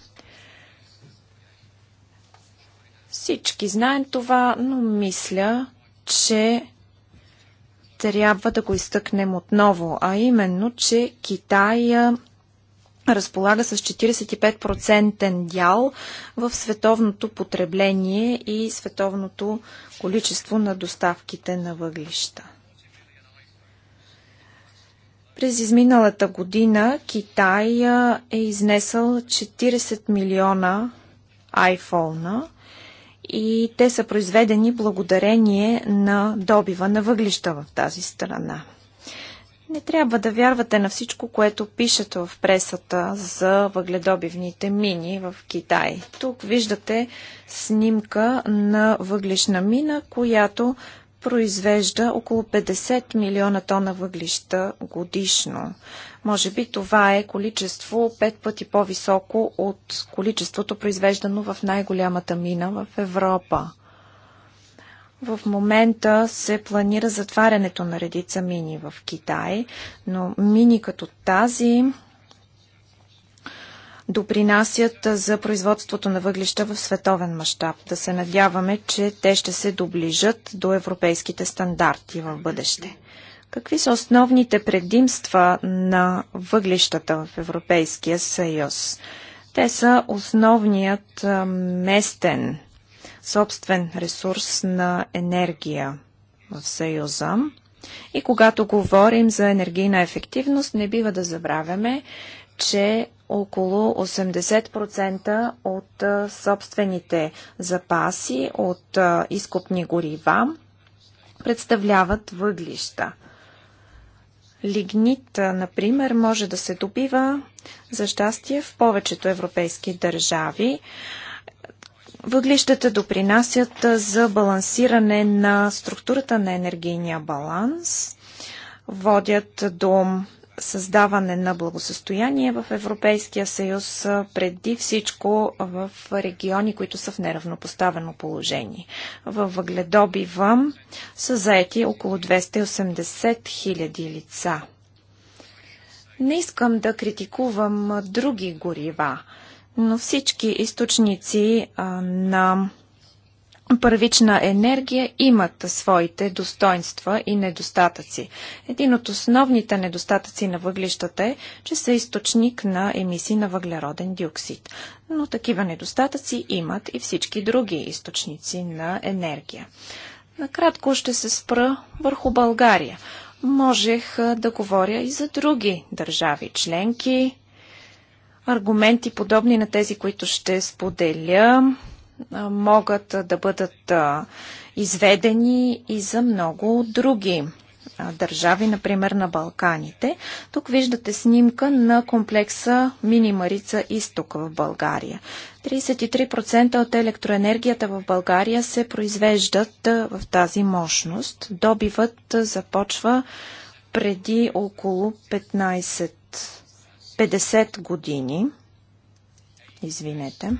Всички знаем това, но мисля, че трябва да го изтъкнем отново, а именно, че Китай разполага с 45% дял в световното потребление и световното количество на доставките на въглища. През изминалата година Китай е изнесъл 40 милиона iPhone-а и те са произведени благодарение на добива на въглища в тази страна. Не трябва да вярвате на всичко, което пишете в пресата за въгледобивните мини в Китай. Тук виждате снимка на въглишна мина, която произвежда около 50 милиона тона въглища годишно. Може би това е количество пет пъти по-високо от количеството произвеждано в най-голямата мина в Европа. В момента се планира затварянето на редица мини в Китай, но мини като тази допринасят за производството на въглища в световен мащаб. Да се надяваме, че те ще се доближат до европейските стандарти в бъдеще. Какви са основните предимства на въглищата в Европейския съюз? Те са основният местен собствен ресурс на енергия в Съюза. И когато говорим за енергийна ефективност, не бива да забравяме, че около 80% от собствените запаси от изкупни горива представляват въглища. Лигнит, например, може да се добива за щастие в повечето европейски държави. Въглищата допринасят за балансиране на структурата на енергийния баланс, водят до създаване на благосъстояние в Европейския съюз, преди всичко в региони, които са в неравнопоставено положение. Във въгледобива са заети около 280 хиляди лица. Не искам да критикувам други горива, но всички източници на първична енергия имат своите достоинства и недостатъци. Един от основните недостатъци на въглищата е, че са източник на емисии на въглероден диоксид. Но такива недостатъци имат и всички други източници на енергия. Накратко ще се спра върху България. Можех да говоря и за други държави членки, аргументи подобни на тези, които ще споделя, могат да бъдат изведени и за много други държави, например на Балканите. Тук виждате снимка на комплекса Мини Марица Изток в България. 33% от електроенергията в България се произвеждат в тази мощност. Добивът започва преди около 15 50 години. Извинете.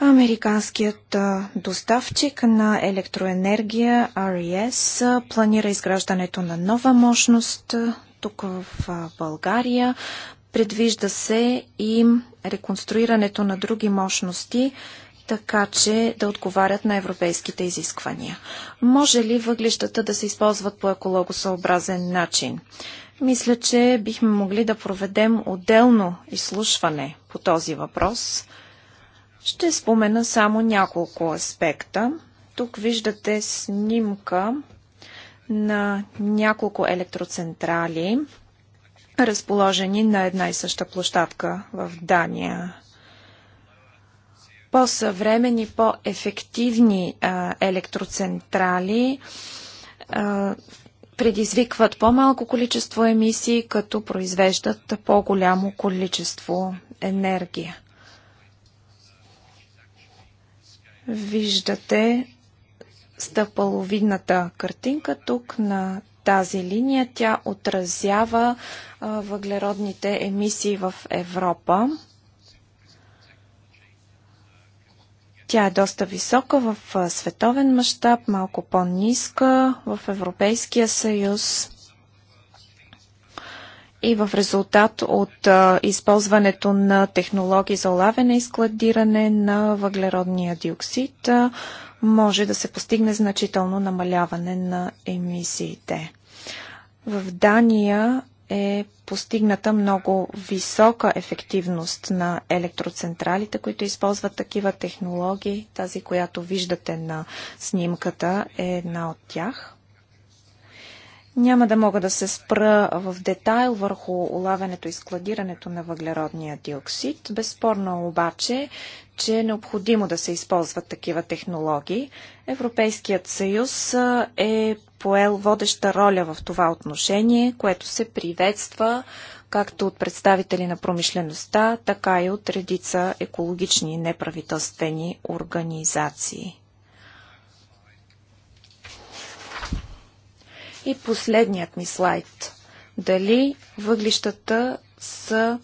Американският доставчик на електроенергия RES планира изграждането на нова мощност тук в България. Предвижда се и реконструирането на други мощности, така че да отговарят на европейските изисквания. Може ли въглищата да се използват по екологосъобразен начин? Мисля, че бихме могли да проведем отделно изслушване по този въпрос – ще спомена само няколко аспекта. Тук виждате снимка на няколко електроцентрали, разположени на една и съща площадка в Дания. По-съвремени, по-ефективни електроцентрали предизвикват по-малко количество емисии, като произвеждат по-голямо количество енергия. Виждате стъпаловидната картинка тук на тази линия. Тя отразява въглеродните емисии в Европа. Тя е доста висока в световен мащаб, малко по-ниска в Европейския съюз. И в резултат от а, използването на технологии за олавяне и складиране на въглеродния диоксид а, може да се постигне значително намаляване на емисиите. В Дания е постигната много висока ефективност на електроцентралите, които използват такива технологии. Тази, която виждате на снимката, е една от тях. Няма да мога да се спра в детайл върху улавянето и складирането на въглеродния диоксид. Безспорно обаче, че е необходимо да се използват такива технологии. Европейският съюз е поел водеща роля в това отношение, което се приветства както от представители на промишлеността, така и от редица екологични неправителствени организации. И последният ми слайд. Дали въглищата са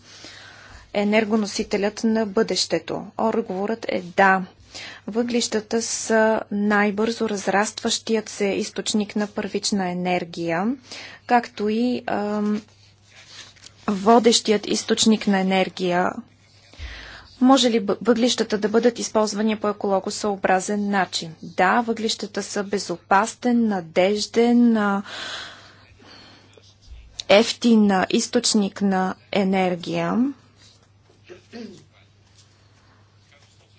енергоносителят на бъдещето? Отговорът е да. Въглищата са най-бързо разрастващият се източник на първична енергия, както и водещият източник на енергия може ли въглищата да бъдат използвани по екологосъобразен начин? Да, въглищата са безопасен, надежден, ефтин източник на енергия.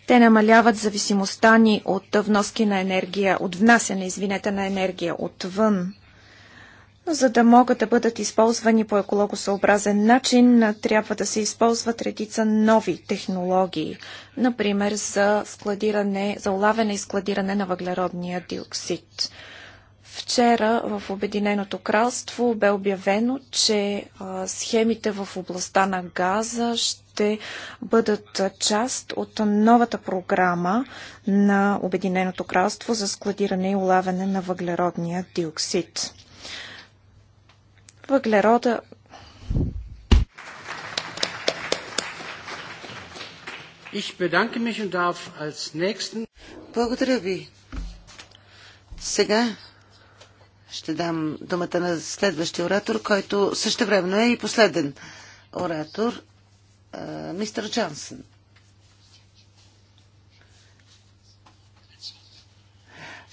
Те намаляват зависимостта ни от вноски на енергия, от внасяне, извинете, на енергия отвън. За да могат да бъдат използвани по екологосъобразен начин, трябва да се използват редица нови технологии, например за, складиране, за улавяне и складиране на въглеродния диоксид. Вчера в Обединеното кралство бе обявено, че схемите в областта на газа ще бъдат част от новата програма на Обединеното кралство за складиране и улавяне на въглеродния диоксид въглерода. Ich bedanke mich und darf als nächsten... Благодаря ви. Сега ще дам думата на следващия оратор, който също времено е и последен оратор, мистер Джонсън.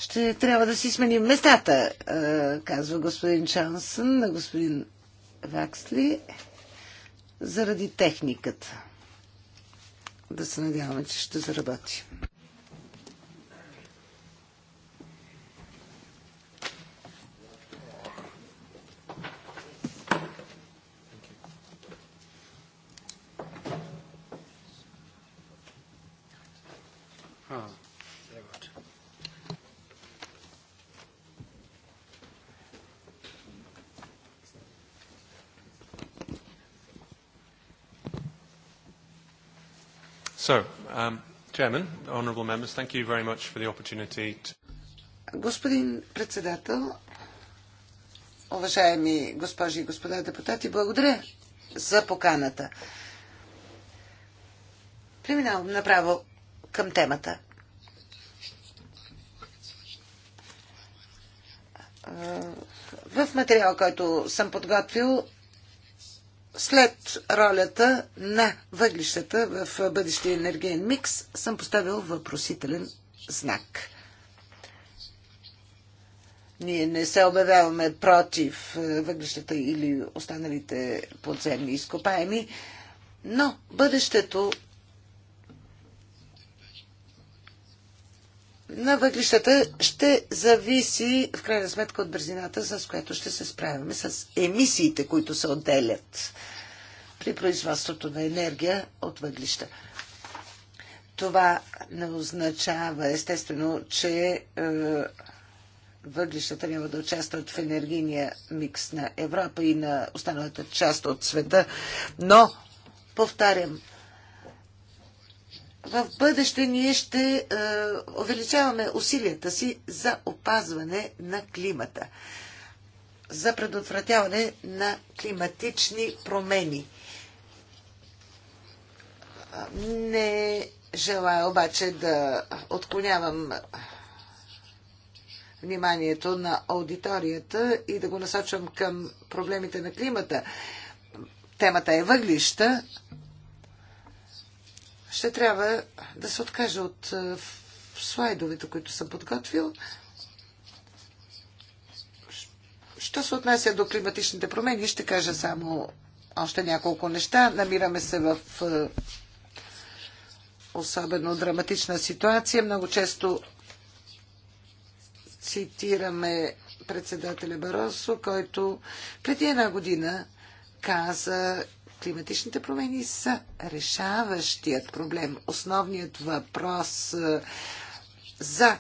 Ще трябва да си сменим местата, е, казва господин Чансън на господин Ваксли, заради техниката. Да се надяваме, че ще заработи. So, um, Chairman, members, thank you very much for the opportunity to... Господин председател, уважаеми госпожи и господа депутати, благодаря за поканата. Преминавам направо към темата. Е, в материала, който съм подготвил, след ролята на въглищата в бъдещия енергиен микс съм поставил въпросителен знак. Ние не се обявяваме против е, въглищата или останалите подземни изкопаеми, но бъдещето на въглищата ще зависи в крайна сметка от бързината, с която ще се справяме с емисиите, които се отделят при производството на енергия от въглища. Това не означава естествено, че е, въглищата няма да участват в енергийния микс на Европа и на останалата част от света, но повтарям, в бъдеще ние ще е, увеличаваме усилията си за опазване на климата, за предотвратяване на климатични промени. Не желая обаче да отклонявам вниманието на аудиторията и да го насочвам към проблемите на климата. Темата е въглища, ще трябва да се откажа от е, слайдовете, които съм подготвил. Що се отнася до климатичните промени, ще кажа само още няколко неща. Намираме се в е, особено драматична ситуация. Много често цитираме председателя Баросо, който преди една година каза климатичните промени са решаващият проблем, основният въпрос е, за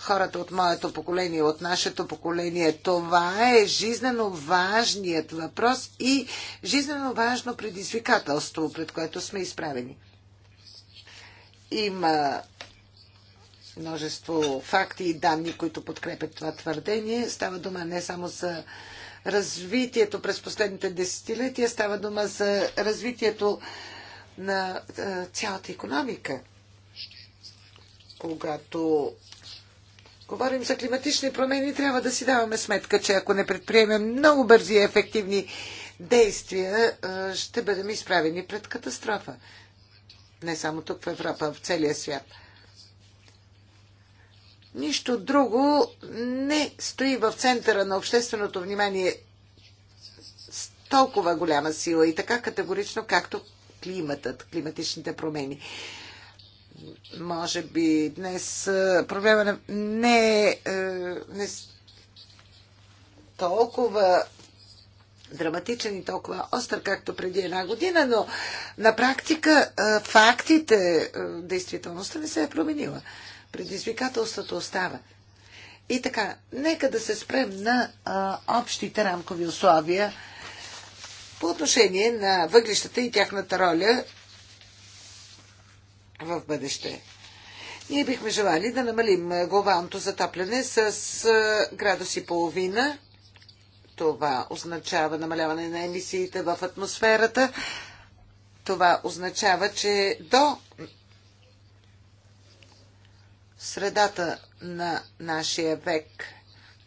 хората от моето поколение, от нашето поколение. Това е жизнено важният въпрос и жизнено важно предизвикателство, пред което сме изправени. Има множество факти и данни, които подкрепят това твърдение. Става дума не само за развитието през последните десетилетия, става дума за развитието на цялата економика. Когато говорим за климатични промени, трябва да си даваме сметка, че ако не предприемем много бързи и ефективни действия, ще бъдем изправени пред катастрофа. Не само тук в Европа, в целия свят. Нищо друго не стои в центъра на общественото внимание с толкова голяма сила и така категорично, както климатът, климатичните промени. Може би днес проблема не не, е, не е толкова драматичен и толкова остър, както преди една година, но на практика фактите, действителността не се е променила. Предизвикателството остава. И така, нека да се спрем на а, общите рамкови условия по отношение на въглищата и тяхната роля в бъдеще. Ние бихме желали да намалим глобалното затапляне с градус и половина. Това означава намаляване на емисиите в атмосферата. Това означава, че до средата на нашия век.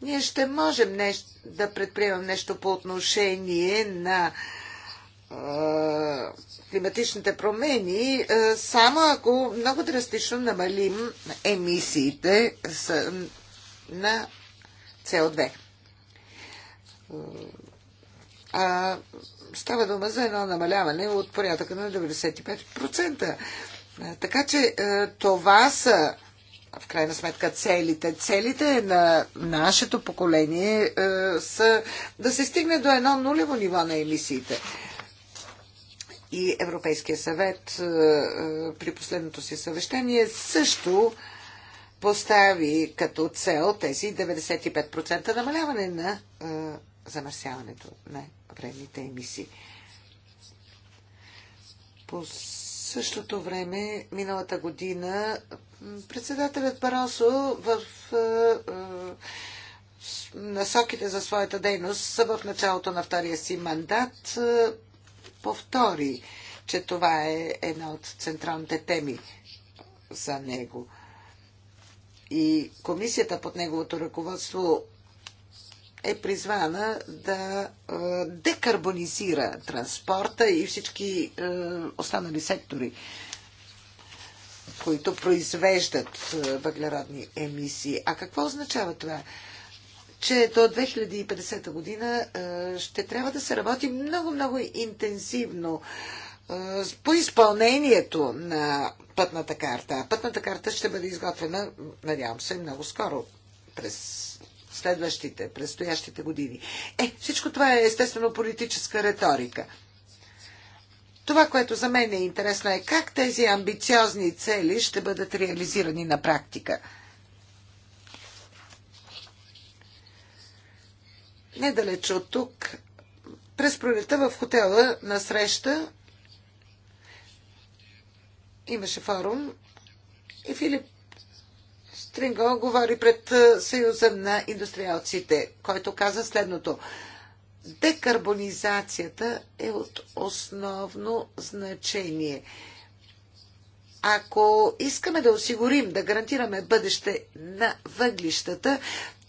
Ние ще можем нещо, да предприемам нещо по отношение на е, климатичните промени, е, само ако много драстично намалим емисиите с, на со 2 А става дума за едно намаляване от порядъка на 95%. Така че това са в крайна сметка целите. Целите на нашето поколение е, са да се стигне до едно нулево ниво на емисиите. И Европейския съвет е, е при последното си съвещание също постави като цел тези 95% намаляване на е, замърсяването на вредните емисии. Пос същото време, миналата година, председателят Баросо в е, е, насоките за своята дейност са в началото на втория си мандат е, повтори, че това е една от централните теми за него. И комисията под неговото ръководство е призвана да е, декарбонизира транспорта и всички е, останали сектори, които произвеждат е, въглеродни емисии. А какво означава това? че до 2050 година ще трябва да се работи много-много интенсивно по изпълнението на пътната карта. Пътната карта ще бъде изготвена, надявам се, много скоро през следващите, предстоящите години. Е, всичко това е естествено политическа риторика. Това, което за мен е интересно е как тези амбициозни цели ще бъдат реализирани на практика. Недалеч от тук, през пролета в хотела на среща имаше форум и Филип Стринго говори пред е, Съюза на индустриалците, който каза следното. Декарбонизацията е от основно значение. Ако искаме да осигурим, да гарантираме бъдеще на въглищата,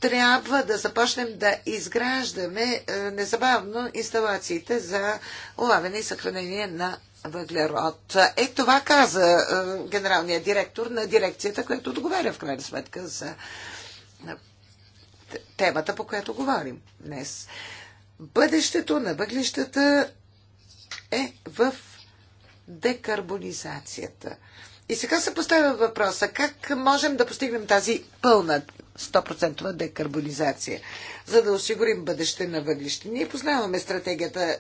трябва да започнем да изграждаме е, незабавно инсталациите за улавяне и съхранение на въглерод. Е, това каза е, генералният директор на дирекцията, която отговаря в крайна сметка за темата, по която говорим днес. Бъдещето на въглищата е в декарбонизацията. И сега се поставя въпроса, как можем да постигнем тази пълна 100% декарбонизация, за да осигурим бъдеще на въглище. Ние познаваме стратегията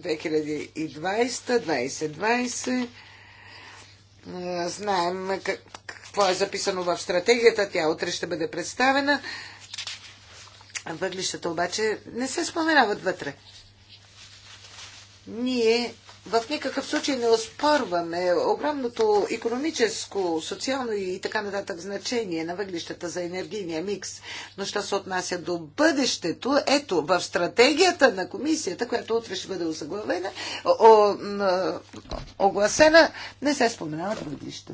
2020-2020. Знаем какво е записано в стратегията. Тя утре ще бъде представена. Въглищата обаче не се споменават вътре. Ние в никакъв случай не оспорваме огромното економическо, социално и така нататък значение на въглищата за енергийния микс. Но що се отнася до бъдещето, ето, в стратегията на комисията, която утре ще бъде озаглавена, огласена, не се споменават въглища.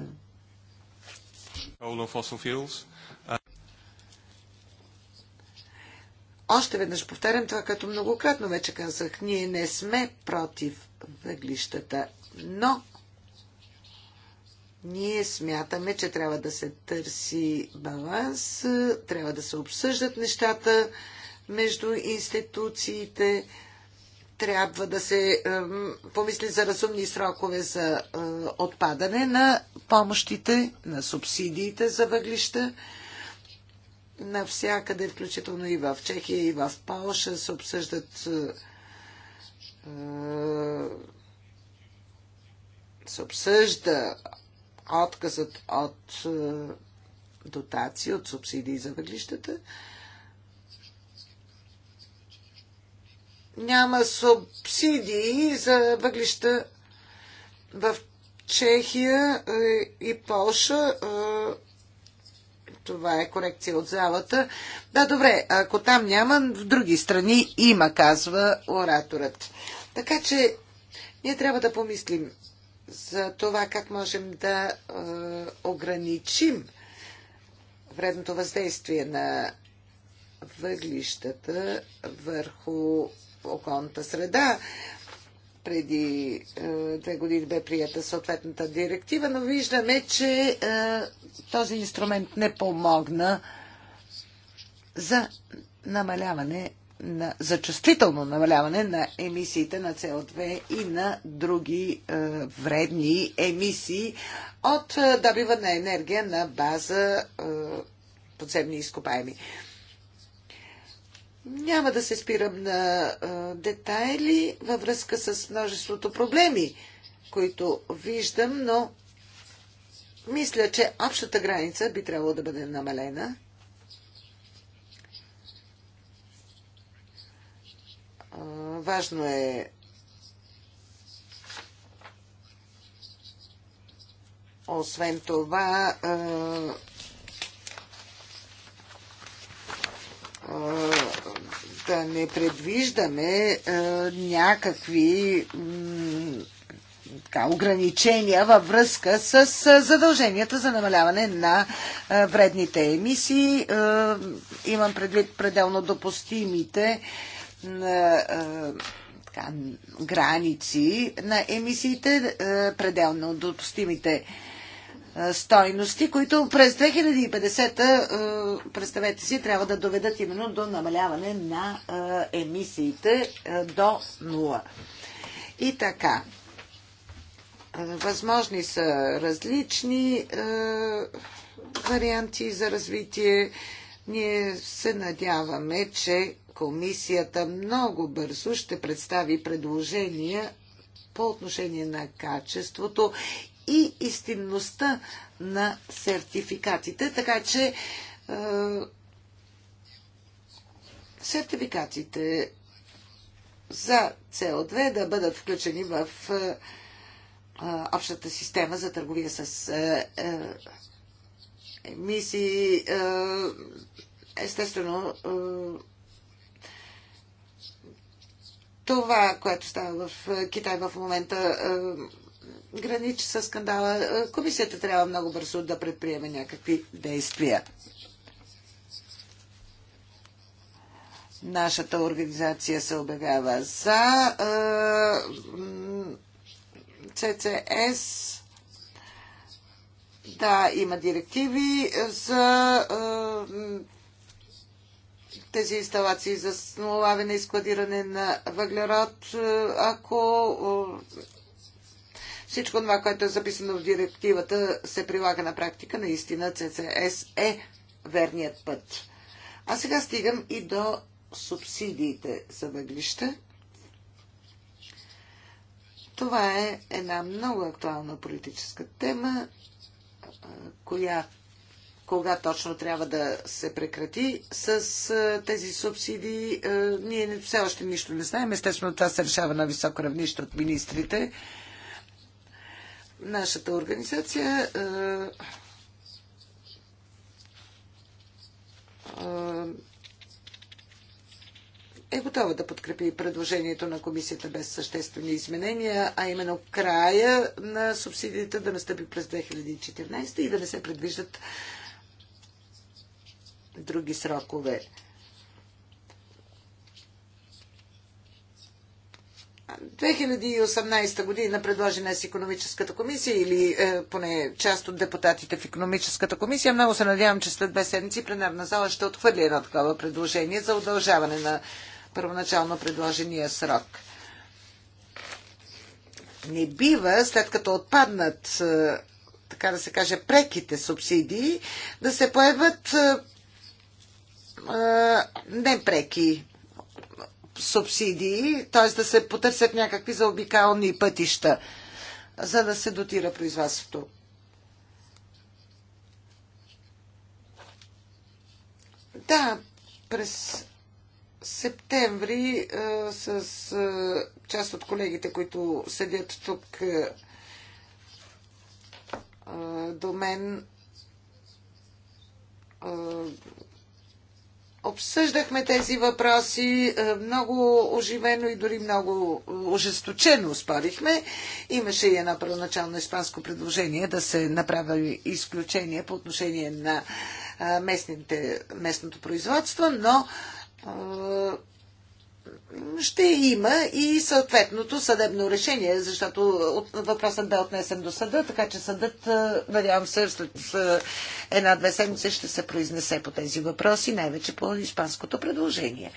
Още веднъж повтарям това, което многократно вече казах. Ние не сме против въглищата. Но ние смятаме, че трябва да се търси баланс, трябва да се обсъждат нещата между институциите, трябва да се помисли за разумни срокове за е, отпадане на помощите, на субсидиите за въглища. Навсякъде, включително и в Чехия, и в Полша, се обсъждат е, е, се обсъжда отказът от е, дотации, от субсидии за въглищата, няма субсидии за въглища в Чехия е, и Полша това е корекция от залата. Да, добре, ако там няма, в други страни има, казва ораторът. Така че ние трябва да помислим за това как можем да е, ограничим вредното въздействие на въглищата върху околната среда преди е, две години бе прията съответната директива, но виждаме, че е, този инструмент не помогна за намаляване на, за чувствително намаляване на емисиите на СО2 и на други е, вредни емисии от е, добива на енергия на база е, подземни изкопаеми. Е, няма да се спирам на детайли във връзка с множеството проблеми, които виждам, но мисля, че общата граница би трябвало да бъде намалена. Важно е освен това да не предвиждаме някакви така, ограничения във връзка с задълженията за намаляване на вредните емисии. Имам предвид пределно допустимите така, граници на емисиите, пределно допустимите е, стойности, които през 2050, е, представете си, трябва да доведат именно до намаляване на е, емисиите до нула. И така. Възможни са различни варианти за развитие. Ние се надяваме, че комисията много бързо ще представи предложения по отношение на качеството и истинността на сертификатите, така че е, сертификатите за CO2 да бъдат включени в е, е, общата система за търговия с е, е, емисии. Е, естествено, е, това, което става в е, Китай в момента, е, граничи с скандала. Комисията трябва много бързо да предприеме някакви действия. Нашата организация се обявява за е, ЦЦС. Да, има директиви за е, тези инсталации за лавене и складиране на въглерод. Ако е, всичко това, което е записано в директивата, се прилага на практика. Наистина ЦЦС е верният път. А сега стигам и до субсидиите за въглища. Това е една много актуална политическа тема, коя кога точно трябва да се прекрати с тези субсидии. Ние все още нищо не знаем. Естествено, това се решава на високо равнище от министрите. Нашата организация е, е, е, готова да подкрепи предложението на комисията без съществени изменения, а именно края на субсидията да настъпи през 2014 и да не се предвиждат други срокове. 2018 година предложена с економическата комисия или е, поне част от депутатите в економическата комисия. Много се надявам, че след две седмици пленарна зала ще отхвърли едно такова предложение за удължаване на първоначално предложения срок. Не бива, след като отпаднат, е, така да се каже, преките субсидии, да се появят е, е, непреки субсидии, т.е. да се потърсят някакви заобикални пътища, за да се дотира производството. Да, през септември е, с е, част от колегите, които седят тук е, до мен, Обсъждахме тези въпроси е, много оживено и дори много ожесточено спорихме. Имаше и едно първоначално испанско предложение да се направи изключение по отношение на е, местните, местното производство, но е, ще има и съответното съдебно решение, защото въпросът бе отнесен до съда, така че съдът, надявам се, след една-две седмици ще се произнесе по тези въпроси, най-вече по испанското предложение.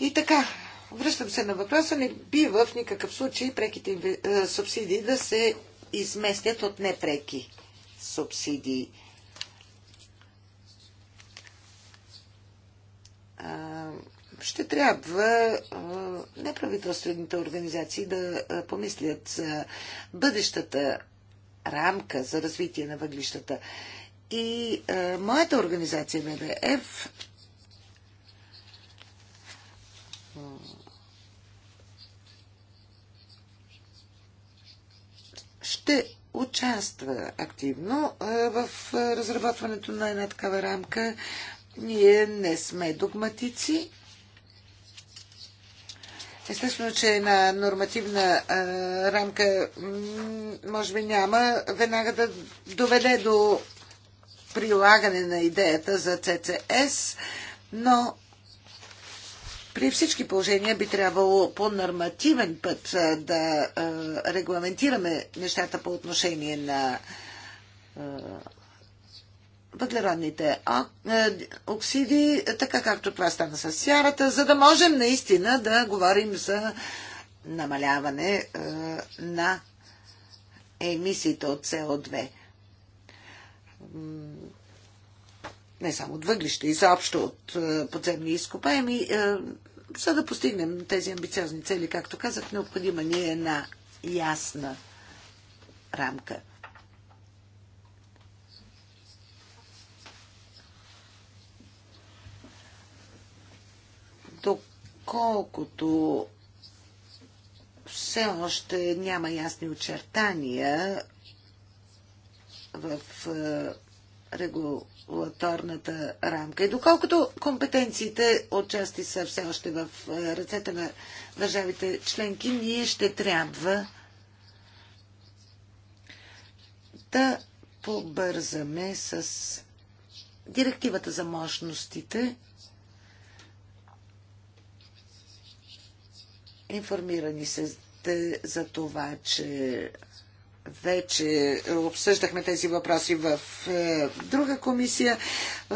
И така, връщам се на въпроса, не бива в никакъв случай преките субсидии да се изместят от непреки субсидии. ще трябва неправителствените организации да помислят за бъдещата рамка за развитие на въглищата. И моята организация ВВФ ще участва активно в разработването на една такава рамка. Ние не сме догматици. Естествено, че една нормативна а, рамка може би няма веднага да доведе до прилагане на идеята за ЦЦС, но при всички положения би трябвало по нормативен път да регламентираме нещата по отношение на въглеродните е, оксиди, така както това стана с сярата, за да можем наистина да говорим за намаляване е, на емисиите от СО2. Не само от въглища, и заобщо от е, подземни изкопаеми. За да постигнем тези амбициозни цели, както казах, необходима ни е една ясна рамка – доколкото все още няма ясни очертания в е, регулаторната рамка. И доколкото компетенциите отчасти са все още в е, ръцете на държавите членки, ние ще трябва да побързаме с директивата за мощностите, Информирани се за това, че вече обсъждахме тези въпроси в е, друга комисия. Е,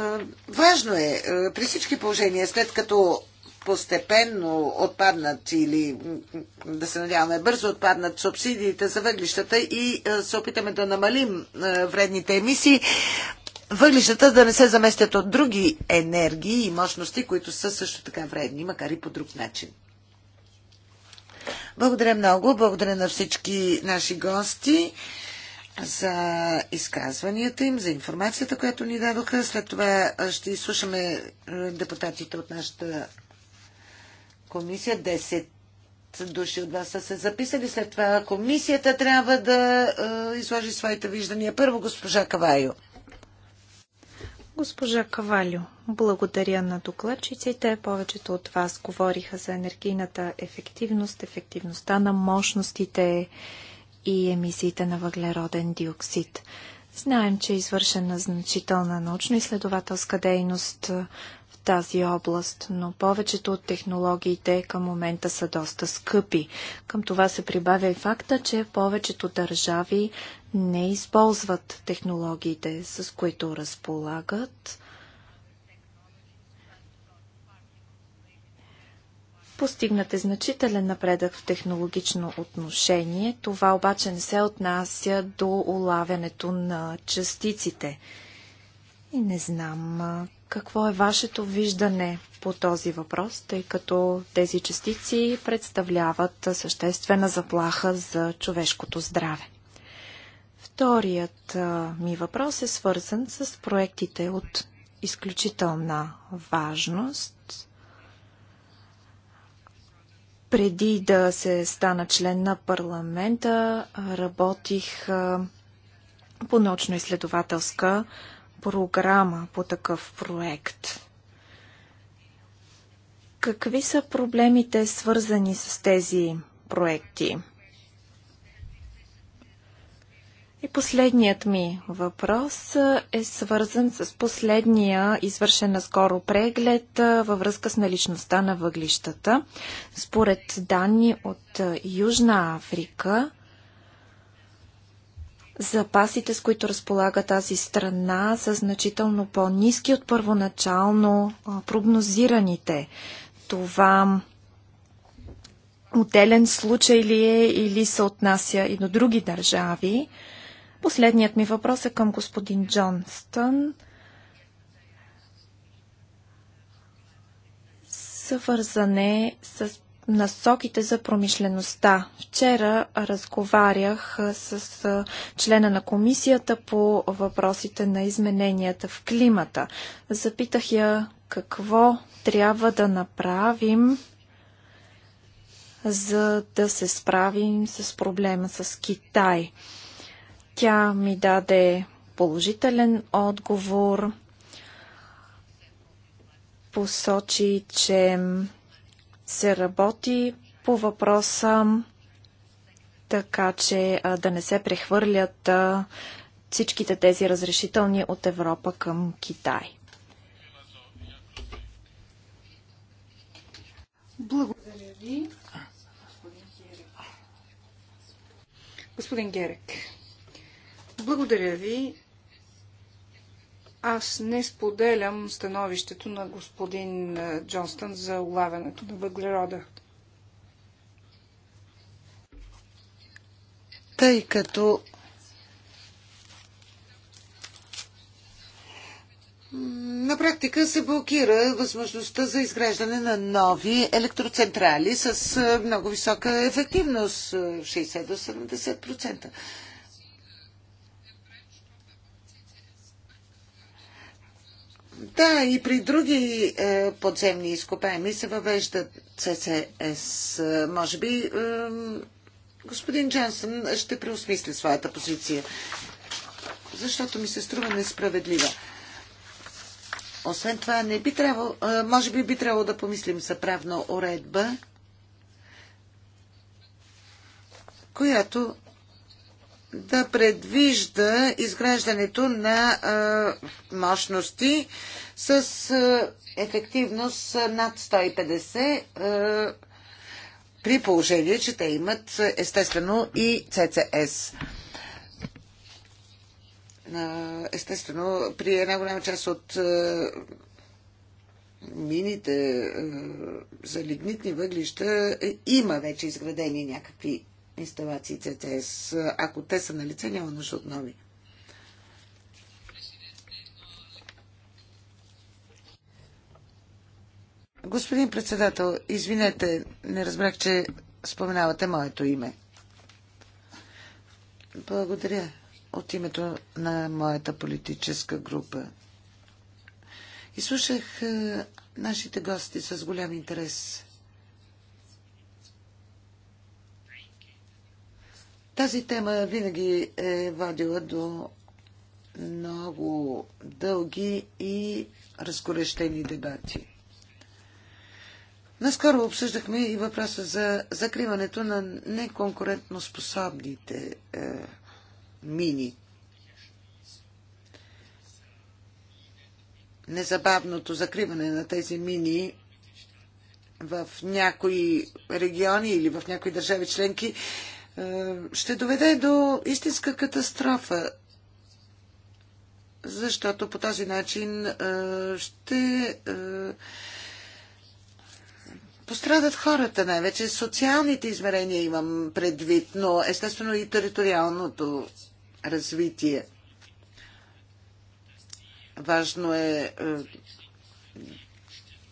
важно е, е при всички положения, след като постепенно отпаднат или да се надяваме бързо отпаднат субсидиите за въглищата и се опитаме да намалим вредните емисии, въглищата да не се заместят от други енергии и мощности, които са също така вредни, макар и по друг начин. Благодаря много. Благодаря на всички наши гости за изказванията им, за информацията, която ни дадоха. След това ще изслушаме депутатите от нашата комисия. Десет души от вас са се записали. След това комисията трябва да изложи своите виждания. Първо госпожа Кавайо. Госпожа Кавалю, благодаря на докладчиците. Повечето от вас говориха за енергийната ефективност, ефективността на мощностите и емисиите на въглероден диоксид. Знаем, че е извършена значителна научно-изследователска дейност тази област, но повечето от технологиите към момента са доста скъпи. Към това се прибавя и факта, че повечето държави не използват технологиите, с които разполагат. Постигнат е значителен напредък в технологично отношение, това обаче не се отнася до улавянето на частиците. И не знам какво е вашето виждане по този въпрос, тъй като тези частици представляват съществена заплаха за човешкото здраве? Вторият ми въпрос е свързан с проектите от изключителна важност. Преди да се стана член на парламента, работих по научно-изследователска програма по такъв проект? Какви са проблемите свързани с тези проекти? И последният ми въпрос е свързан с последния извършен наскоро преглед във връзка с наличността на въглищата. Според данни от Южна Африка, Запасите, с които разполага тази страна, са значително по-низки от първоначално прогнозираните. Това отделен случай ли е или се отнася и до други държави? Последният ми въпрос е към господин Джонстън. Съвързане с насоките за промишлеността. Вчера разговарях с члена на комисията по въпросите на измененията в климата. Запитах я какво трябва да направим за да се справим с проблема с Китай. Тя ми даде положителен отговор. Посочи, че се работи по въпроса така, че да не се прехвърлят всичките тези разрешителни от Европа към Китай. Благодаря ви. Господин Герек. Благодаря ви. Аз не споделям становището на господин е, Джонстън за улавянето на въглерода. Тъй като На практика се блокира възможността за изграждане на нови електроцентрали с е, много висока ефективност 60 е, до 70%. Да, и при други е, подземни изкопаеми се въвежда ЦСС. Може би е, господин Дженсън ще преосмисли своята позиция, защото ми се струва несправедлива. Освен това, не би трябвало, е, може би би трябвало да помислим за правна уредба, която да предвижда изграждането на мощности с ефективност над 150 при положение, че те имат естествено и ЦЦС. Естествено, при една голяма част от мините за лигнитни въглища е, има вече изградени някакви Инсталациите ЦЦС. Ако те са на лице, няма нужда от нови. Господин председател, извинете, не разбрах, че споменавате моето име. Благодаря от името на моята политическа група. И слушах е, нашите гости с голям интерес. Тази тема винаги е водила до много дълги и разгорещени дебати. Наскоро обсъждахме и въпроса за закриването на неконкурентно способните е, мини. Незабавното закриване на тези мини в някои региони или в някои държави членки е, ще доведе до истинска катастрофа, защото по този начин е, ще е, пострадат хората, най-вече социалните измерения имам предвид, но естествено и териториалното развитие. Важно е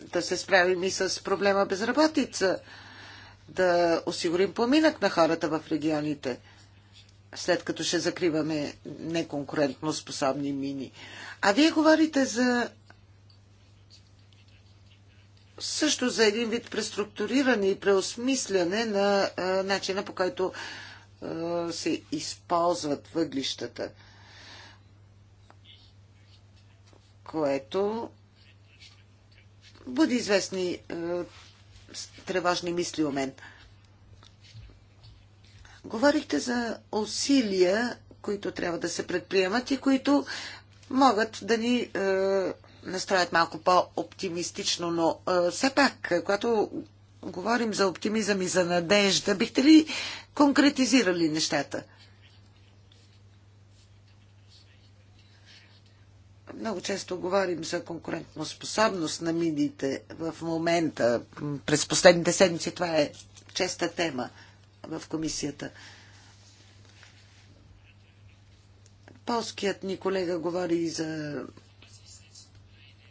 да се справим и с проблема безработица да осигурим поминък на хората в регионите, след като ще закриваме неконкурентно способни мини. А вие говорите за също за един вид преструктуриране и преосмисляне на а, начина по който а, се използват въглищата, което буди известни а, тревожни мисли у мен. Говорихте за усилия, които трябва да се предприемат и които могат да ни е, настроят малко по-оптимистично, но е, все пак, когато говорим за оптимизъм и за надежда, бихте ли конкретизирали нещата? Много често говорим за конкурентоспособност на мините в момента. През последните седмици това е честа тема в комисията. Полският ни колега говори и за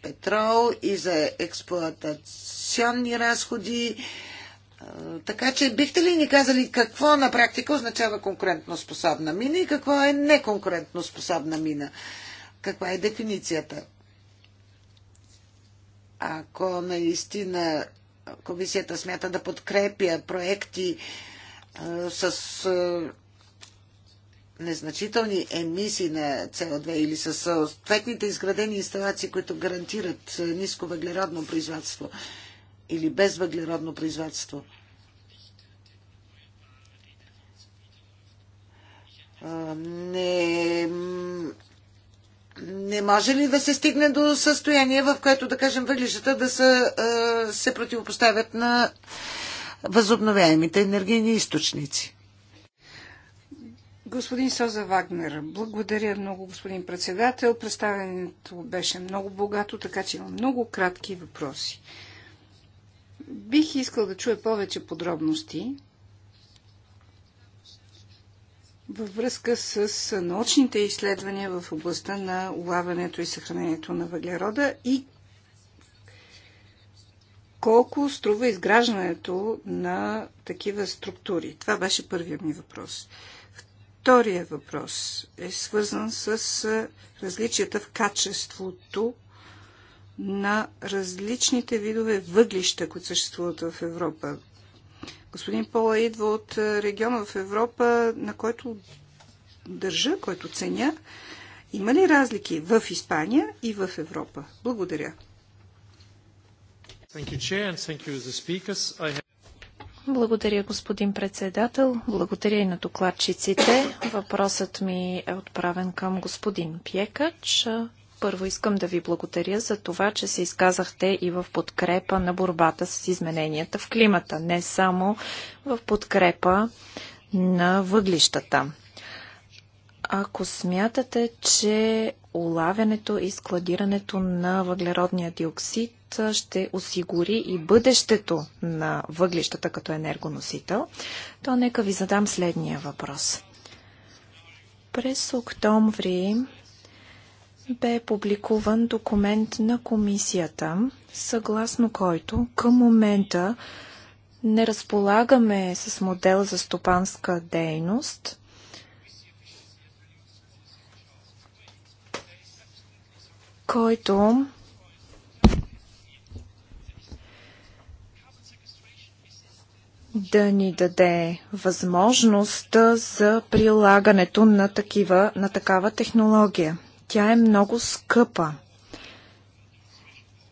петрол, и за експлуатационни разходи. Така че бихте ли ни казали какво на практика означава конкурентно способна мина и какво е неконкурентно способна мина? каква е дефиницията. Ако наистина комисията смята да подкрепя проекти а, с а, незначителни емисии на CO2 или с съответните изградени инсталации, които гарантират ниско въглеродно производство или без въглеродно производство. Не не може ли да се стигне до състояние, в което, да кажем, въглищата да са, а, се противопоставят на възобновяемите енергийни източници? Господин Соза Вагнер, благодаря много, господин председател. Представенето беше много богато, така че имам много кратки въпроси. Бих искал да чуя повече подробности във връзка с научните изследвания в областта на улавянето и съхранението на въглерода и колко струва изграждането на такива структури? Това беше първият ми въпрос. Втория въпрос е свързан с различията в качеството на различните видове въглища, които съществуват в Европа. Господин Пола идва от е, региона в Европа, на който държа, който ценя. Има ли разлики в Испания и в Европа? Благодаря. Благодаря, господин председател. Благодаря и на докладчиците. Въпросът ми е отправен към господин Пекач. Първо искам да ви благодаря за това, че се изказахте и в подкрепа на борбата с измененията в климата, не само в подкрепа на въглищата. Ако смятате, че улавянето и складирането на въглеродния диоксид ще осигури и бъдещето на въглищата като енергоносител, то нека ви задам следния въпрос. През октомври бе публикуван документ на комисията, съгласно който към момента не разполагаме с модел за стопанска дейност. който да ни даде възможност за прилагането на, такива, на такава технология. Тя е много скъпа.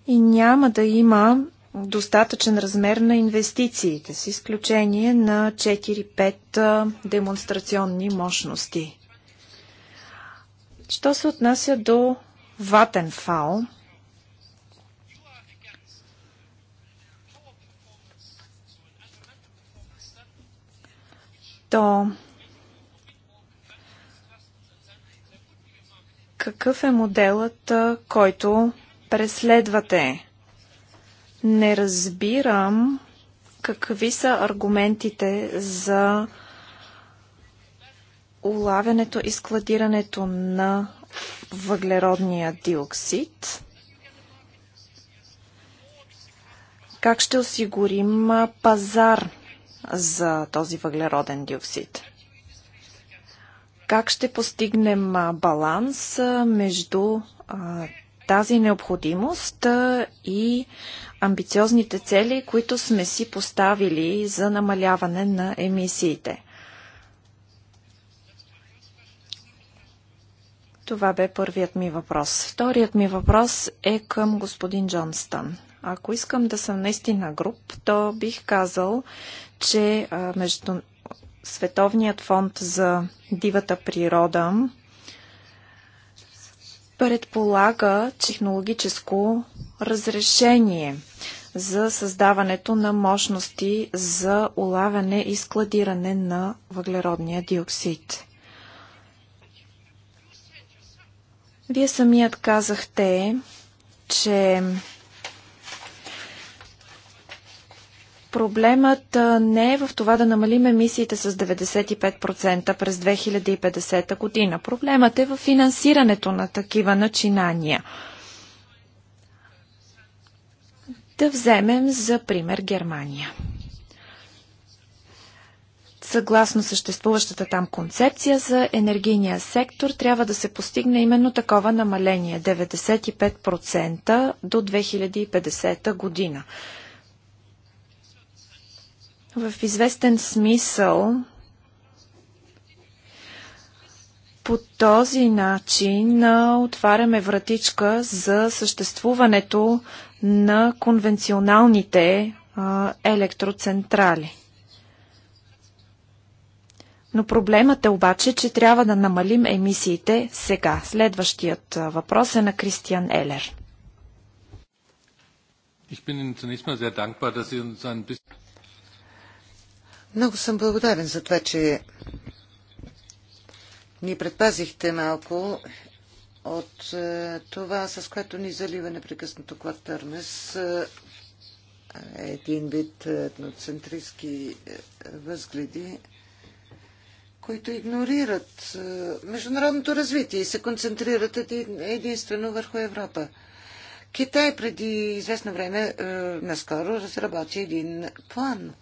И няма да има достатъчен размер на инвестициите, с изключение на 4-5 демонстрационни мощности. Що се отнася до Ватенфал, то Какъв е моделът, който преследвате? Не разбирам какви са аргументите за улавянето и складирането на въглеродния диоксид. Как ще осигурим пазар за този въглероден диоксид? Как ще постигнем баланс между тази необходимост и амбициозните цели, които сме си поставили за намаляване на емисиите. Това бе първият ми въпрос. Вторият ми въпрос е към господин Джонстън. Ако искам да съм наистина груп, то бих казал, че между Световният фонд за дивата природа предполага технологическо разрешение за създаването на мощности за улавяне и складиране на въглеродния диоксид. Вие самият казахте, че Проблемът не е в това да намалим емисиите с 95% през 2050 година. Проблемът е в финансирането на такива начинания. Да вземем за пример Германия. Съгласно съществуващата там концепция за енергийния сектор, трябва да се постигне именно такова намаление 95% до 2050 година. В известен смисъл по този начин отваряме вратичка за съществуването на конвенционалните електроцентрали. Но проблемът е обаче, че трябва да намалим емисиите сега. Следващият въпрос е на Кристиан Елер. Много съм благодарен за това, че ни предпазихте малко от е, това, с което ни залива непрекъснато Клад е, е Един вид етноцентристски възгледи, които игнорират международното развитие и се концентрират единствено върху Европа. Китай преди известно време наскоро разработи един план –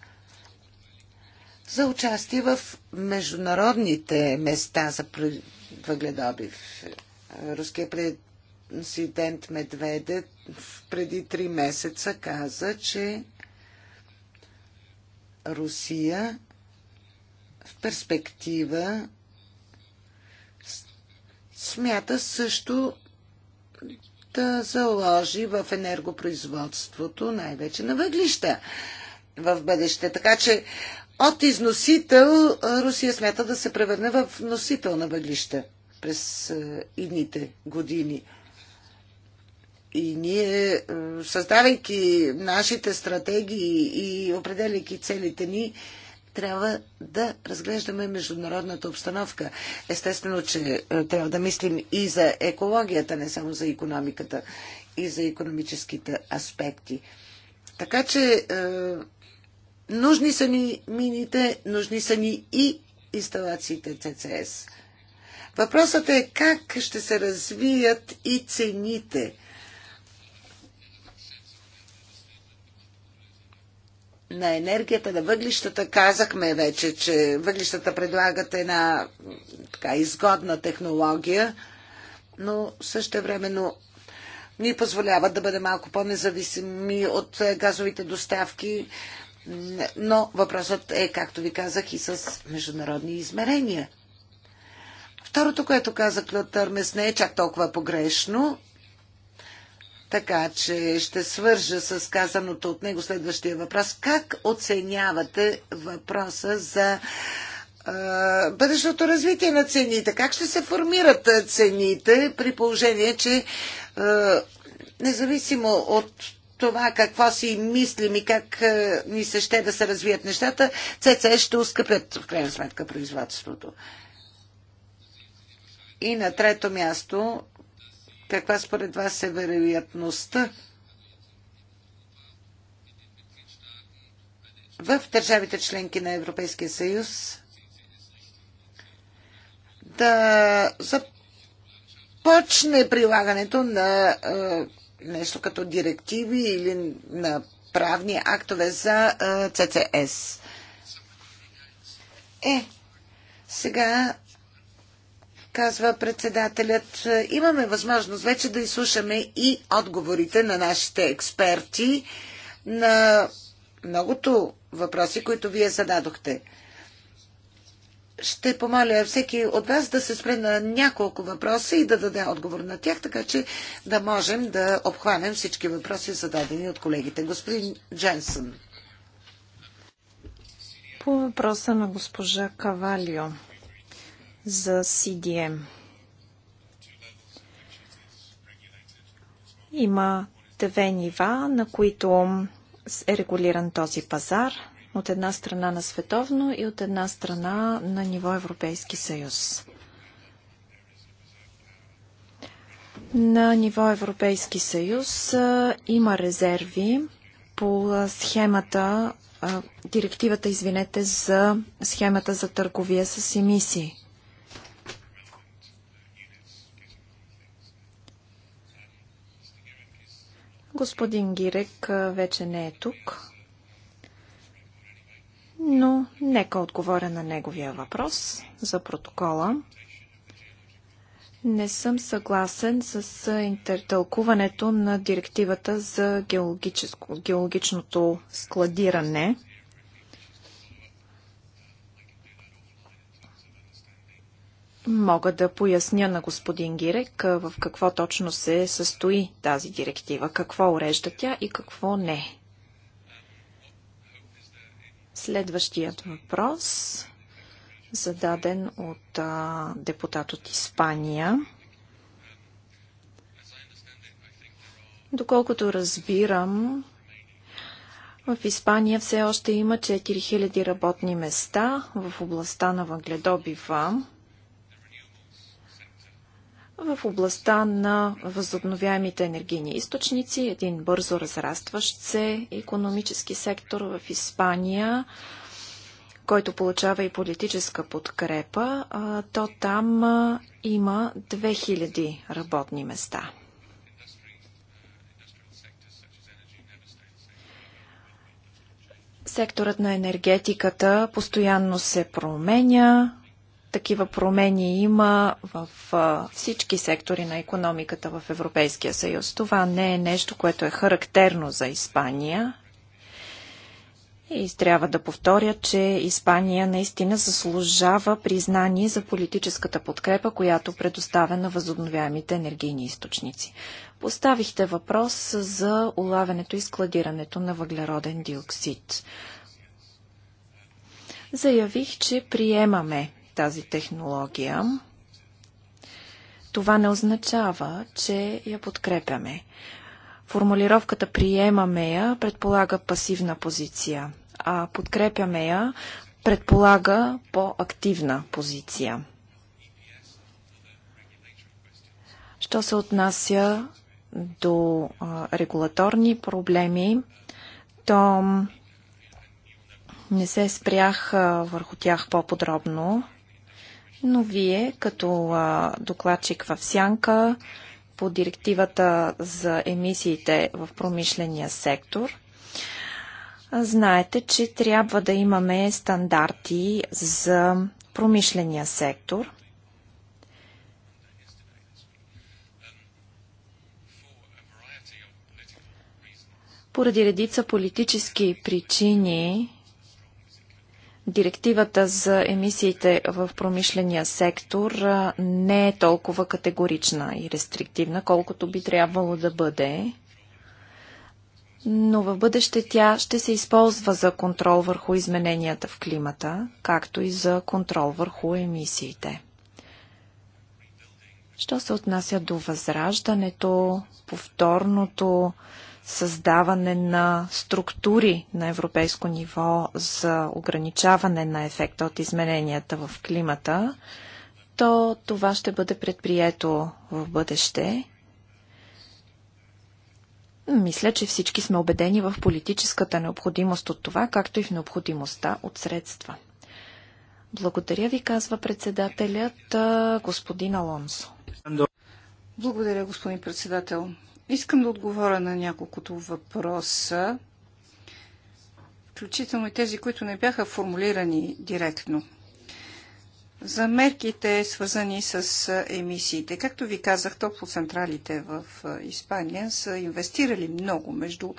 за участие в международните места за въгледобив. Руският президент Медведев преди три месеца каза, че Русия в перспектива смята също да заложи в енергопроизводството, най-вече на въглища в бъдеще. Така че от износител Русия смята да се превърне в носител на въглища през идните години. И ние, създавайки нашите стратегии и определяйки целите ни, трябва да разглеждаме международната обстановка. Естествено, че трябва да мислим и за екологията, не само за економиката, и за економическите аспекти. Така че Нужни са ни мините, нужни са ни и инсталациите ЦЦС. Въпросът е как ще се развият и цените. на енергията, на въглищата. Казахме вече, че въглищата предлагат една така изгодна технология, но също времено ни позволяват да бъдем малко по-независими от е, газовите доставки, но въпросът е, както ви казах, и с международни измерения. Второто, което каза Клод Търмес, не е чак толкова погрешно, така че ще свържа с казаното от него следващия въпрос. Как оценявате въпроса за бъдещото развитие на цените. Как ще се формират цените при положение, че е, независимо от това какво си мислим и как е, ни се ще да се развият нещата, ЦЦ ще ускъпят в крайна сметка производството. И на трето място, каква според вас е вероятността в държавите членки на Европейския съюз да започне прилагането на е, нещо като директиви или на правни актове за ЦЦС. Е, сега казва председателят. Имаме възможност вече да изслушаме и отговорите на нашите експерти на многото въпроси, които вие зададохте ще помоля всеки от вас да се спре на няколко въпроса и да даде отговор на тях, така че да можем да обхванем всички въпроси, зададени от колегите. Господин Дженсън. По въпроса на госпожа Кавалио за CDM. Има две нива, на които е регулиран този пазар от една страна на световно и от една страна на ниво Европейски съюз. На ниво Европейски съюз има резерви по схемата, директивата, извинете, за схемата за търговия с емисии. Господин Гирек вече не е тук но нека отговоря на неговия въпрос за протокола. Не съм съгласен с интертълкуването на директивата за геологичното складиране. Мога да поясня на господин Гирек в какво точно се състои тази директива, какво урежда тя и какво не. Следващият въпрос, зададен от а, депутат от Испания. Доколкото разбирам, в Испания все още има 4000 работни места в областта на въгледобива в областта на възобновяемите енергийни източници, един бързо разрастващ се економически сектор в Испания, който получава и политическа подкрепа, то там има 2000 работни места. Секторът на енергетиката постоянно се променя, такива промени има в всички сектори на економиката в Европейския съюз. Това не е нещо, което е характерно за Испания. И трябва да повторя, че Испания наистина заслужава признание за политическата подкрепа, която предоставя на възобновяемите енергийни източници. Поставихте въпрос за улавянето и складирането на въглероден диоксид. Заявих, че приемаме тази технология, това не означава, че я подкрепяме. Формулировката приемаме я предполага пасивна позиция, а подкрепяме я предполага по-активна позиция. Що се отнася до регулаторни проблеми, то не се спрях върху тях по-подробно но вие като докладчик в Сянка по директивата за емисиите в промишления сектор, знаете, че трябва да имаме стандарти за промишления сектор. Поради редица политически причини Директивата за емисиите в промишления сектор не е толкова категорична и рестриктивна, колкото би трябвало да бъде. Но в бъдеще тя ще се използва за контрол върху измененията в климата, както и за контрол върху емисиите. Що се отнася до възраждането, повторното създаване на структури на европейско ниво за ограничаване на ефекта от измененията в климата, то това ще бъде предприето в бъдеще. Мисля, че всички сме убедени в политическата необходимост от това, както и в необходимостта от средства. Благодаря ви, казва председателят господин Алонсо. Благодаря, господин председател. Искам да отговоря на няколкото въпроса, включително и тези, които не бяха формулирани директно. За мерките, свързани с емисиите. Както ви казах, топлоцентралите в Испания са инвестирали много, между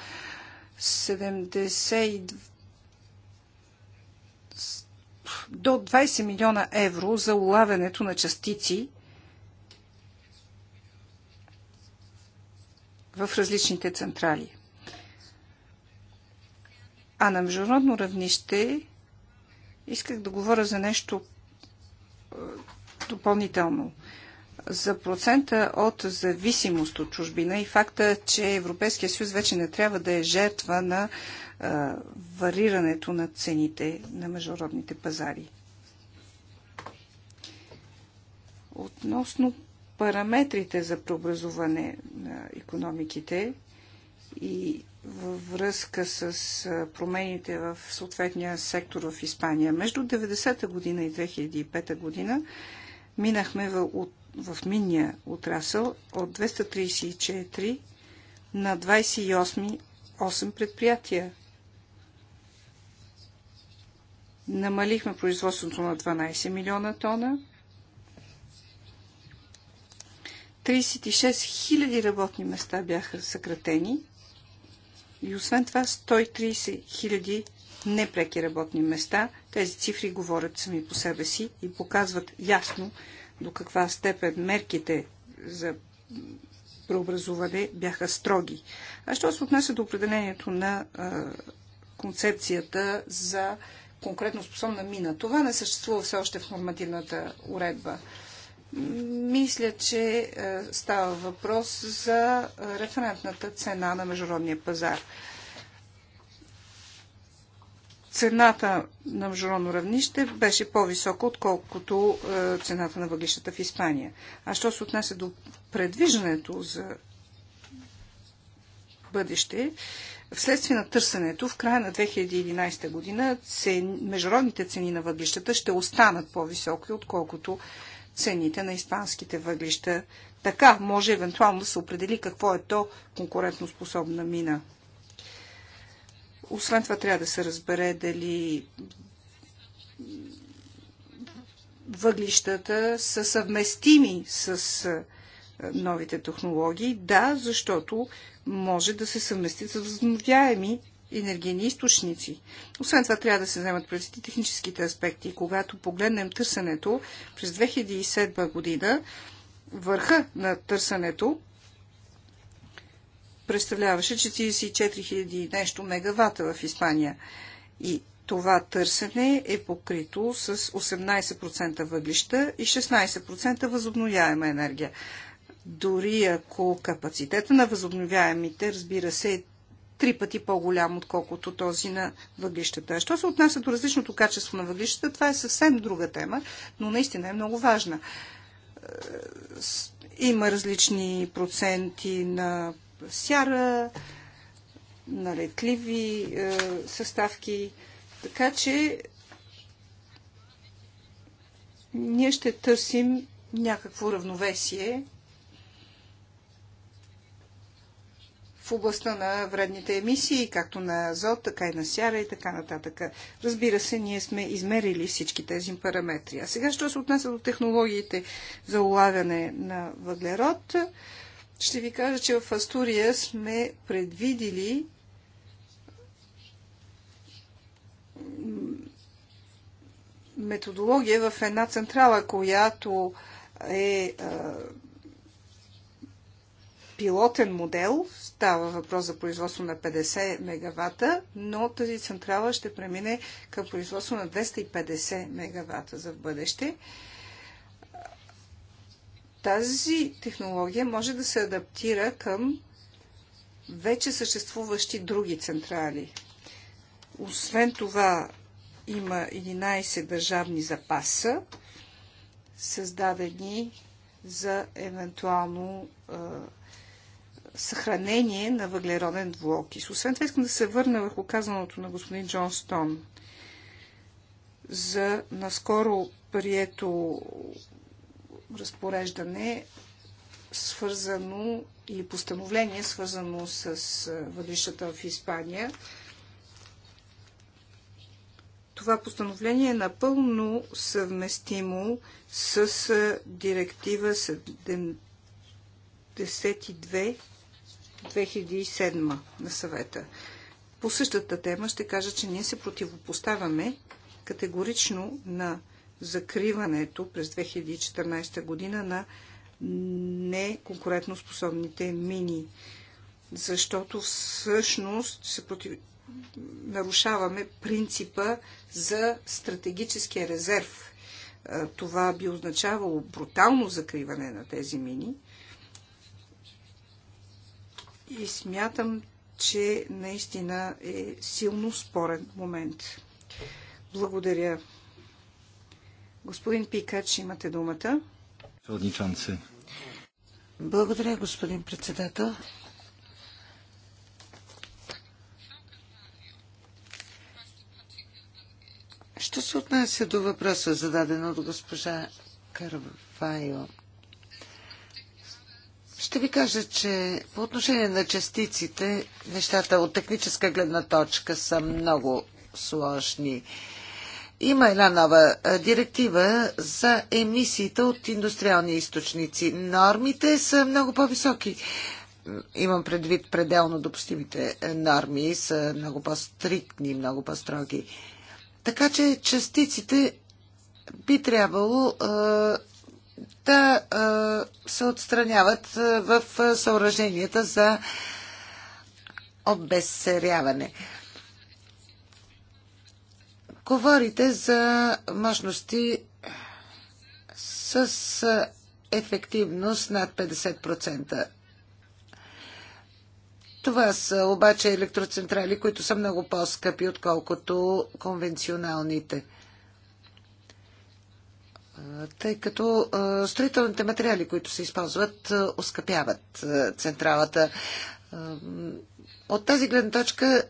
70 до 20 милиона евро за улавянето на частици в различните централи. А на международно равнище исках да говоря за нещо е, допълнително. За процента от зависимост от чужбина и факта, че Европейския съюз вече не трябва да е жертва на а, е, варирането на цените на международните пазари. Относно параметрите за преобразуване на економиките и във връзка с промените в съответния сектор в Испания. Между 90-та година и 2005 година минахме в, в минния отрасъл от 234 на 28 8 предприятия. Намалихме производството на 12 милиона тона – 36 000 работни места бяха съкратени и освен това 130 000 непреки работни места. Тези цифри говорят сами по себе си и показват ясно до каква степен мерките за преобразуване бяха строги. А що се отнася до определението на а, концепцията за конкретно способна мина? Това не съществува все още в нормативната уредба. Мисля, че е, става въпрос за референтната цена на международния пазар. Цената на международно равнище беше по-висока, отколкото е, цената на въглищата в Испания. А що се отнася до предвиждането за бъдеще, Вследствие на търсенето, в края на 2011 година цен... международните цени на въглищата ще останат по-високи, отколкото цените на испанските въглища. Така може евентуално да се определи какво е то конкурентоспособна мина. Освен това трябва да се разбере дали въглищата са съвместими с новите технологии. Да, защото може да се съвместят с възновяеми енергийни източници. Освен това трябва да се вземат през техническите аспекти. Когато погледнем търсенето през 2007 година, върха на търсенето представляваше 44 000 нещо мегавата в Испания. И това търсене е покрито с 18% въглища и 16% възобновяема енергия. Дори ако капацитета на възобновяемите, разбира се, е три пъти по-голям, отколкото този на въглищата. Що се отнася до различното качество на въглищата, това е съвсем друга тема, но наистина е много важна. Е, има различни проценти на сяра, на летливи е, съставки, така че ние ще търсим някакво равновесие в областта на вредните емисии, както на азот, така и на сяра и така нататък. Разбира се, ние сме измерили всички тези параметри. А сега, що се отнася до технологиите за улавяне на въглерод, ще ви кажа, че в Астурия сме предвидили методология в една централа, която е пилотен модел Става въпрос за производство на 50 мегавата, но тази централа ще премине към производство на 250 мегавата за в бъдеще. Тази технология може да се адаптира към вече съществуващи други централи. Освен това, има 11 държавни запаса, създадени за евентуално съхранение на въглероден двуокис. Освен това искам да се върна върху казаното на господин Джон Стон за наскоро прието разпореждане свързано или постановление свързано с въдищата в Испания. Това постановление е напълно съвместимо с директива 72 2007 на съвета. По същата тема ще кажа, че ние се противопоставяме категорично на закриването през 2014 година на неконкурентоспособните мини, защото всъщност се против... нарушаваме принципа за стратегическия резерв. Това би означавало брутално закриване на тези мини – и смятам, че наистина е силно спорен момент. Благодаря. Господин Пикач, имате думата. Благодаря, господин председател. Що се отнася до въпроса, зададен от госпожа Карвайо? Ще ви кажа, че по отношение на частиците, нещата от техническа гледна точка са много сложни. Има една нова директива за емисиите от индустриални източници. Нормите са много по-високи. Имам предвид пределно допустимите норми са много по-стриктни, много по-строги. Така че частиците би трябвало да се отстраняват в съоръженията за обесеряване. Говорите за мощности с ефективност над 50%. Това са обаче електроцентрали, които са много по-скъпи, отколкото конвенционалните тъй като строителните материали, които се използват, оскъпяват централата. От тази гледна точка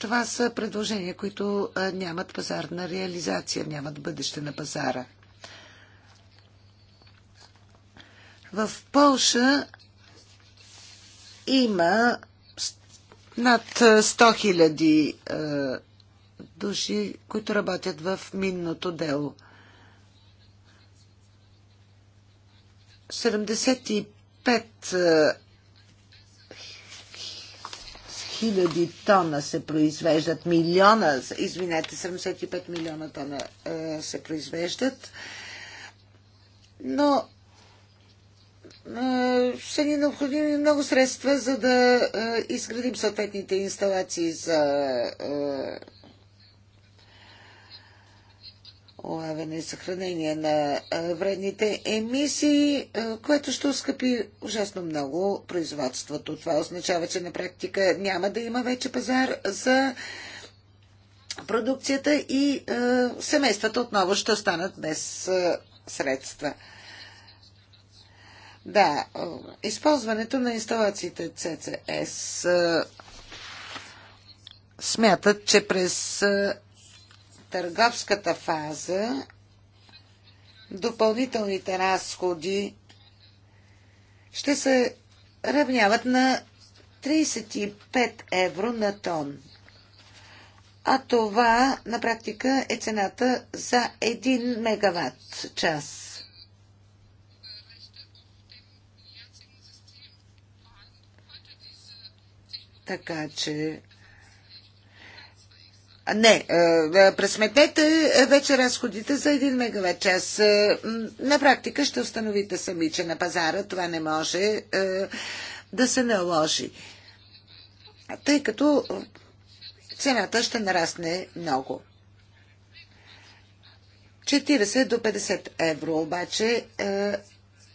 това са предложения, които нямат пазарна реализация, нямат бъдеще на пазара. В Полша има над 100 хиляди души, които работят в минното дело – 75 е, хиляди тона се произвеждат, милиона, извинете, 75 милиона тона е, се произвеждат, но е, са ни необходими много средства, за да изградим съответните инсталации за улавяне и съхранение на вредните емисии, което ще ускъпи ужасно много производството. Това означава, че на практика няма да има вече пазар за продукцията и семействата отново ще останат без средства. Да, използването на инсталациите CCS смятат, че през търговската фаза допълнителните разходи ще се равняват на 35 евро на тон. А това на практика е цената за 1 мегаватт час. Така че не, пресметнете вече разходите за 1 мегават час. На практика ще установите сами, че на пазара това не може да се наложи. Тъй като цената ще нарасне много. 40 до 50 евро обаче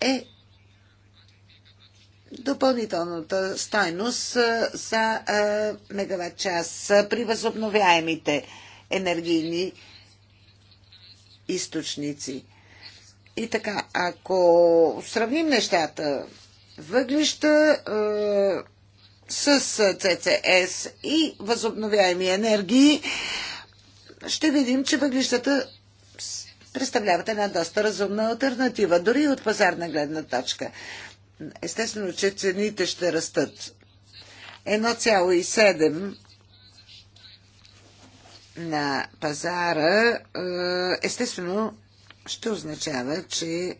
е допълнителната стойност за мегаватт час при възобновяемите енергийни източници. И така, ако сравним нещата, въглища е, с ЦЦС и възобновяеми енергии, ще видим, че въглищата представляват една доста разумна альтернатива, дори от пазарна гледна точка естествено, че цените ще растат. 1,7 на пазара, е, естествено, ще означава, че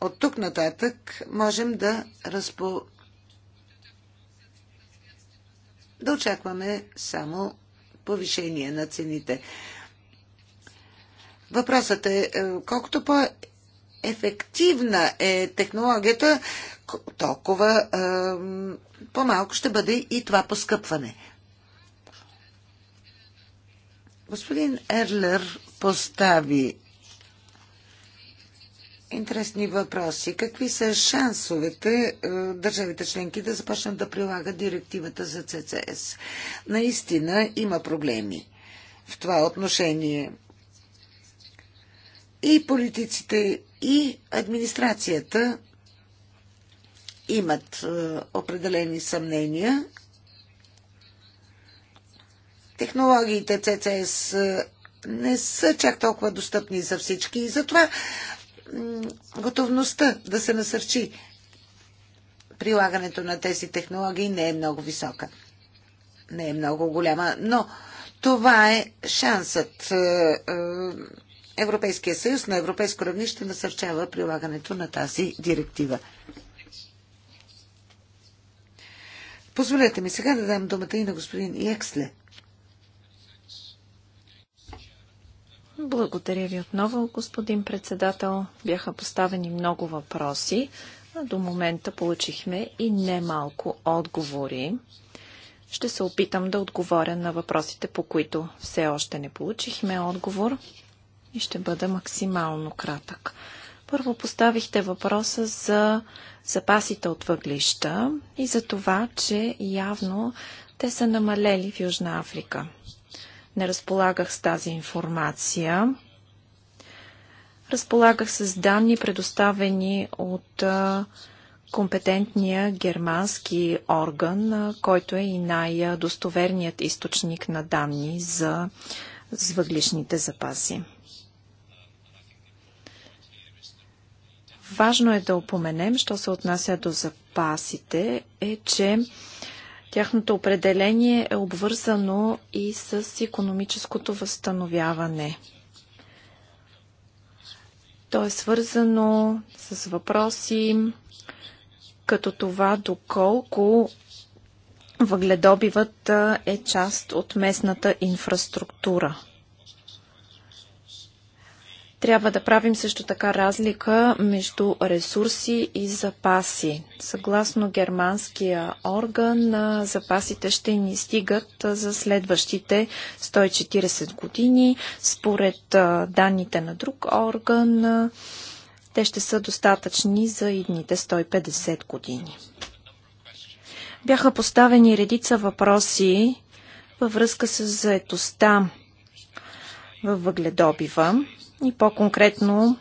от тук нататък можем да разпо... да очакваме само повишение на цените. Въпросът е, е колкото по ефективна е технологията, толкова по-малко ще бъде и това поскъпване. Господин Ерлер постави интересни въпроси. Какви са шансовете е, държавите членки да започнат да прилагат директивата за ЦЦС? Наистина има проблеми в това отношение. И политиците, и администрацията имат е, определени съмнения. Технологиите CCS е, не са чак толкова достъпни за всички и затова готовността да се насърчи прилагането на тези технологии не е много висока. Не е много голяма, но това е шансът е, Европейския съюз на европейско равнище насърчава прилагането на тази директива. Позволете ми сега да дам думата и на господин Ексле. Благодаря ви отново, господин председател. Бяха поставени много въпроси. А до момента получихме и немалко отговори. Ще се опитам да отговоря на въпросите, по които все още не получихме отговор и ще бъда максимално кратък. Първо поставихте въпроса за запасите от въглища и за това, че явно те са намалели в Южна Африка. Не разполагах с тази информация. Разполагах с данни, предоставени от компетентния германски орган, който е и най-достоверният източник на данни за въглишните запаси. Важно е да опоменем, що се отнася до запасите, е, че тяхното определение е обвързано и с економическото възстановяване. То е свързано с въпроси като това доколко въгледобивът е част от местната инфраструктура. Трябва да правим също така разлика между ресурси и запаси. Съгласно германския орган, запасите ще ни стигат за следващите 140 години. Според данните на друг орган, те ще са достатъчни за идните 150 години. Бяха поставени редица въпроси във връзка с заетостта във въгледобива и по-конкретно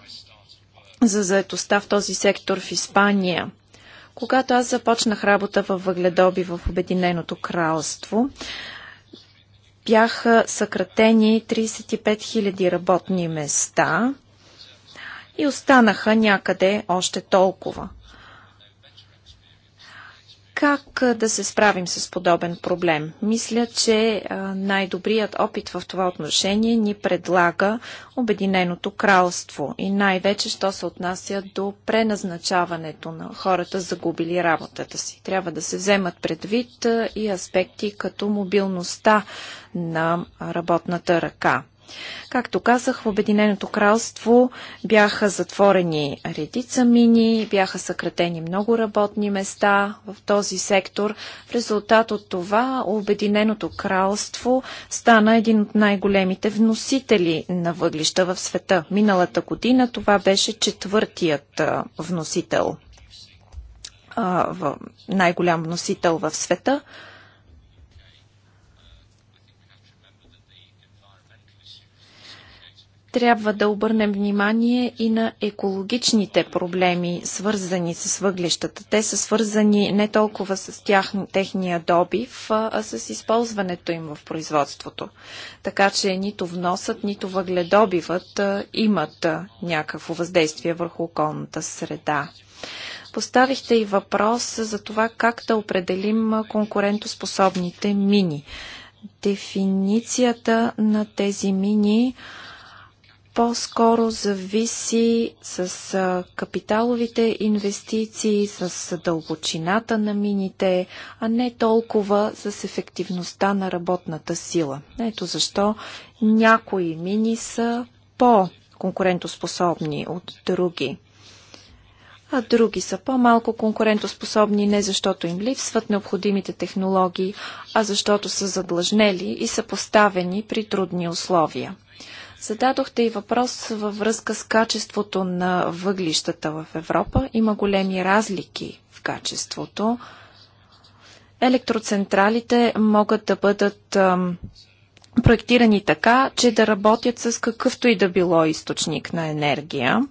за заетостта в този сектор в Испания. Когато аз започнах работа в въгледоби в Обединеното кралство, бяха съкратени 35 000 работни места и останаха някъде още толкова. Как да се справим с подобен проблем? Мисля, че най-добрият опит в това отношение ни предлага Обединеното кралство и най-вече, що се отнася до преназначаването на хората, загубили работата си. Трябва да се вземат предвид и аспекти като мобилността на работната ръка. Както казах, в Обединеното кралство бяха затворени редица мини, бяха съкратени много работни места в този сектор. В резултат от това Обединеното кралство стана един от най-големите вносители на въглища в света. Миналата година това беше четвъртият вносител най-голям вносител в света. трябва да обърнем внимание и на екологичните проблеми, свързани с въглищата. Те са свързани не толкова с тях, техния добив, а с използването им в производството. Така че нито вносът, нито въгледобивът имат някакво въздействие върху околната среда. Поставихте и въпрос за това как да определим конкурентоспособните мини. Дефиницията на тези мини – по-скоро зависи с капиталовите инвестиции, с дълбочината на мините, а не толкова с ефективността на работната сила. Ето защо някои мини са по-конкурентоспособни от други. А други са по-малко конкурентоспособни не защото им липсват необходимите технологии, а защото са задлъжнели и са поставени при трудни условия. Зададохте и въпрос във връзка с качеството на въглищата в Европа. Има големи разлики в качеството. Електроцентралите могат да бъдат ам, проектирани така, че да работят с какъвто и да било източник на енергия.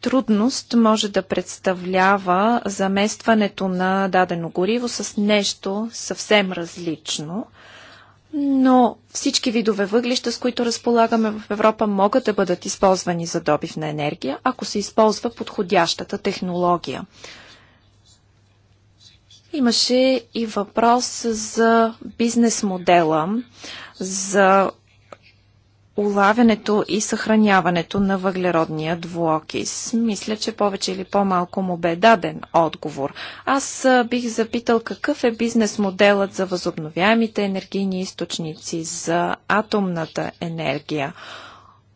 трудност може да представлява заместването на дадено гориво с нещо съвсем различно но всички видове въглища, с които разполагаме в Европа, могат да бъдат използвани за добив на енергия, ако се използва подходящата технология. Имаше и въпрос за бизнес модела, за улавянето и съхраняването на въглеродния двуокис. Мисля, че повече или по-малко му бе даден отговор. Аз бих запитал какъв е бизнес моделът за възобновяемите енергийни източници, за атомната енергия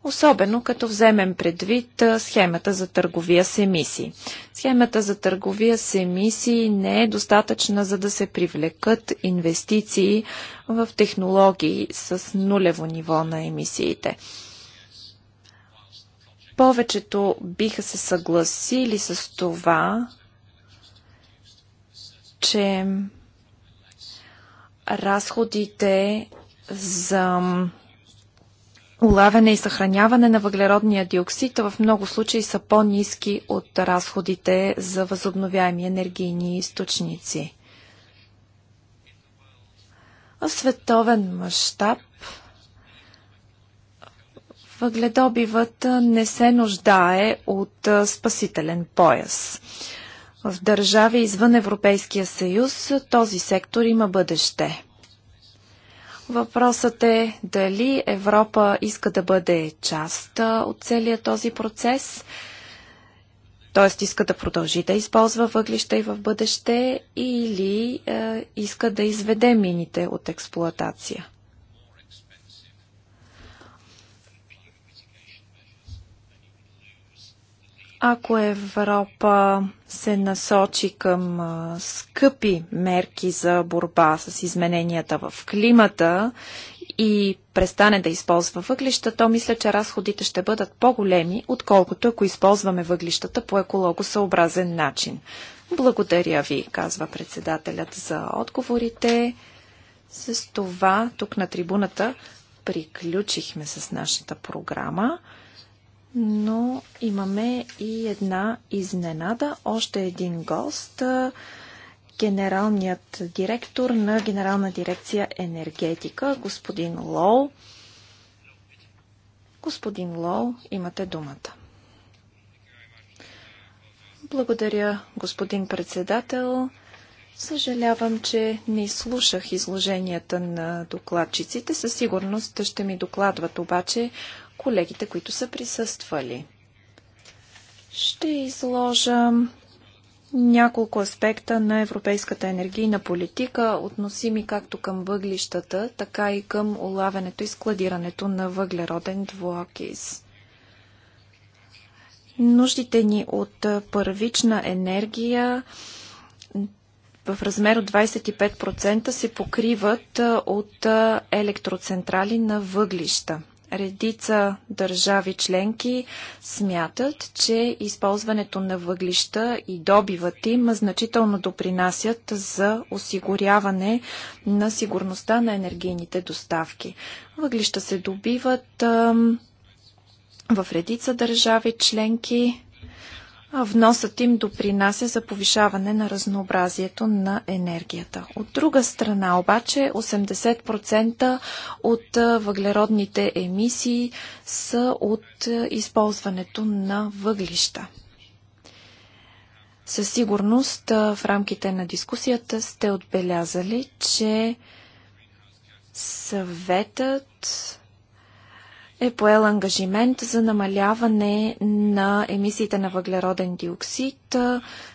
особено като вземем предвид схемата за търговия с емисии. Схемата за търговия с емисии не е достатъчна за да се привлекат инвестиции в технологии с нулево ниво на емисиите повечето биха се съгласили с това, че разходите за улавяне и съхраняване на въглеродния диоксид в много случаи са по-низки от разходите за възобновяеми енергийни източници. В световен мащаб въгледобивът не се нуждае от спасителен пояс. В държави извън Европейския съюз този сектор има бъдеще. Въпросът е дали Европа иска да бъде част от целият този процес, т.е. иска да продължи да използва въглища и в бъдеще, или иска да изведе мините от експлоатация. Ако Европа се насочи към скъпи мерки за борба с измененията в климата и престане да използва въглища, то мисля, че разходите ще бъдат по-големи, отколкото ако използваме въглищата по екологосъобразен начин. Благодаря ви, казва председателят за отговорите. С това тук на трибуната приключихме с нашата програма но имаме и една изненада. Още един гост, генералният директор на Генерална дирекция енергетика, господин Лоу. Господин Лоу, имате думата. Благодаря, господин председател. Съжалявам, че не слушах изложенията на докладчиците. Със сигурност ще ми докладват обаче колегите, които са присъствали. Ще изложа няколко аспекта на европейската енергийна политика, относими както към въглищата, така и към улавянето и складирането на въглероден двуокис. Нуждите ни от първична енергия в размер от 25% се покриват от електроцентрали на въглища. Редица държави членки смятат, че използването на въглища и добивът им значително допринасят за осигуряване на сигурността на енергийните доставки. Въглища се добиват в редица държави членки вносът им допринася за повишаване на разнообразието на енергията. От друга страна обаче 80% от въглеродните емисии са от използването на въглища. Със сигурност в рамките на дискусията сте отбелязали, че съветът е поел ангажимент за намаляване на емисиите на въглероден диоксид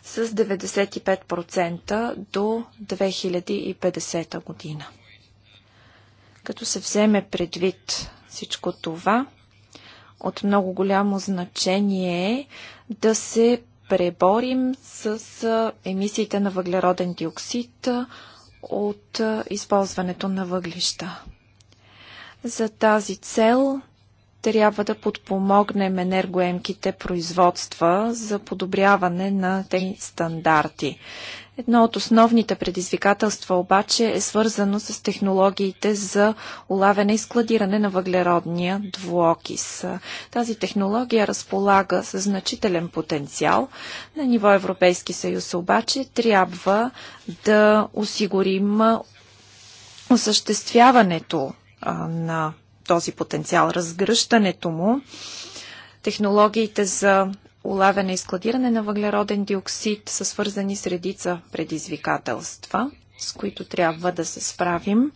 с 95% до 2050 година. Като се вземе предвид всичко това, от много голямо значение е да се преборим с емисиите на въглероден диоксид от използването на въглища. За тази цел трябва да подпомогнем енергоемките производства за подобряване на тези стандарти. Едно от основните предизвикателства обаче е свързано с технологиите за улавяне и складиране на въглеродния двуокис. Тази технология разполага с значителен потенциал. На ниво Европейски съюз обаче трябва да осигурим осъществяването на този потенциал, разгръщането му, технологиите за улавяне и складиране на въглероден диоксид са свързани с редица предизвикателства, с които трябва да се справим.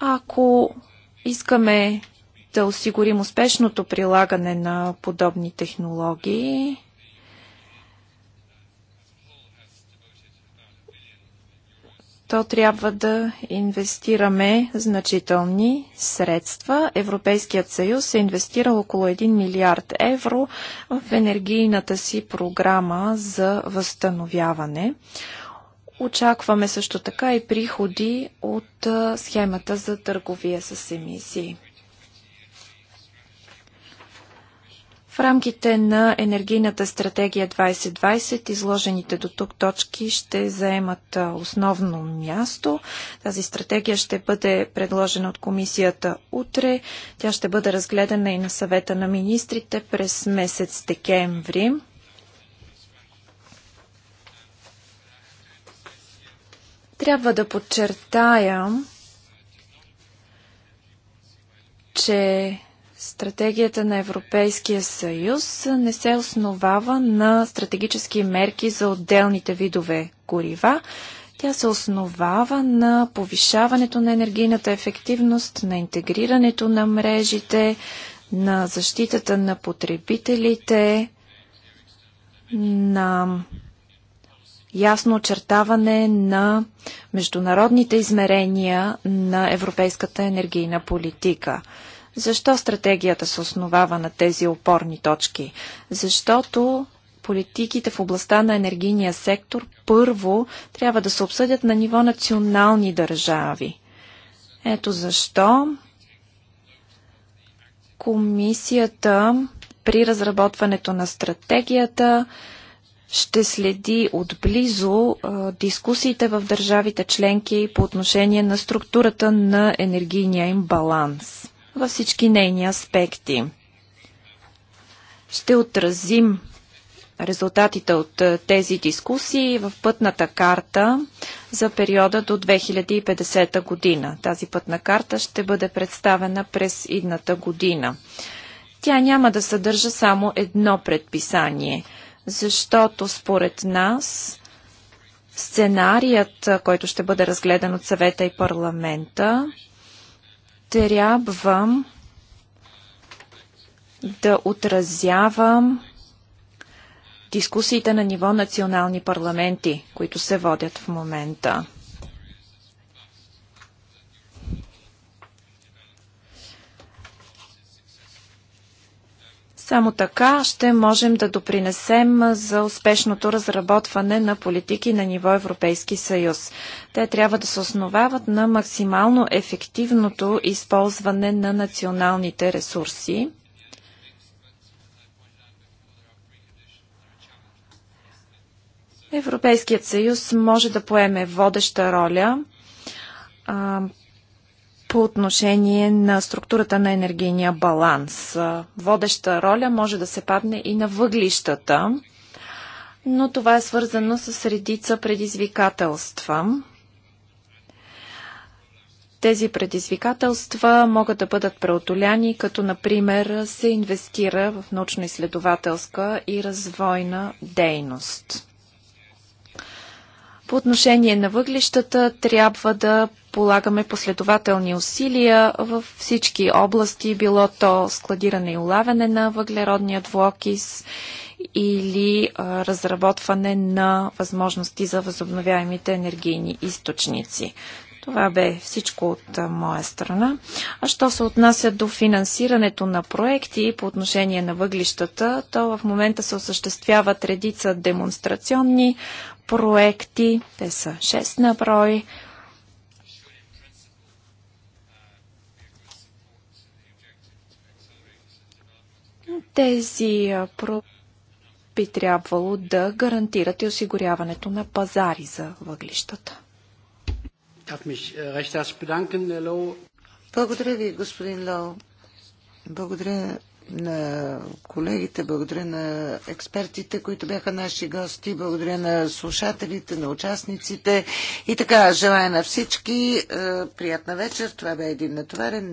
Ако искаме да осигурим успешното прилагане на подобни технологии, то трябва да инвестираме значителни средства. Европейският съюз е инвестирал около 1 милиард евро в енергийната си програма за възстановяване. Очакваме също така и приходи от схемата за търговия с емисии. В рамките на енергийната стратегия 2020 изложените до тук точки ще заемат основно място. Тази стратегия ще бъде предложена от комисията утре. Тя ще бъде разгледана и на съвета на министрите през месец декември. Трябва да подчертая, че Стратегията на Европейския съюз не се основава на стратегически мерки за отделните видове горива. Тя се основава на повишаването на енергийната ефективност, на интегрирането на мрежите, на защитата на потребителите, на ясно очертаване на международните измерения на европейската енергийна политика – защо стратегията се основава на тези опорни точки? Защото политиките в областта на енергийния сектор първо трябва да се обсъдят на ниво национални държави. Ето защо комисията при разработването на стратегията ще следи отблизо а, дискусиите в държавите членки по отношение на структурата на енергийния им баланс във всички нейни аспекти. Ще отразим резултатите от е, тези дискусии в пътната карта за периода до 2050 година. Тази пътна карта ще бъде представена през идната година. Тя няма да съдържа само едно предписание, защото според нас сценарият, е, който ще бъде разгледан от съвета и парламента, трябва да отразявам дискусиите на ниво национални парламенти, които се водят в момента. Само така ще можем да допринесем за успешното разработване на политики на ниво Европейски съюз. Те трябва да се основават на максимално ефективното използване на националните ресурси. Европейският съюз може да поеме водеща роля по отношение на структурата на енергийния баланс. Водеща роля може да се падне и на въглищата, но това е свързано с редица предизвикателства. Тези предизвикателства могат да бъдат преодоляни, като например се инвестира в научно-изследователска и развойна дейност. По отношение на въглищата трябва да полагаме последователни усилия във всички области, било то складиране и улавяне на въглеродния двуокис или а, разработване на възможности за възобновяемите енергийни източници. Това бе всичко от моя страна. А що се отнася до финансирането на проекти по отношение на въглищата, то в момента се осъществяват редица демонстрационни проекти. Те са 6 на брой. Тези проекти би трябвало да гарантират и осигуряването на пазари за въглищата. Благодаря ви, господин Лоу. Благодаря на колегите, благодаря на експертите, които бяха наши гости, благодаря на слушателите, на участниците и така, желая на всички е, приятна вечер. Това бе един натоварен